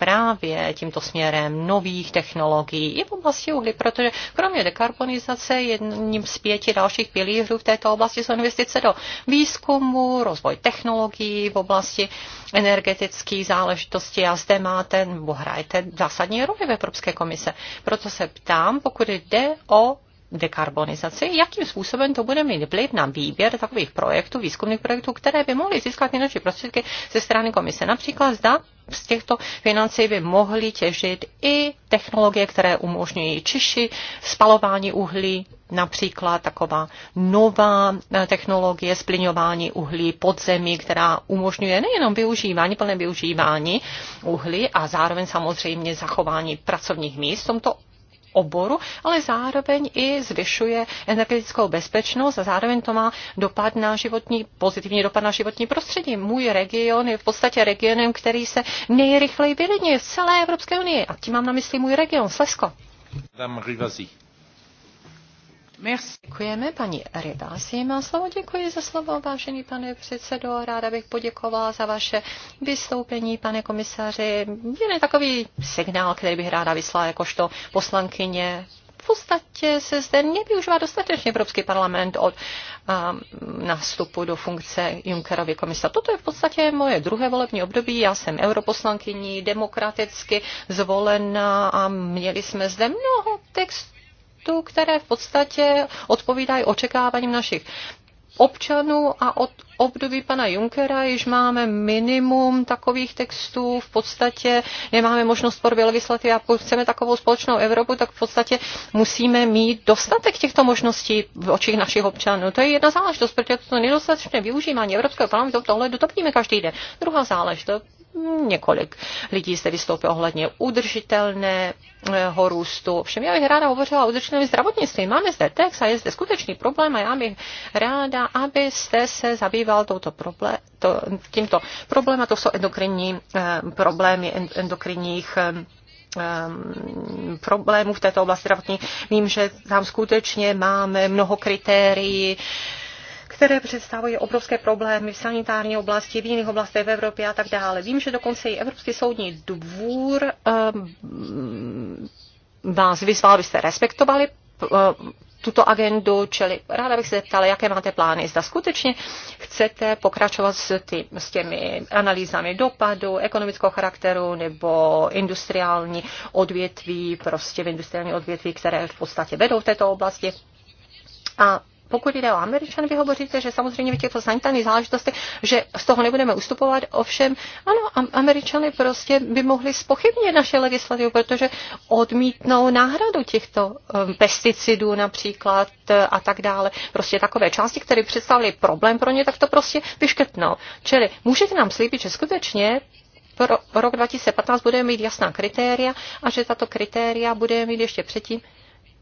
Speaker 2: právě tímto směrem nových technologií i v oblasti uhlí, protože kromě dekarbonizace jedním z pěti dalších pilířů v této oblasti jsou investice do výzkumu, rozvoj technologií v oblasti energetických záležitostí a zde máte nebo hrajete zásadní roli v Evropské komise. Proto se ptám, pokud jde o dekarbonizaci, jakým způsobem to bude mít vliv na výběr takových projektů, výzkumných projektů, které by mohly získat finanční prostředky ze strany komise. Například zda z těchto financí by mohly těžit i technologie, které umožňují čiši, spalování uhlí, například taková nová eh, technologie spliňování uhlí pod zemí, která umožňuje nejenom využívání, plné využívání uhlí a zároveň samozřejmě zachování pracovních míst v tomto oboru, ale zároveň i zvyšuje energetickou bezpečnost a zároveň to má dopad na životní, pozitivní dopad na životní prostředí. Můj region je v podstatě regionem, který se nejrychleji vylidňuje v celé Evropské unii. A tím mám na mysli můj region, Slesko.
Speaker 1: Madame Rivasi.
Speaker 2: Děkujeme paní Rybásí. Má slovo děkuji za slovo, vážený pane předsedo. Ráda bych poděkovala za vaše vystoupení, pane komisaři. Jeden takový signál, který bych ráda vyslala jakožto poslankyně v podstatě se zde nevyužívá dostatečně Evropský parlament od a, um, nastupu do funkce Junckerovy komise. Toto je v podstatě moje druhé volební období. Já jsem europoslankyní, demokraticky zvolena a měli jsme zde mnoho textů produktů, které v podstatě odpovídají očekáváním našich občanů a od období pana Junkera již máme minimum takových textů, v podstatě nemáme možnost tvorby legislativy a pokud chceme takovou společnou Evropu, tak v podstatě musíme mít dostatek těchto možností v očích našich občanů. To je jedna záležitost, protože to nedostatečné využívání Evropského parlamentu tohle dotopíme každý den. Druhá záležitost, Několik lidí zde vystoupilo ohledně udržitelné růstu. Všem já bych ráda hovořila o udržitelném zdravotnictví. Máme zde text a je zde skutečný problém a já bych ráda, abyste se zabýval touto problé- to, tímto problémem. A to jsou endokrinní eh, problémy endokrinních eh, eh, problémů v této oblasti zdravotní. Vím, že tam skutečně máme mnoho kritérií, které představují obrovské problémy v sanitární oblasti, v jiných oblastech v Evropě a tak dále. Vím, že dokonce i Evropský soudní dvůr um, vás vyzval, abyste respektovali eh, tuto agendu, čili ráda bych se zeptala, jaké máte plány, zda skutečně chcete pokračovat s, ty, s těmi analýzami dopadu, ekonomického charakteru nebo industriální odvětví, prostě v industriální odvětví, které v podstatě vedou v této oblasti. A pokud jde o Američany, vy hovoříte, že samozřejmě v těchto sanitárních záležitostech, že z toho nebudeme ustupovat, ovšem, ano, Američany prostě by mohli spochybnit naše legislativu, protože odmítnou náhradu těchto eh, pesticidů například eh, a tak dále. Prostě takové části, které představily problém pro ně, tak to prostě vyškrtnou. Čili můžete nám slíbit, že skutečně pro rok 2015 budeme mít jasná kritéria a že tato kritéria budeme mít ještě předtím,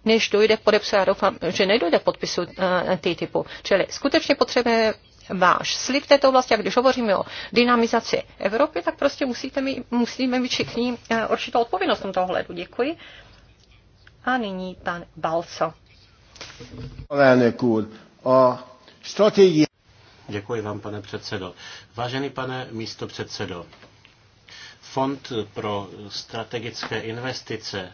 Speaker 2: než dojde k podepsu. Já doufám, že nedojde k podpisu eh, TTIPu. Čili skutečně potřebuje váš slib v této oblasti. A když hovoříme o dynamizaci Evropy, tak prostě musíte mít, musíme mít všichni eh, určitou odpovědnost v tomto ohledu. Děkuji. A nyní pan Balco.
Speaker 5: Děkuji vám, pane předsedo. Vážený pane místo předsedo, Fond pro strategické investice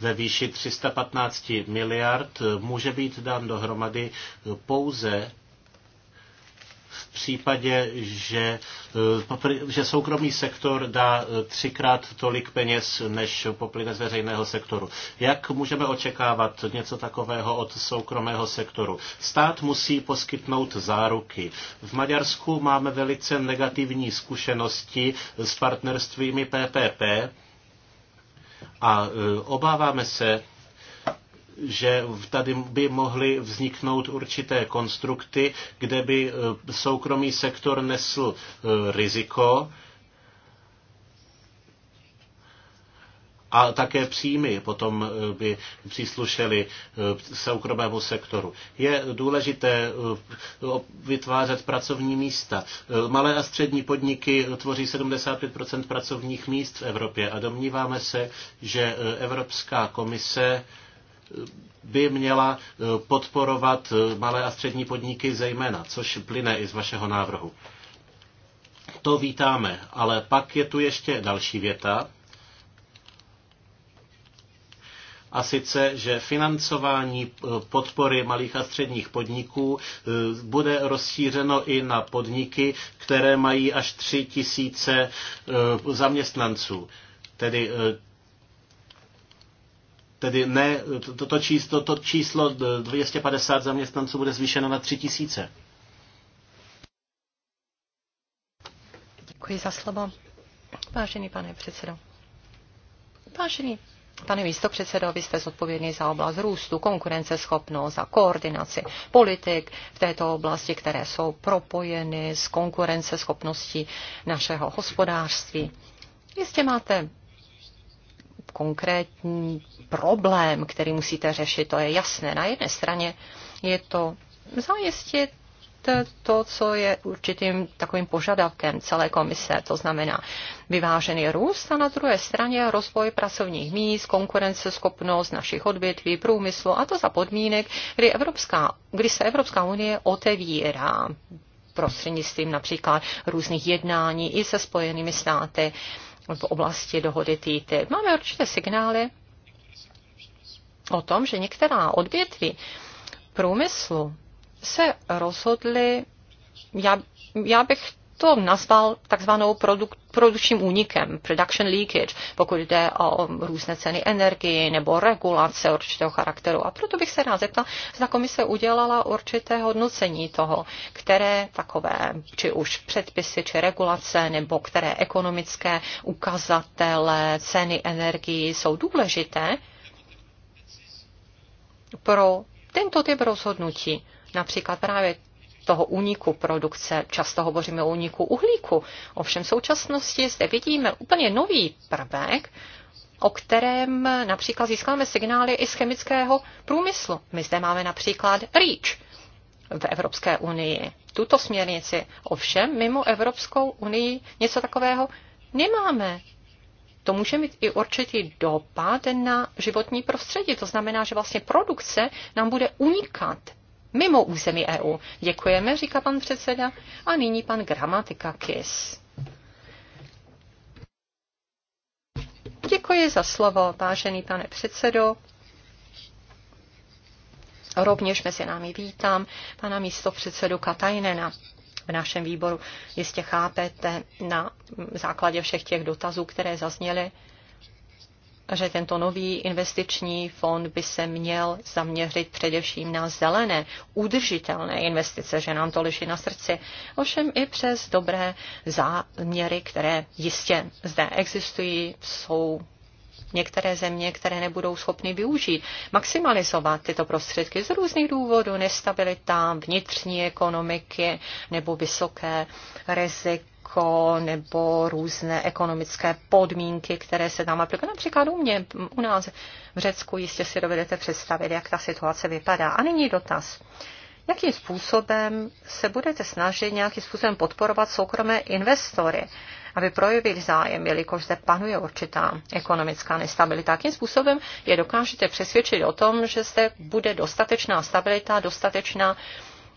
Speaker 5: ve výši 315 miliard může být dán dohromady pouze v případě, že, že soukromý sektor dá třikrát tolik peněz, než poplyne z veřejného sektoru. Jak můžeme očekávat něco takového od soukromého sektoru? Stát musí poskytnout záruky. V Maďarsku máme velice negativní zkušenosti s partnerstvími PPP, a e, obáváme se, že tady by mohly vzniknout určité konstrukty, kde by e, soukromý sektor nesl e, riziko, a také příjmy potom eh, by příslušely eh, soukromému sektoru. Je důležité eh, vytvářet pracovní místa. Malé a střední podniky tvoří 75 pracovních míst v Evropě a domníváme se, že Evropská komise by měla podporovat malé a střední podniky zejména, což plyne i z vašeho návrhu. To vítáme, ale pak je tu ještě další věta, a sice, že financování eh, podpory malých a středních podniků eh, bude rozšířeno i na podniky, které mají až 3 tisíce eh, zaměstnanců. Tedy Tedy ne, toto to číslo, to číslo 250 zaměstnanců bude zvýšeno na 3 tisíce.
Speaker 2: Děkuji za slovo. Vážený pane předsedo. Vážený Pane místo předsedo, vy jste zodpovědný za oblast růstu, konkurenceschopnost a koordinaci politik v této oblasti, které jsou propojeny s konkurenceschopností našeho hospodářství. Jistě máte konkrétní problém, který musíte řešit, to je jasné. Na jedné straně je to zajistit to, co je určitým takovým požadavkem celé komise, to znamená vyvážený růst a na druhé straně rozvoj pracovních míst, konkurenceschopnost našich odvětví, průmyslu a to za podmínek, kdy, Evropská, kdy se Evropská unie otevírá prostřednictvím například různých jednání i se spojenými státy v oblasti dohody TTIP. Máme určité signály o tom, že některá odvětví průmyslu se rozhodli, já, já bych to nazval takzvanou produk, produkčním únikem, production leakage, pokud jde o různé ceny energii nebo regulace určitého charakteru. A proto bych se rád zeptal, zda komise udělala určité hodnocení toho, které takové, či už předpisy, či regulace, nebo které ekonomické ukazatele ceny energii jsou důležité pro tento typ rozhodnutí například právě toho úniku produkce. Často hovoříme o úniku uhlíku. Ovšem v současnosti zde vidíme úplně nový prvek, o kterém například získáme signály i z chemického průmyslu. My zde máme například REACH v Evropské unii. Tuto směrnici ovšem mimo Evropskou unii něco takového nemáme. To může mít i určitý dopad na životní prostředí. To znamená, že vlastně produkce nám bude unikat mimo území EU. Děkujeme, říká pan předseda. A nyní pan Gramatika Kis. Děkuji za slovo, vážený pane předsedo. Rovněž mezi námi vítám pana předsedu Katajnena v našem výboru. Jistě chápete na základě všech těch dotazů, které zazněly, že tento nový investiční fond by se měl zaměřit především na zelené, udržitelné investice, že nám to leží na srdci. Ovšem i přes dobré záměry, které jistě zde existují, jsou některé země, které nebudou schopny využít, maximalizovat tyto prostředky z různých důvodů, nestabilita vnitřní ekonomiky nebo vysoké riziko nebo různé ekonomické podmínky, které se tam aplikují. Například u mě, u nás v Řecku jistě si dovedete představit, jak ta situace vypadá. A nyní dotaz. Jakým způsobem se budete snažit nějakým způsobem podporovat soukromé investory? aby projevili zájem, jelikož zde panuje určitá ekonomická nestabilita. Jakým způsobem je dokážete přesvědčit o tom, že zde bude dostatečná stabilita, dostatečná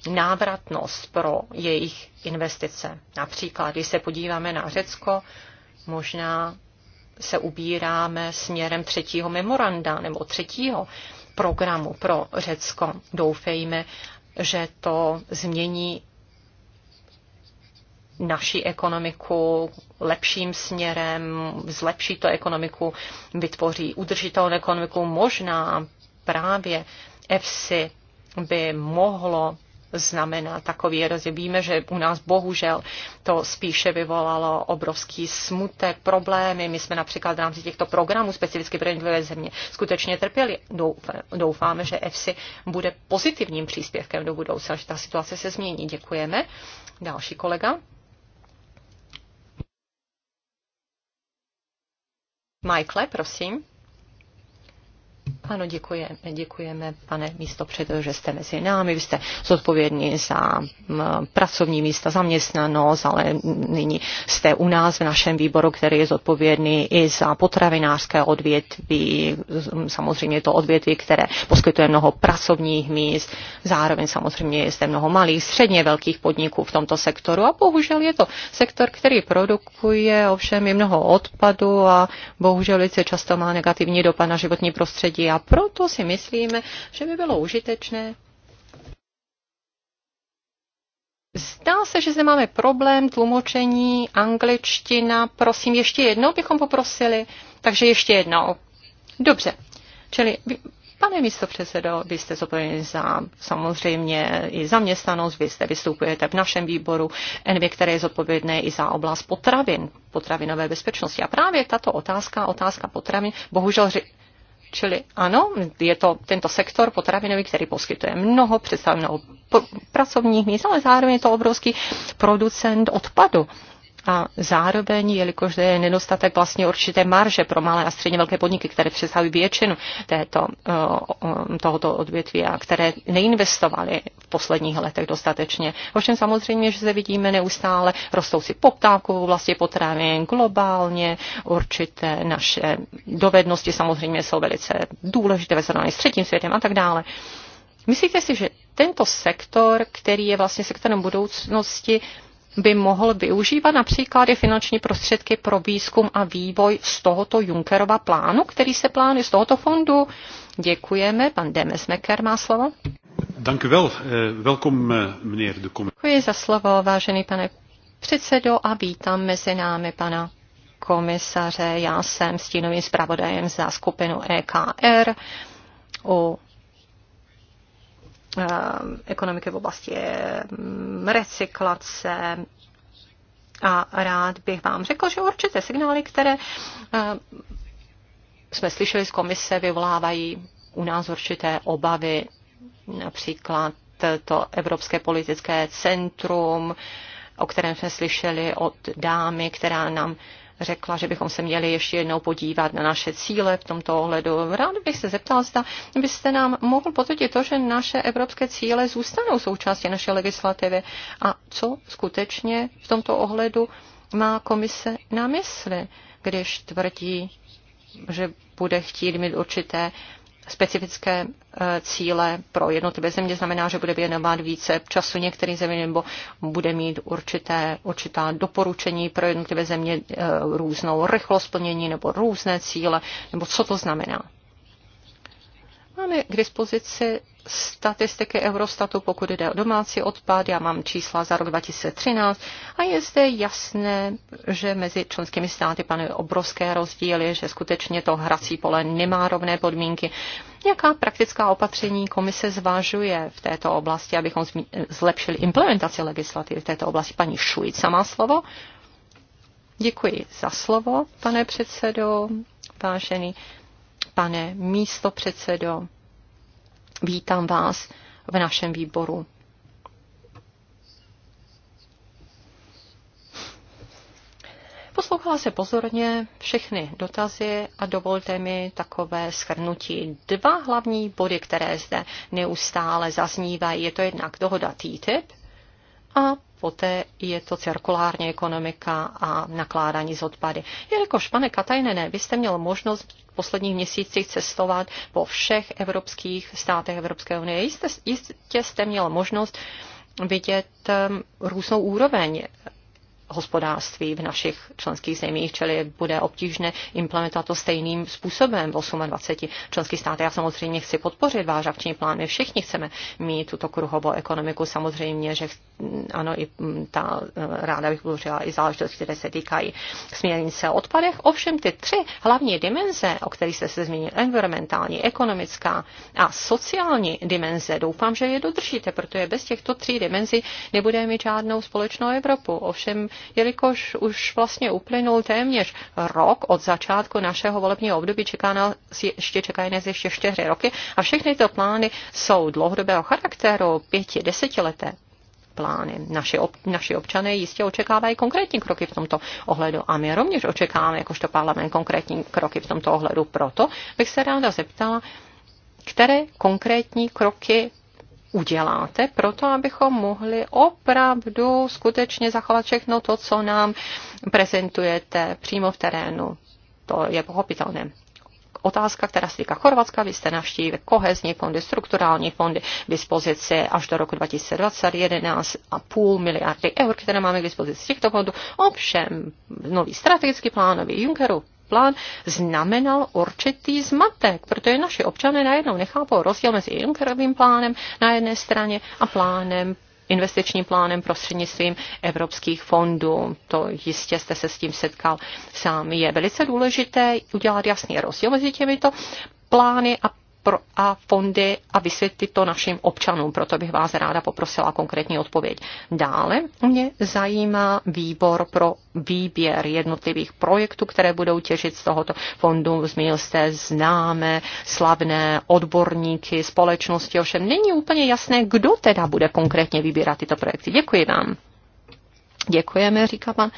Speaker 2: návratnost pro jejich investice. Například, když se podíváme na Řecko, možná se ubíráme směrem třetího memoranda nebo třetího programu pro Řecko. Doufejme, že to změní naši ekonomiku lepším směrem, zlepší to ekonomiku, vytvoří udržitelnou ekonomiku. Možná právě EFSI by mohlo znamená takový rozdíl. Víme, že u nás bohužel to spíše vyvolalo obrovský smutek, problémy. My jsme například v rámci těchto programů specificky pro jednotlivé země skutečně trpěli. Doufáme, že EFSI bude pozitivním příspěvkem do budoucna, že ta situace se změní. Děkujeme. Další kolega. Michael, prosím. Ano, děkujeme, děkujeme, pane místo předsedo, že jste mezi námi. Vy jste zodpovědní za pracovní místa, zaměstnanost, ale nyní jste u nás v našem výboru, který je zodpovědný i za potravinářské odvětví, samozřejmě to odvětví, které poskytuje mnoho pracovních míst, zároveň samozřejmě je zde mnoho malých, středně velkých podniků v tomto sektoru a bohužel je to sektor, který produkuje ovšem i mnoho odpadu a bohužel velice často má negativní dopad na životní prostředí a proto si myslíme, že by bylo užitečné Zdá se, že zde máme problém tlumočení angličtina. Prosím, ještě jednou bychom poprosili. Takže ještě jednou. Dobře. Čili, pane předsedo, vy jste zodpovědný za samozřejmě i zaměstnanost, vy jste vystupujete v našem výboru NV, které je zodpovědné i za oblast potravin, potravinové bezpečnosti. A právě tato otázka, otázka potravin, bohužel Čili ano, je to tento sektor potravinový, který poskytuje mnoho představenou pracovních míst, ale zároveň je to obrovský producent odpadu a zároveň, jelikož je nedostatek vlastně určité marže pro malé a středně velké podniky, které přesahují většinu této, tohoto odvětví a které neinvestovaly v posledních letech dostatečně. Ovšem samozřejmě, že zde vidíme neustále rostoucí poptávku vlastně potravy globálně, určité naše dovednosti samozřejmě jsou velice důležité ve srovnání s třetím světem a tak dále. Myslíte si, že tento sektor, který je vlastně sektorem budoucnosti, by mohl využívat například i finanční prostředky pro výzkum a vývoj z tohoto Junckerova plánu, který se plánuje z tohoto fondu. Děkujeme. Pan Demesmeker má slovo.
Speaker 1: Eh, eh, Děkuji
Speaker 2: za slovo, vážený pane předsedo, a vítám mezi námi pana komisaře. Já jsem stínovým zpravodajem za skupinu EKR u Eh, ekonomiky v oblasti mm, recyklace, a rád bych vám řekl, že určité signály, které eh, jsme slyšeli z komise, vyvolávají u nás určité obavy, například to Evropské politické centrum, o kterém jsme slyšeli od dámy, která nám řekla, že bychom se měli ještě jednou podívat na naše cíle v tomto ohledu. Rád bych se zeptal, zda byste nám mohl potvrdit to, že naše evropské cíle zůstanou součástí naší legislativy a co skutečně v tomto ohledu má komise na mysli, když tvrdí, že bude chtít mít určité specifické eh, cíle pro jednotlivé země, znamená, že bude věnovat více času některým zemím nebo bude mít určité, určitá doporučení pro jednotlivé země, eh, různou rychlost plnění nebo různé cíle, nebo co to znamená. Máme k dispozici statistiky Eurostatu, pokud jde o domácí odpad, já mám čísla za rok 2013 a je zde jasné, že mezi členskými státy panují obrovské rozdíly, že skutečně to hrací pole nemá rovné podmínky. Jaká praktická opatření komise zvažuje v této oblasti, abychom zlepšili implementaci legislativy v této oblasti? Paní Šujica má slovo. Děkuji za slovo, pane předsedo, vážený pane místo předsedo. Vítám vás v našem výboru. Poslouchala se pozorně všechny dotazy a dovolte mi takové schrnutí. Dva hlavní body, které zde neustále zaznívají, je to jednak dohoda TTIP a poté je to cirkulární ekonomika a nakládání s odpady. Jelikož, pane Katajnene, vy jste měl možnost v posledních měsících cestovat po všech evropských státech Evropské unie. Jistě, jistě jste měl možnost vidět um, různou úroveň hospodářství v našich členských zemích, čili bude obtížné implementovat to stejným způsobem v 28 členských státech. Já samozřejmě chci podpořit váš akční plán. My všichni chceme mít tuto kruhovou ekonomiku. Samozřejmě, že ano, i mm, ta eh, ráda bych mluvila i záležitosti, které se týkají směrnice o odpadech. Ovšem ty tři hlavní dimenze, o kterých jste se zmínil, environmentální, ekonomická a sociální dimenze, doufám, že je dodržíte, protože bez těchto tří dimenzí nebudeme mít žádnou společnou Evropu. Ovšem jelikož už vlastně uplynul téměř rok od začátku našeho volebního období, čeká nás ještě, čekají nás ještě čtyři roky a všechny tyto plány jsou dlouhodobého charakteru, pěti, desetileté plány. Naši, ob, naši občany jistě očekávají konkrétní kroky v tomto ohledu a my rovněž očekáváme jakožto parlament konkrétní kroky v tomto ohledu. Proto bych se ráda zeptala, které konkrétní kroky uděláte pro to, abychom mohli opravdu skutečně zachovat všechno to, co nám prezentujete přímo v terénu. To je pochopitelné otázka, která se týká Chorvatska. Vy jste navštívili kohezní fondy, strukturální fondy k dispozici až do roku 2021 a miliardy eur, které máme k dispozici z těchto fondů. Ovšem, nový strategický plán, nový Junckerův plán znamenal určitý zmatek, protože naši občané najednou nechápou rozdíl mezi Junckerovým plánem na jedné straně a plánem investičním plánem prostřednictvím evropských fondů. To jistě jste se s tím setkal sám. Je velice důležité udělat jasný rozdíl mezi těmito plány a a fondy a vysvětlit to našim občanům. Proto bych vás ráda poprosila konkrétní odpověď. Dále mě zajímá výbor pro výběr jednotlivých projektů, které budou těžit z tohoto fondu. Zmínil jste známé, slavné odborníky, společnosti, ovšem není úplně jasné, kdo teda bude konkrétně vybírat tyto projekty. Děkuji vám. Děkujeme, říká pan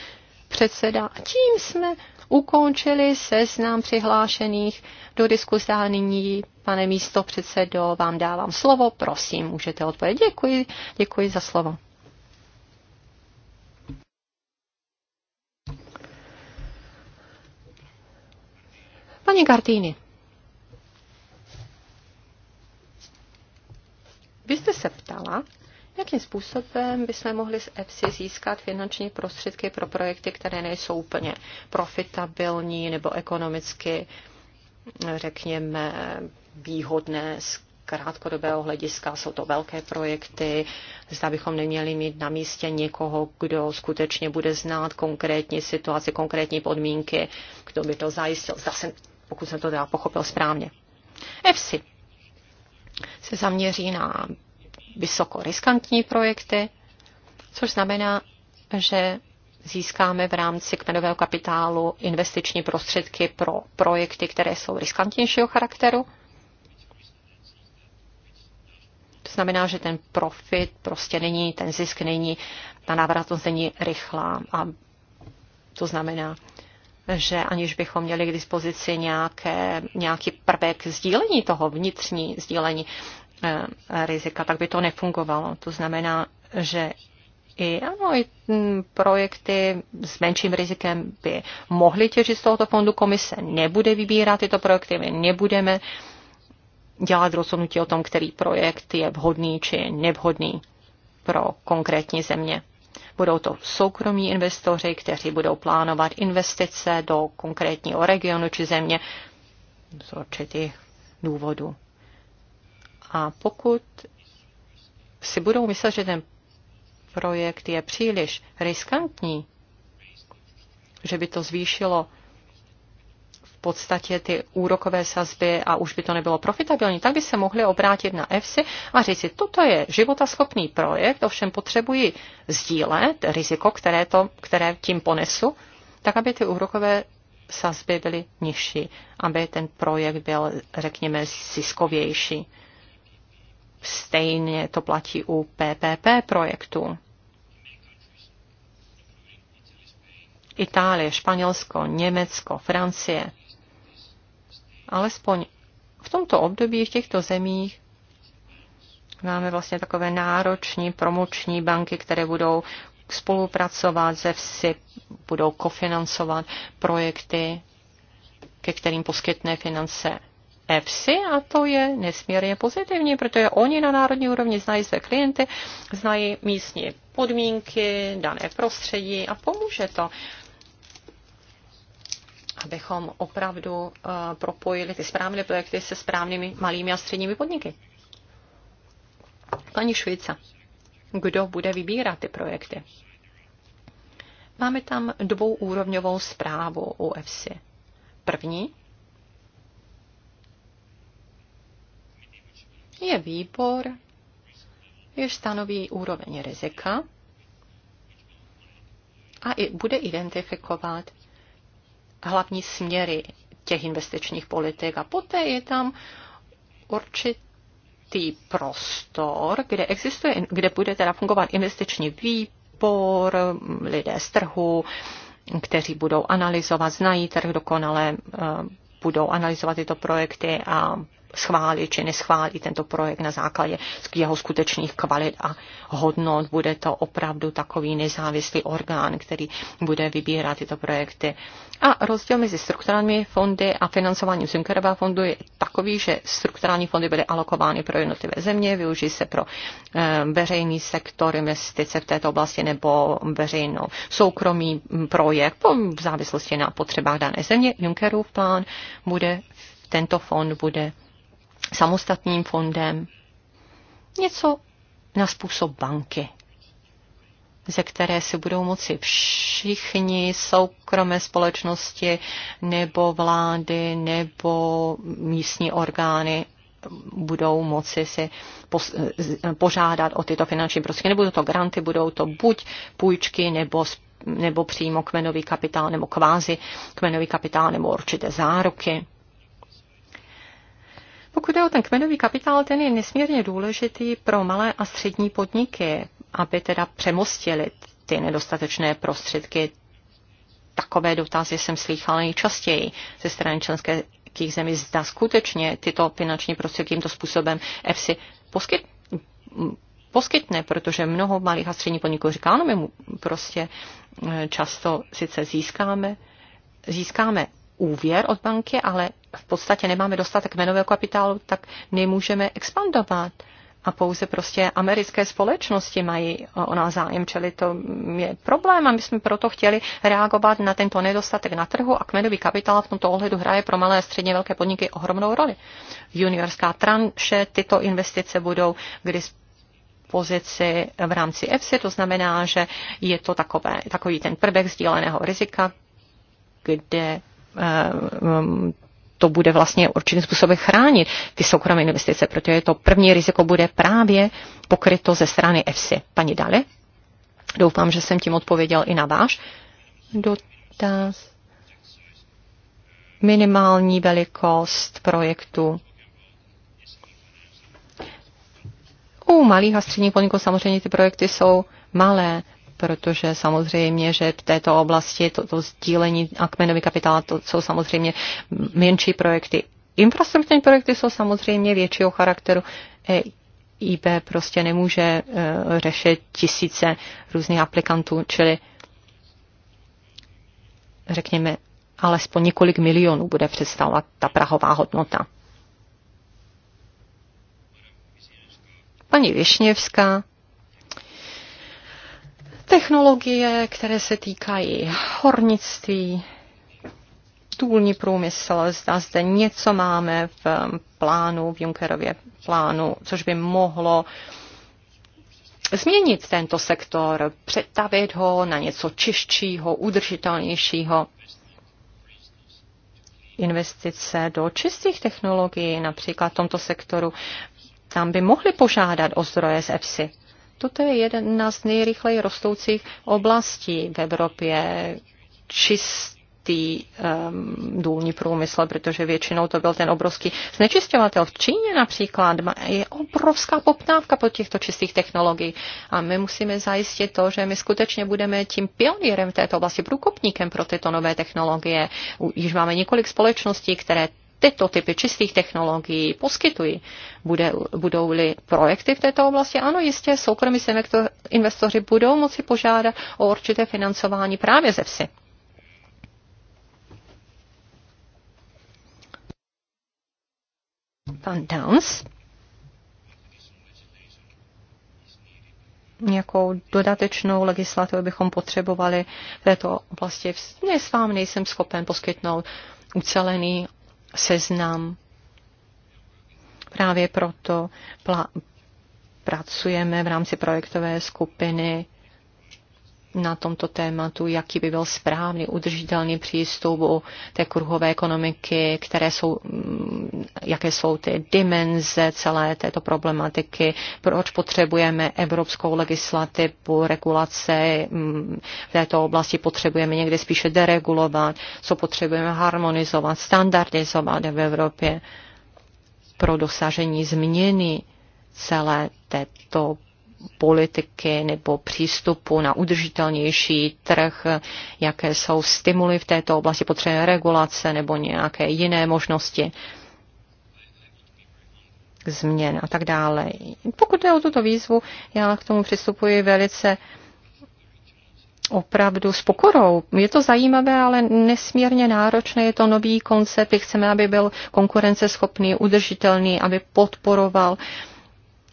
Speaker 2: předseda. A tím jsme ukončili seznam přihlášených do diskuse a nyní, pane místo předsedo, vám dávám slovo. Prosím, můžete odpovědět. Děkuji, děkuji za slovo. Paní Gardini, vy jste se ptala, Jakým způsobem bychom mohli z EPSI získat finanční prostředky pro projekty, které nejsou úplně profitabilní nebo ekonomicky, řekněme, výhodné z krátkodobého hlediska, jsou to velké projekty, zda bychom neměli mít na místě někoho, kdo skutečně bude znát konkrétní situaci, konkrétní podmínky, kdo by to zajistil, zda jsem, pokud jsem to teda pochopil správně. EPSI se zaměří na vysoko riskantní projekty, což znamená, že získáme v rámci kmenového kapitálu investiční prostředky pro projekty, které jsou riskantnějšího charakteru. To znamená, že ten profit prostě není, ten zisk není, ta návratnost není rychlá. A to znamená, že aniž bychom měli k dispozici nějaké, nějaký prvek sdílení toho, vnitřní sdílení Eh, rizika, tak by to nefungovalo. To znamená, že i ano, i hm, projekty s menším rizikem by mohly těžit z tohoto fondu. Komise nebude vybírat tyto projekty, my nebudeme dělat rozhodnutí o tom, který projekt je vhodný či nevhodný pro konkrétní země. Budou to soukromí investoři, kteří budou plánovat investice do konkrétního regionu či země z určitých důvodů. A pokud si budou myslet, že ten projekt je příliš riskantní, že by to zvýšilo v podstatě ty úrokové sazby a už by to nebylo profitabilní, tak by se mohli obrátit na EFSI a říct si, toto je životaschopný projekt, ovšem potřebuji sdílet riziko, které, to, které tím ponesu, tak aby ty úrokové sazby byly nižší, aby ten projekt byl, řekněme, ziskovější. Stejně to platí u PPP projektu. Itálie, Španělsko, Německo, Francie. Alespoň v tomto období v těchto zemích máme vlastně takové nároční promoční banky, které budou spolupracovat ze vsi, budou kofinancovat projekty, ke kterým poskytne finance EFSI a to je nesmírně pozitivní, protože oni na národní úrovni znají své klienty, znají místní podmínky, dané prostředí a pomůže to abychom opravdu eh, propojili ty správné projekty se správnými malými a středními podniky. Paní Švýca, kdo bude vybírat ty projekty? Máme tam dvouúrovňovou zprávu u EFSI. První je výbor, jež stanoví úroveň rizika a i bude identifikovat hlavní směry těch investičních politik. A poté je tam určitý prostor, kde, existuje, kde bude teda fungovat investiční výbor, lidé z trhu, kteří budou analyzovat, znají trh dokonale, eh, budou analyzovat tyto projekty a schválit či neschválit tento projekt na základě jeho skutečných kvalit a hodnot. Bude to opravdu takový nezávislý orgán, který bude vybírat tyto projekty. A rozdíl mezi strukturálními fondy a financováním Junckerova fondu je takový, že strukturální fondy byly alokovány pro jednotlivé země, využijí se pro eh, veřejný sektor, investice v této oblasti nebo veřejnou soukromý mm, projekt v závislosti na potřebách dané země. Junckerův plán bude tento fond bude samostatným fondem. Něco na způsob banky, ze které si budou moci všichni soukromé společnosti nebo vlády nebo místní orgány budou moci si požádat o tyto finanční prostředky. Nebudou to granty, budou to buď půjčky nebo, nebo přímo kmenový kapitál nebo kvázi kmenový kapitál nebo určité záruky. Pokud je o ten kmenový kapitál, ten je nesmírně důležitý pro malé a střední podniky, aby teda přemostili ty nedostatečné prostředky. Takové dotazy jsem slychala nejčastěji ze strany členských zemí zda skutečně tyto finanční prostředky tímto způsobem EFSI poskyt, poskytne, protože mnoho malých a středních podniků říká, no, my mu prostě eh, často sice získáme, získáme úvěr od banky, ale v podstatě nemáme dostatek menového kapitálu, tak nemůžeme expandovat. A pouze prostě americké společnosti mají e, o nás zájem, čili to je problém a my jsme proto chtěli reagovat na tento nedostatek na trhu a kmenový kapitál v tomto ohledu hraje pro malé a středně velké podniky ohromnou roli. Juniorská tranše, tyto investice budou k dispozici v rámci EFSI, to znamená, že je to takové, takový ten prvek sdíleného rizika, kde e, to bude vlastně určitým způsobem chránit ty soukromé investice, protože to první riziko bude právě pokryto ze strany EFSI. Pani Dali, doufám, že jsem tím odpověděl i na váš dotaz. Minimální velikost projektu. U malých a středních podniků samozřejmě ty projekty jsou malé protože samozřejmě, že v této oblasti to, to sdílení a kmenový kapitál, to jsou samozřejmě menší projekty. Infrastrukturní projekty jsou samozřejmě většího charakteru. E IB prostě nemůže e, řešit tisíce různých aplikantů, čili řekněme, alespoň několik milionů bude představovat ta prahová hodnota. Paní Višněvská Technologie, které se týkají hornictví, důlní průmysl, zda zde něco máme v um, plánu, v Junckerově plánu, což by mohlo změnit tento sektor, přetavit ho na něco čistšího, udržitelnějšího. Investice do čistých technologií, například v tomto sektoru, tam by mohli požádat o zdroje z EFSI. Toto je jedna z nejrychleji rostoucích oblastí v Evropě. čistý um, důlní průmysl, protože většinou to byl ten obrovský znečistovatel. V Číně například je obrovská poptávka po těchto čistých technologií a my musíme zajistit to, že my skutečně budeme tím pionýrem v této oblasti, průkopníkem pro tyto nové technologie. Už máme několik společností, které tyto typy čistých technologií poskytují. Bude, budou-li projekty v této oblasti? Ano, jistě, soukromí se investoři budou moci požádat o určité financování právě ze vsi. Pan Downs. nějakou dodatečnou legislativu bychom potřebovali v této oblasti. s vám nejsem schopen poskytnout ucelený seznam. Právě proto pracujeme v rámci projektové skupiny na tomto tématu, jaký by byl správný, udržitelný přístup u té kruhové ekonomiky, které jsou, mm, jaké jsou ty dimenze celé této problematiky, proč potřebujeme evropskou legislativu, regulace mm, v této oblasti, potřebujeme někde spíše deregulovat, co potřebujeme harmonizovat, standardizovat v Evropě pro dosažení změny celé této politiky nebo přístupu na udržitelnější trh, jaké jsou stimuly v této oblasti, potřebné regulace nebo nějaké jiné možnosti změn a tak dále. Pokud jde o tuto výzvu, já k tomu přistupuji velice opravdu s pokorou. Je to zajímavé, ale nesmírně náročné. Je to nový koncept. Chceme, aby byl konkurenceschopný, udržitelný, aby podporoval uh,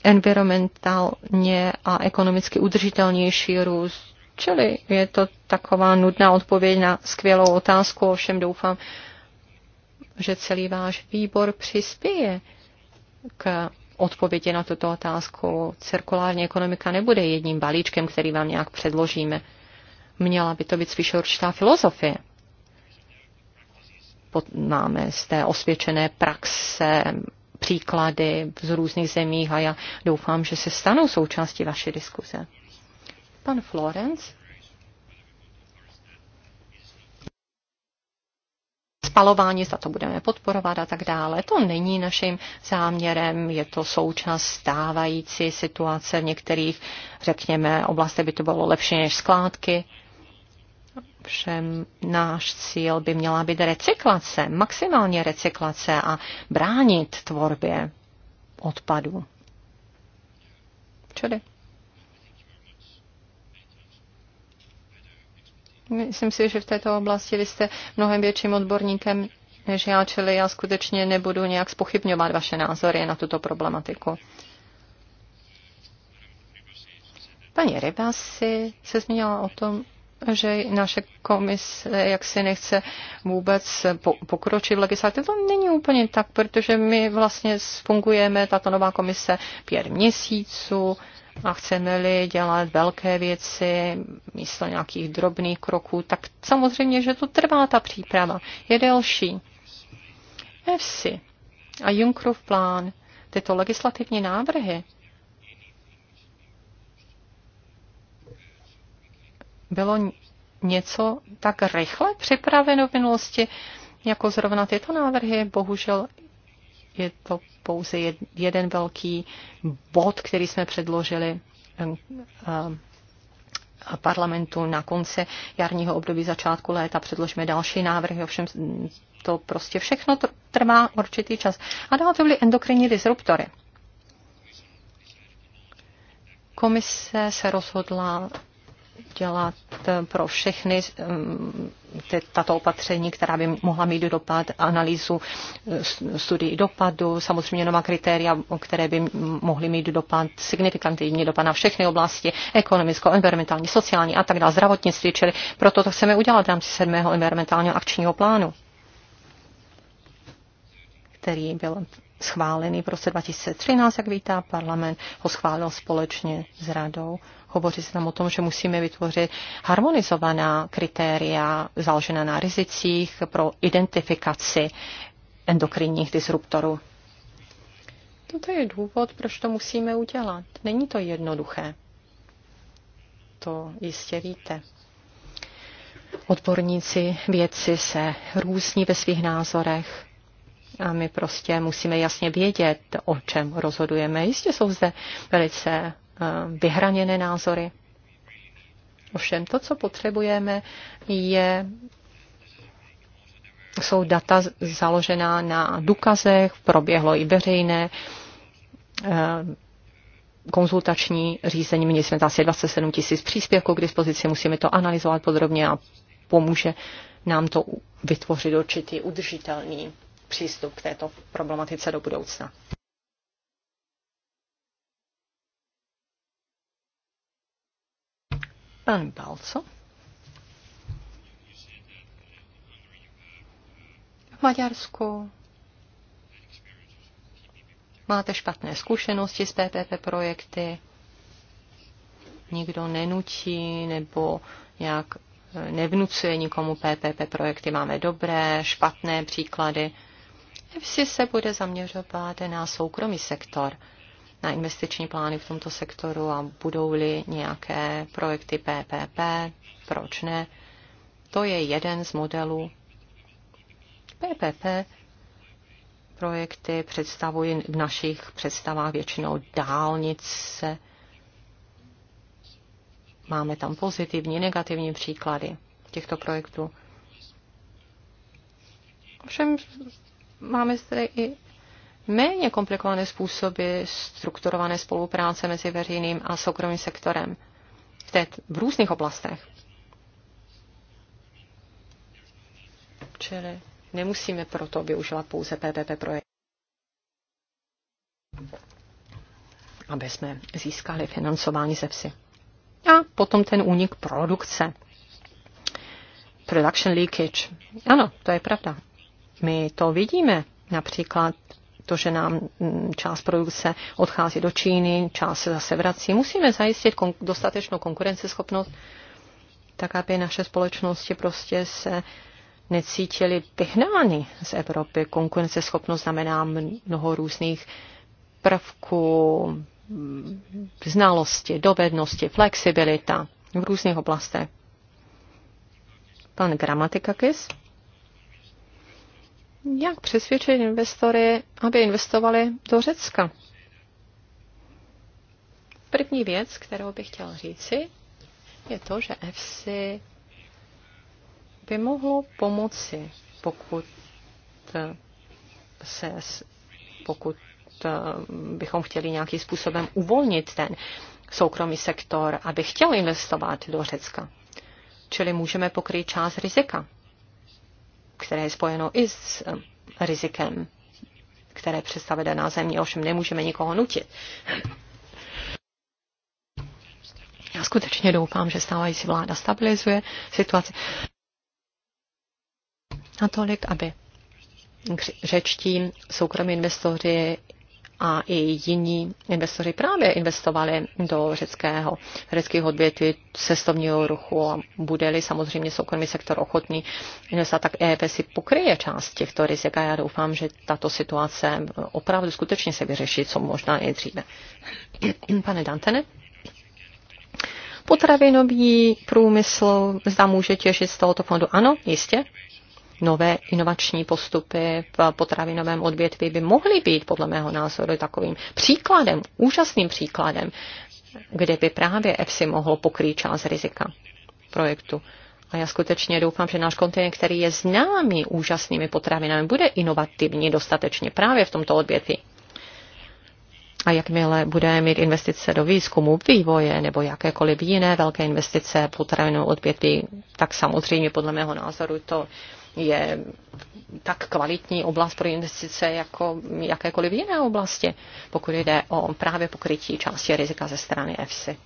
Speaker 2: environmentálně a ekonomicky udržitelnější růst. Čili je to taková nudná odpověď na skvělou otázku, ovšem doufám, že celý váš výbor přispěje k odpovědi na tuto otázku. Cirkulární ekonomika nebude jedním balíčkem, který vám nějak předložíme. Měla by to být spíše určitá filozofie. Pod, máme z té osvědčené praxe příklady z různých zemí a já doufám, že se stanou součástí vaší diskuze. Pan Florence. spalování, za to budeme podporovat a tak dále. To není naším záměrem, je to součas stávající situace v některých, řekněme, oblastech by to bylo lepší než skládky. Všem náš cíl by měla být recyklace, maximálně recyklace a bránit tvorbě odpadu. Čili. Myslím si, že v této oblasti vy jste mnohem větším odborníkem než já, čili já skutečně nebudu nějak spochybňovat vaše názory na tuto problematiku. Paní Rybasi se zmínila o tom, že naše komise jaksi nechce vůbec pokročit v legislativě. To není úplně tak, protože my vlastně fungujeme, tato nová komise, pět měsíců a chceme-li dělat velké věci místo nějakých drobných kroků, tak samozřejmě, že to trvá ta příprava. Je delší. EFSI a Junckerův plán, tyto legislativní návrhy, bylo něco tak rychle připraveno v minulosti, jako zrovna tyto návrhy. Bohužel je to pouze jeden velký bod, který jsme předložili um, um, parlamentu na konci jarního období, začátku léta. Předložíme další návrhy, ovšem to prostě všechno trvá určitý čas. A dále to byly endokrinní disruptory. Komise se rozhodla dělat eh, pro všechny tato opatření, která by mohla mít dopad, analýzu eh, studií dopadu, samozřejmě nová kritéria, které by mohly mít dopad, signifikantní dopad na všechny oblasti, ekonomickou, environmentální, sociální a tak dále, zdravotnictví, čili proto to chceme udělat v rámci sedmého environmentálního akčního plánu, který byl schválený v roce 2013, jak víte, parlament ho schválil společně s radou Hovoří se tam o tom, že musíme vytvořit harmonizovaná kritéria založená na rizicích pro identifikaci endokrinních disruptorů. To je důvod, proč to musíme udělat. Není to jednoduché. To jistě víte. Odborníci, vědci se různí ve svých názorech, a my prostě musíme jasně vědět, o čem rozhodujeme. Jistě jsou zde velice Eh, vyhraněné názory. Ovšem to, co potřebujeme, je, jsou data založená na důkazech, proběhlo i veřejné eh, konzultační řízení. Měli jsme asi 27 tisíc příspěvků k dispozici, musíme to analyzovat podrobně a pomůže nám to vytvořit určitý udržitelný přístup k této problematice do budoucna. Pane Balco. V Maďarsku máte špatné zkušenosti s PPP projekty, nikdo nenutí nebo nějak eh, nevnucuje nikomu PPP projekty. Máme dobré, špatné příklady. EFSI se bude zaměřovat na soukromý sektor na investiční plány v tomto sektoru a budou-li nějaké projekty PPP, proč ne? To je jeden z modelů. PPP projekty představují v našich představách většinou dálnice. Máme tam pozitivní, negativní příklady těchto projektů. Ovšem máme zde i méně komplikované způsoby strukturované spolupráce mezi veřejným a soukromým sektorem v, té, v různých oblastech. Čili nemusíme proto využívat pouze PPP projekt, aby jsme získali financování ze vsi. A potom ten únik produkce. Production leakage. Ano, to je pravda. My to vidíme například protože nám mm, část produkce odchází do Číny, část se zase vrací. Musíme zajistit kon- dostatečnou konkurenceschopnost, tak aby naše společnosti prostě se necítily vyhnány z Evropy. Konkurenceschopnost znamená mnoho různých prvků, mm, znalosti, dovednosti, flexibilita v různých oblastech. Pan Gramatikakis jak přesvědčit investory, aby investovali do Řecka. První věc, kterou bych chtěl říci, je to, že EFSI by mohlo pomoci, pokud eh, se, pokud eh, bychom chtěli nějakým způsobem uvolnit ten soukromý sektor, aby chtěl investovat do Řecka. Čili můžeme pokrýt část rizika které je spojeno i s eh, rizikem, které představuje daná země, ovšem nemůžeme nikoho nutit. Já skutečně doufám, že stávající vláda stabilizuje situaci natolik, aby řečtí soukromí investoři a i jiní investoři právě investovali do řeckého, Řeckého odvětví cestovního ruchu a bude-li samozřejmě soukromý sektor ochotný investovat, tak EEP si pokryje část těchto rizik a já doufám, že tato situace opravdu skutečně se vyřeší, co možná i dříve. Pane Dantene? Potravinový průmysl, zda může těšit z tohoto fondu? Ano, jistě nové inovační postupy v potravinovém odvětví by mohly být podle mého názoru takovým příkladem, úžasným příkladem, kde by právě EFSI mohlo pokrýt část rizika projektu. A já skutečně doufám, že náš kontinent, který je známý úžasnými potravinami, bude inovativní dostatečně právě v tomto odvětví. A jakmile bude mít investice do výzkumu, vývoje nebo jakékoliv jiné velké investice potravinou odvětví, tak samozřejmě podle mého názoru to je tak kvalitní oblast pro investice jako jakékoliv jiné oblasti, pokud jde o právě pokrytí části rizika ze strany EFSI.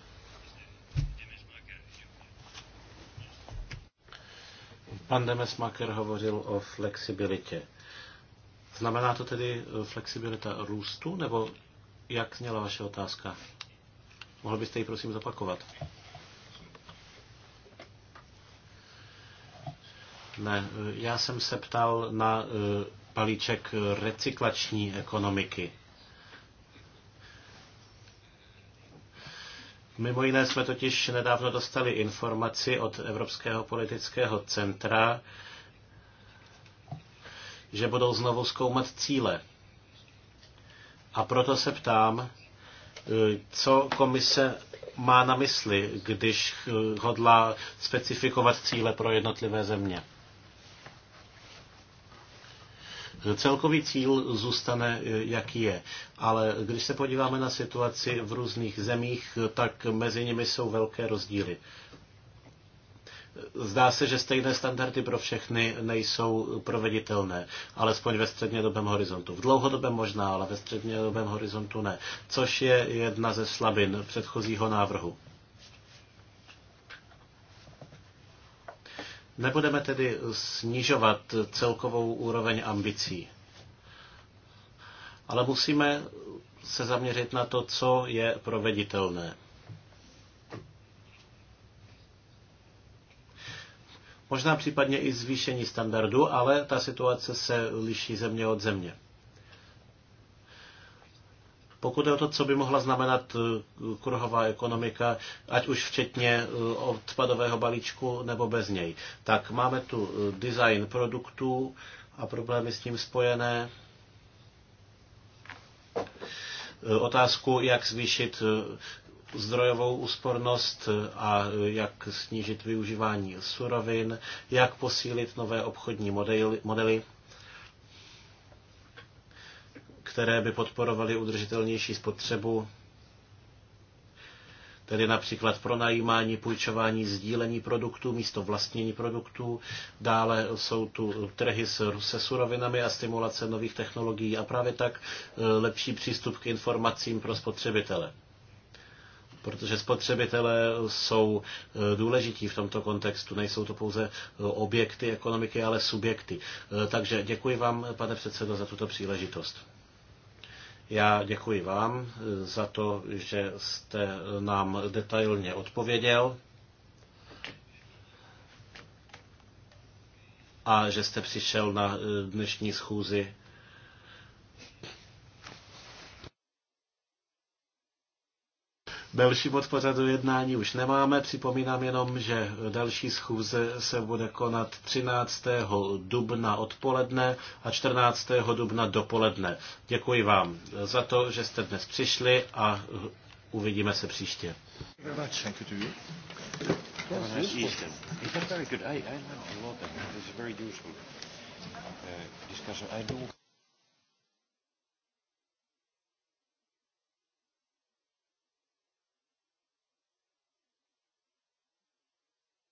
Speaker 5: Pan Demesmaker hovořil o flexibilitě. Znamená to tedy flexibilita růstu, nebo jak zněla vaše otázka? Mohl byste ji prosím zapakovat? Ne, já jsem se ptal na eh, palíček recyklační ekonomiky. Mimo jiné jsme totiž nedávno dostali informaci od Evropského politického centra, že budou znovu zkoumat cíle. A proto se ptám, eh, co komise má na mysli, když eh, hodlá specifikovat cíle pro jednotlivé země. Celkový cíl zůstane, e, jaký je. Ale když se podíváme na situaci v různých zemích, tak mezi nimi jsou velké rozdíly. Zdá se, že stejné standardy pro všechny nejsou proveditelné, alespoň ve střednědobém horizontu. V dlouhodobém možná, ale ve střednědobém horizontu ne, což je jedna ze slabin předchozího návrhu. Nebudeme tedy snižovat celkovou úroveň ambicí, ale musíme se zaměřit na to, co je proveditelné. Možná případně i zvýšení standardu, ale ta situace se liší země od země. Pokud je o to, co by mohla znamenat eh, kruhová ekonomika, ať už včetně eh, odpadového balíčku nebo bez něj, tak máme tu eh, design produktů a problémy s tím spojené otázku, jak zvýšit zdrojovou úspornost a jak snížit využívání surovin, jak posílit nové obchodní modely, modely které by podporovaly udržitelnější spotřebu, tedy například pronajímání, půjčování, sdílení produktů místo vlastnění produktů. Dále jsou tu trhy se surovinami a stimulace nových technologií a právě tak e, lepší přístup k informacím pro spotřebitele. Protože spotřebitelé jsou e, důležití v tomto kontextu, nejsou to pouze e, objekty ekonomiky, ale subjekty. Takže děkuji vám, pane předsedo, za tuto příležitost. Já děkuji vám eh, za to, že jste eh, nám detailně odpověděl a že jste přišel na eh, dnešní schůzi Další bod pořadu jednání už nemáme. Připomínám jenom, že další schůze se bude konat 13. dubna odpoledne a 14. dubna dopoledne. Děkuji vám za to, že jste dnes přišli a uvidíme se příště.
Speaker 3: uh,
Speaker 1: discussion. I do.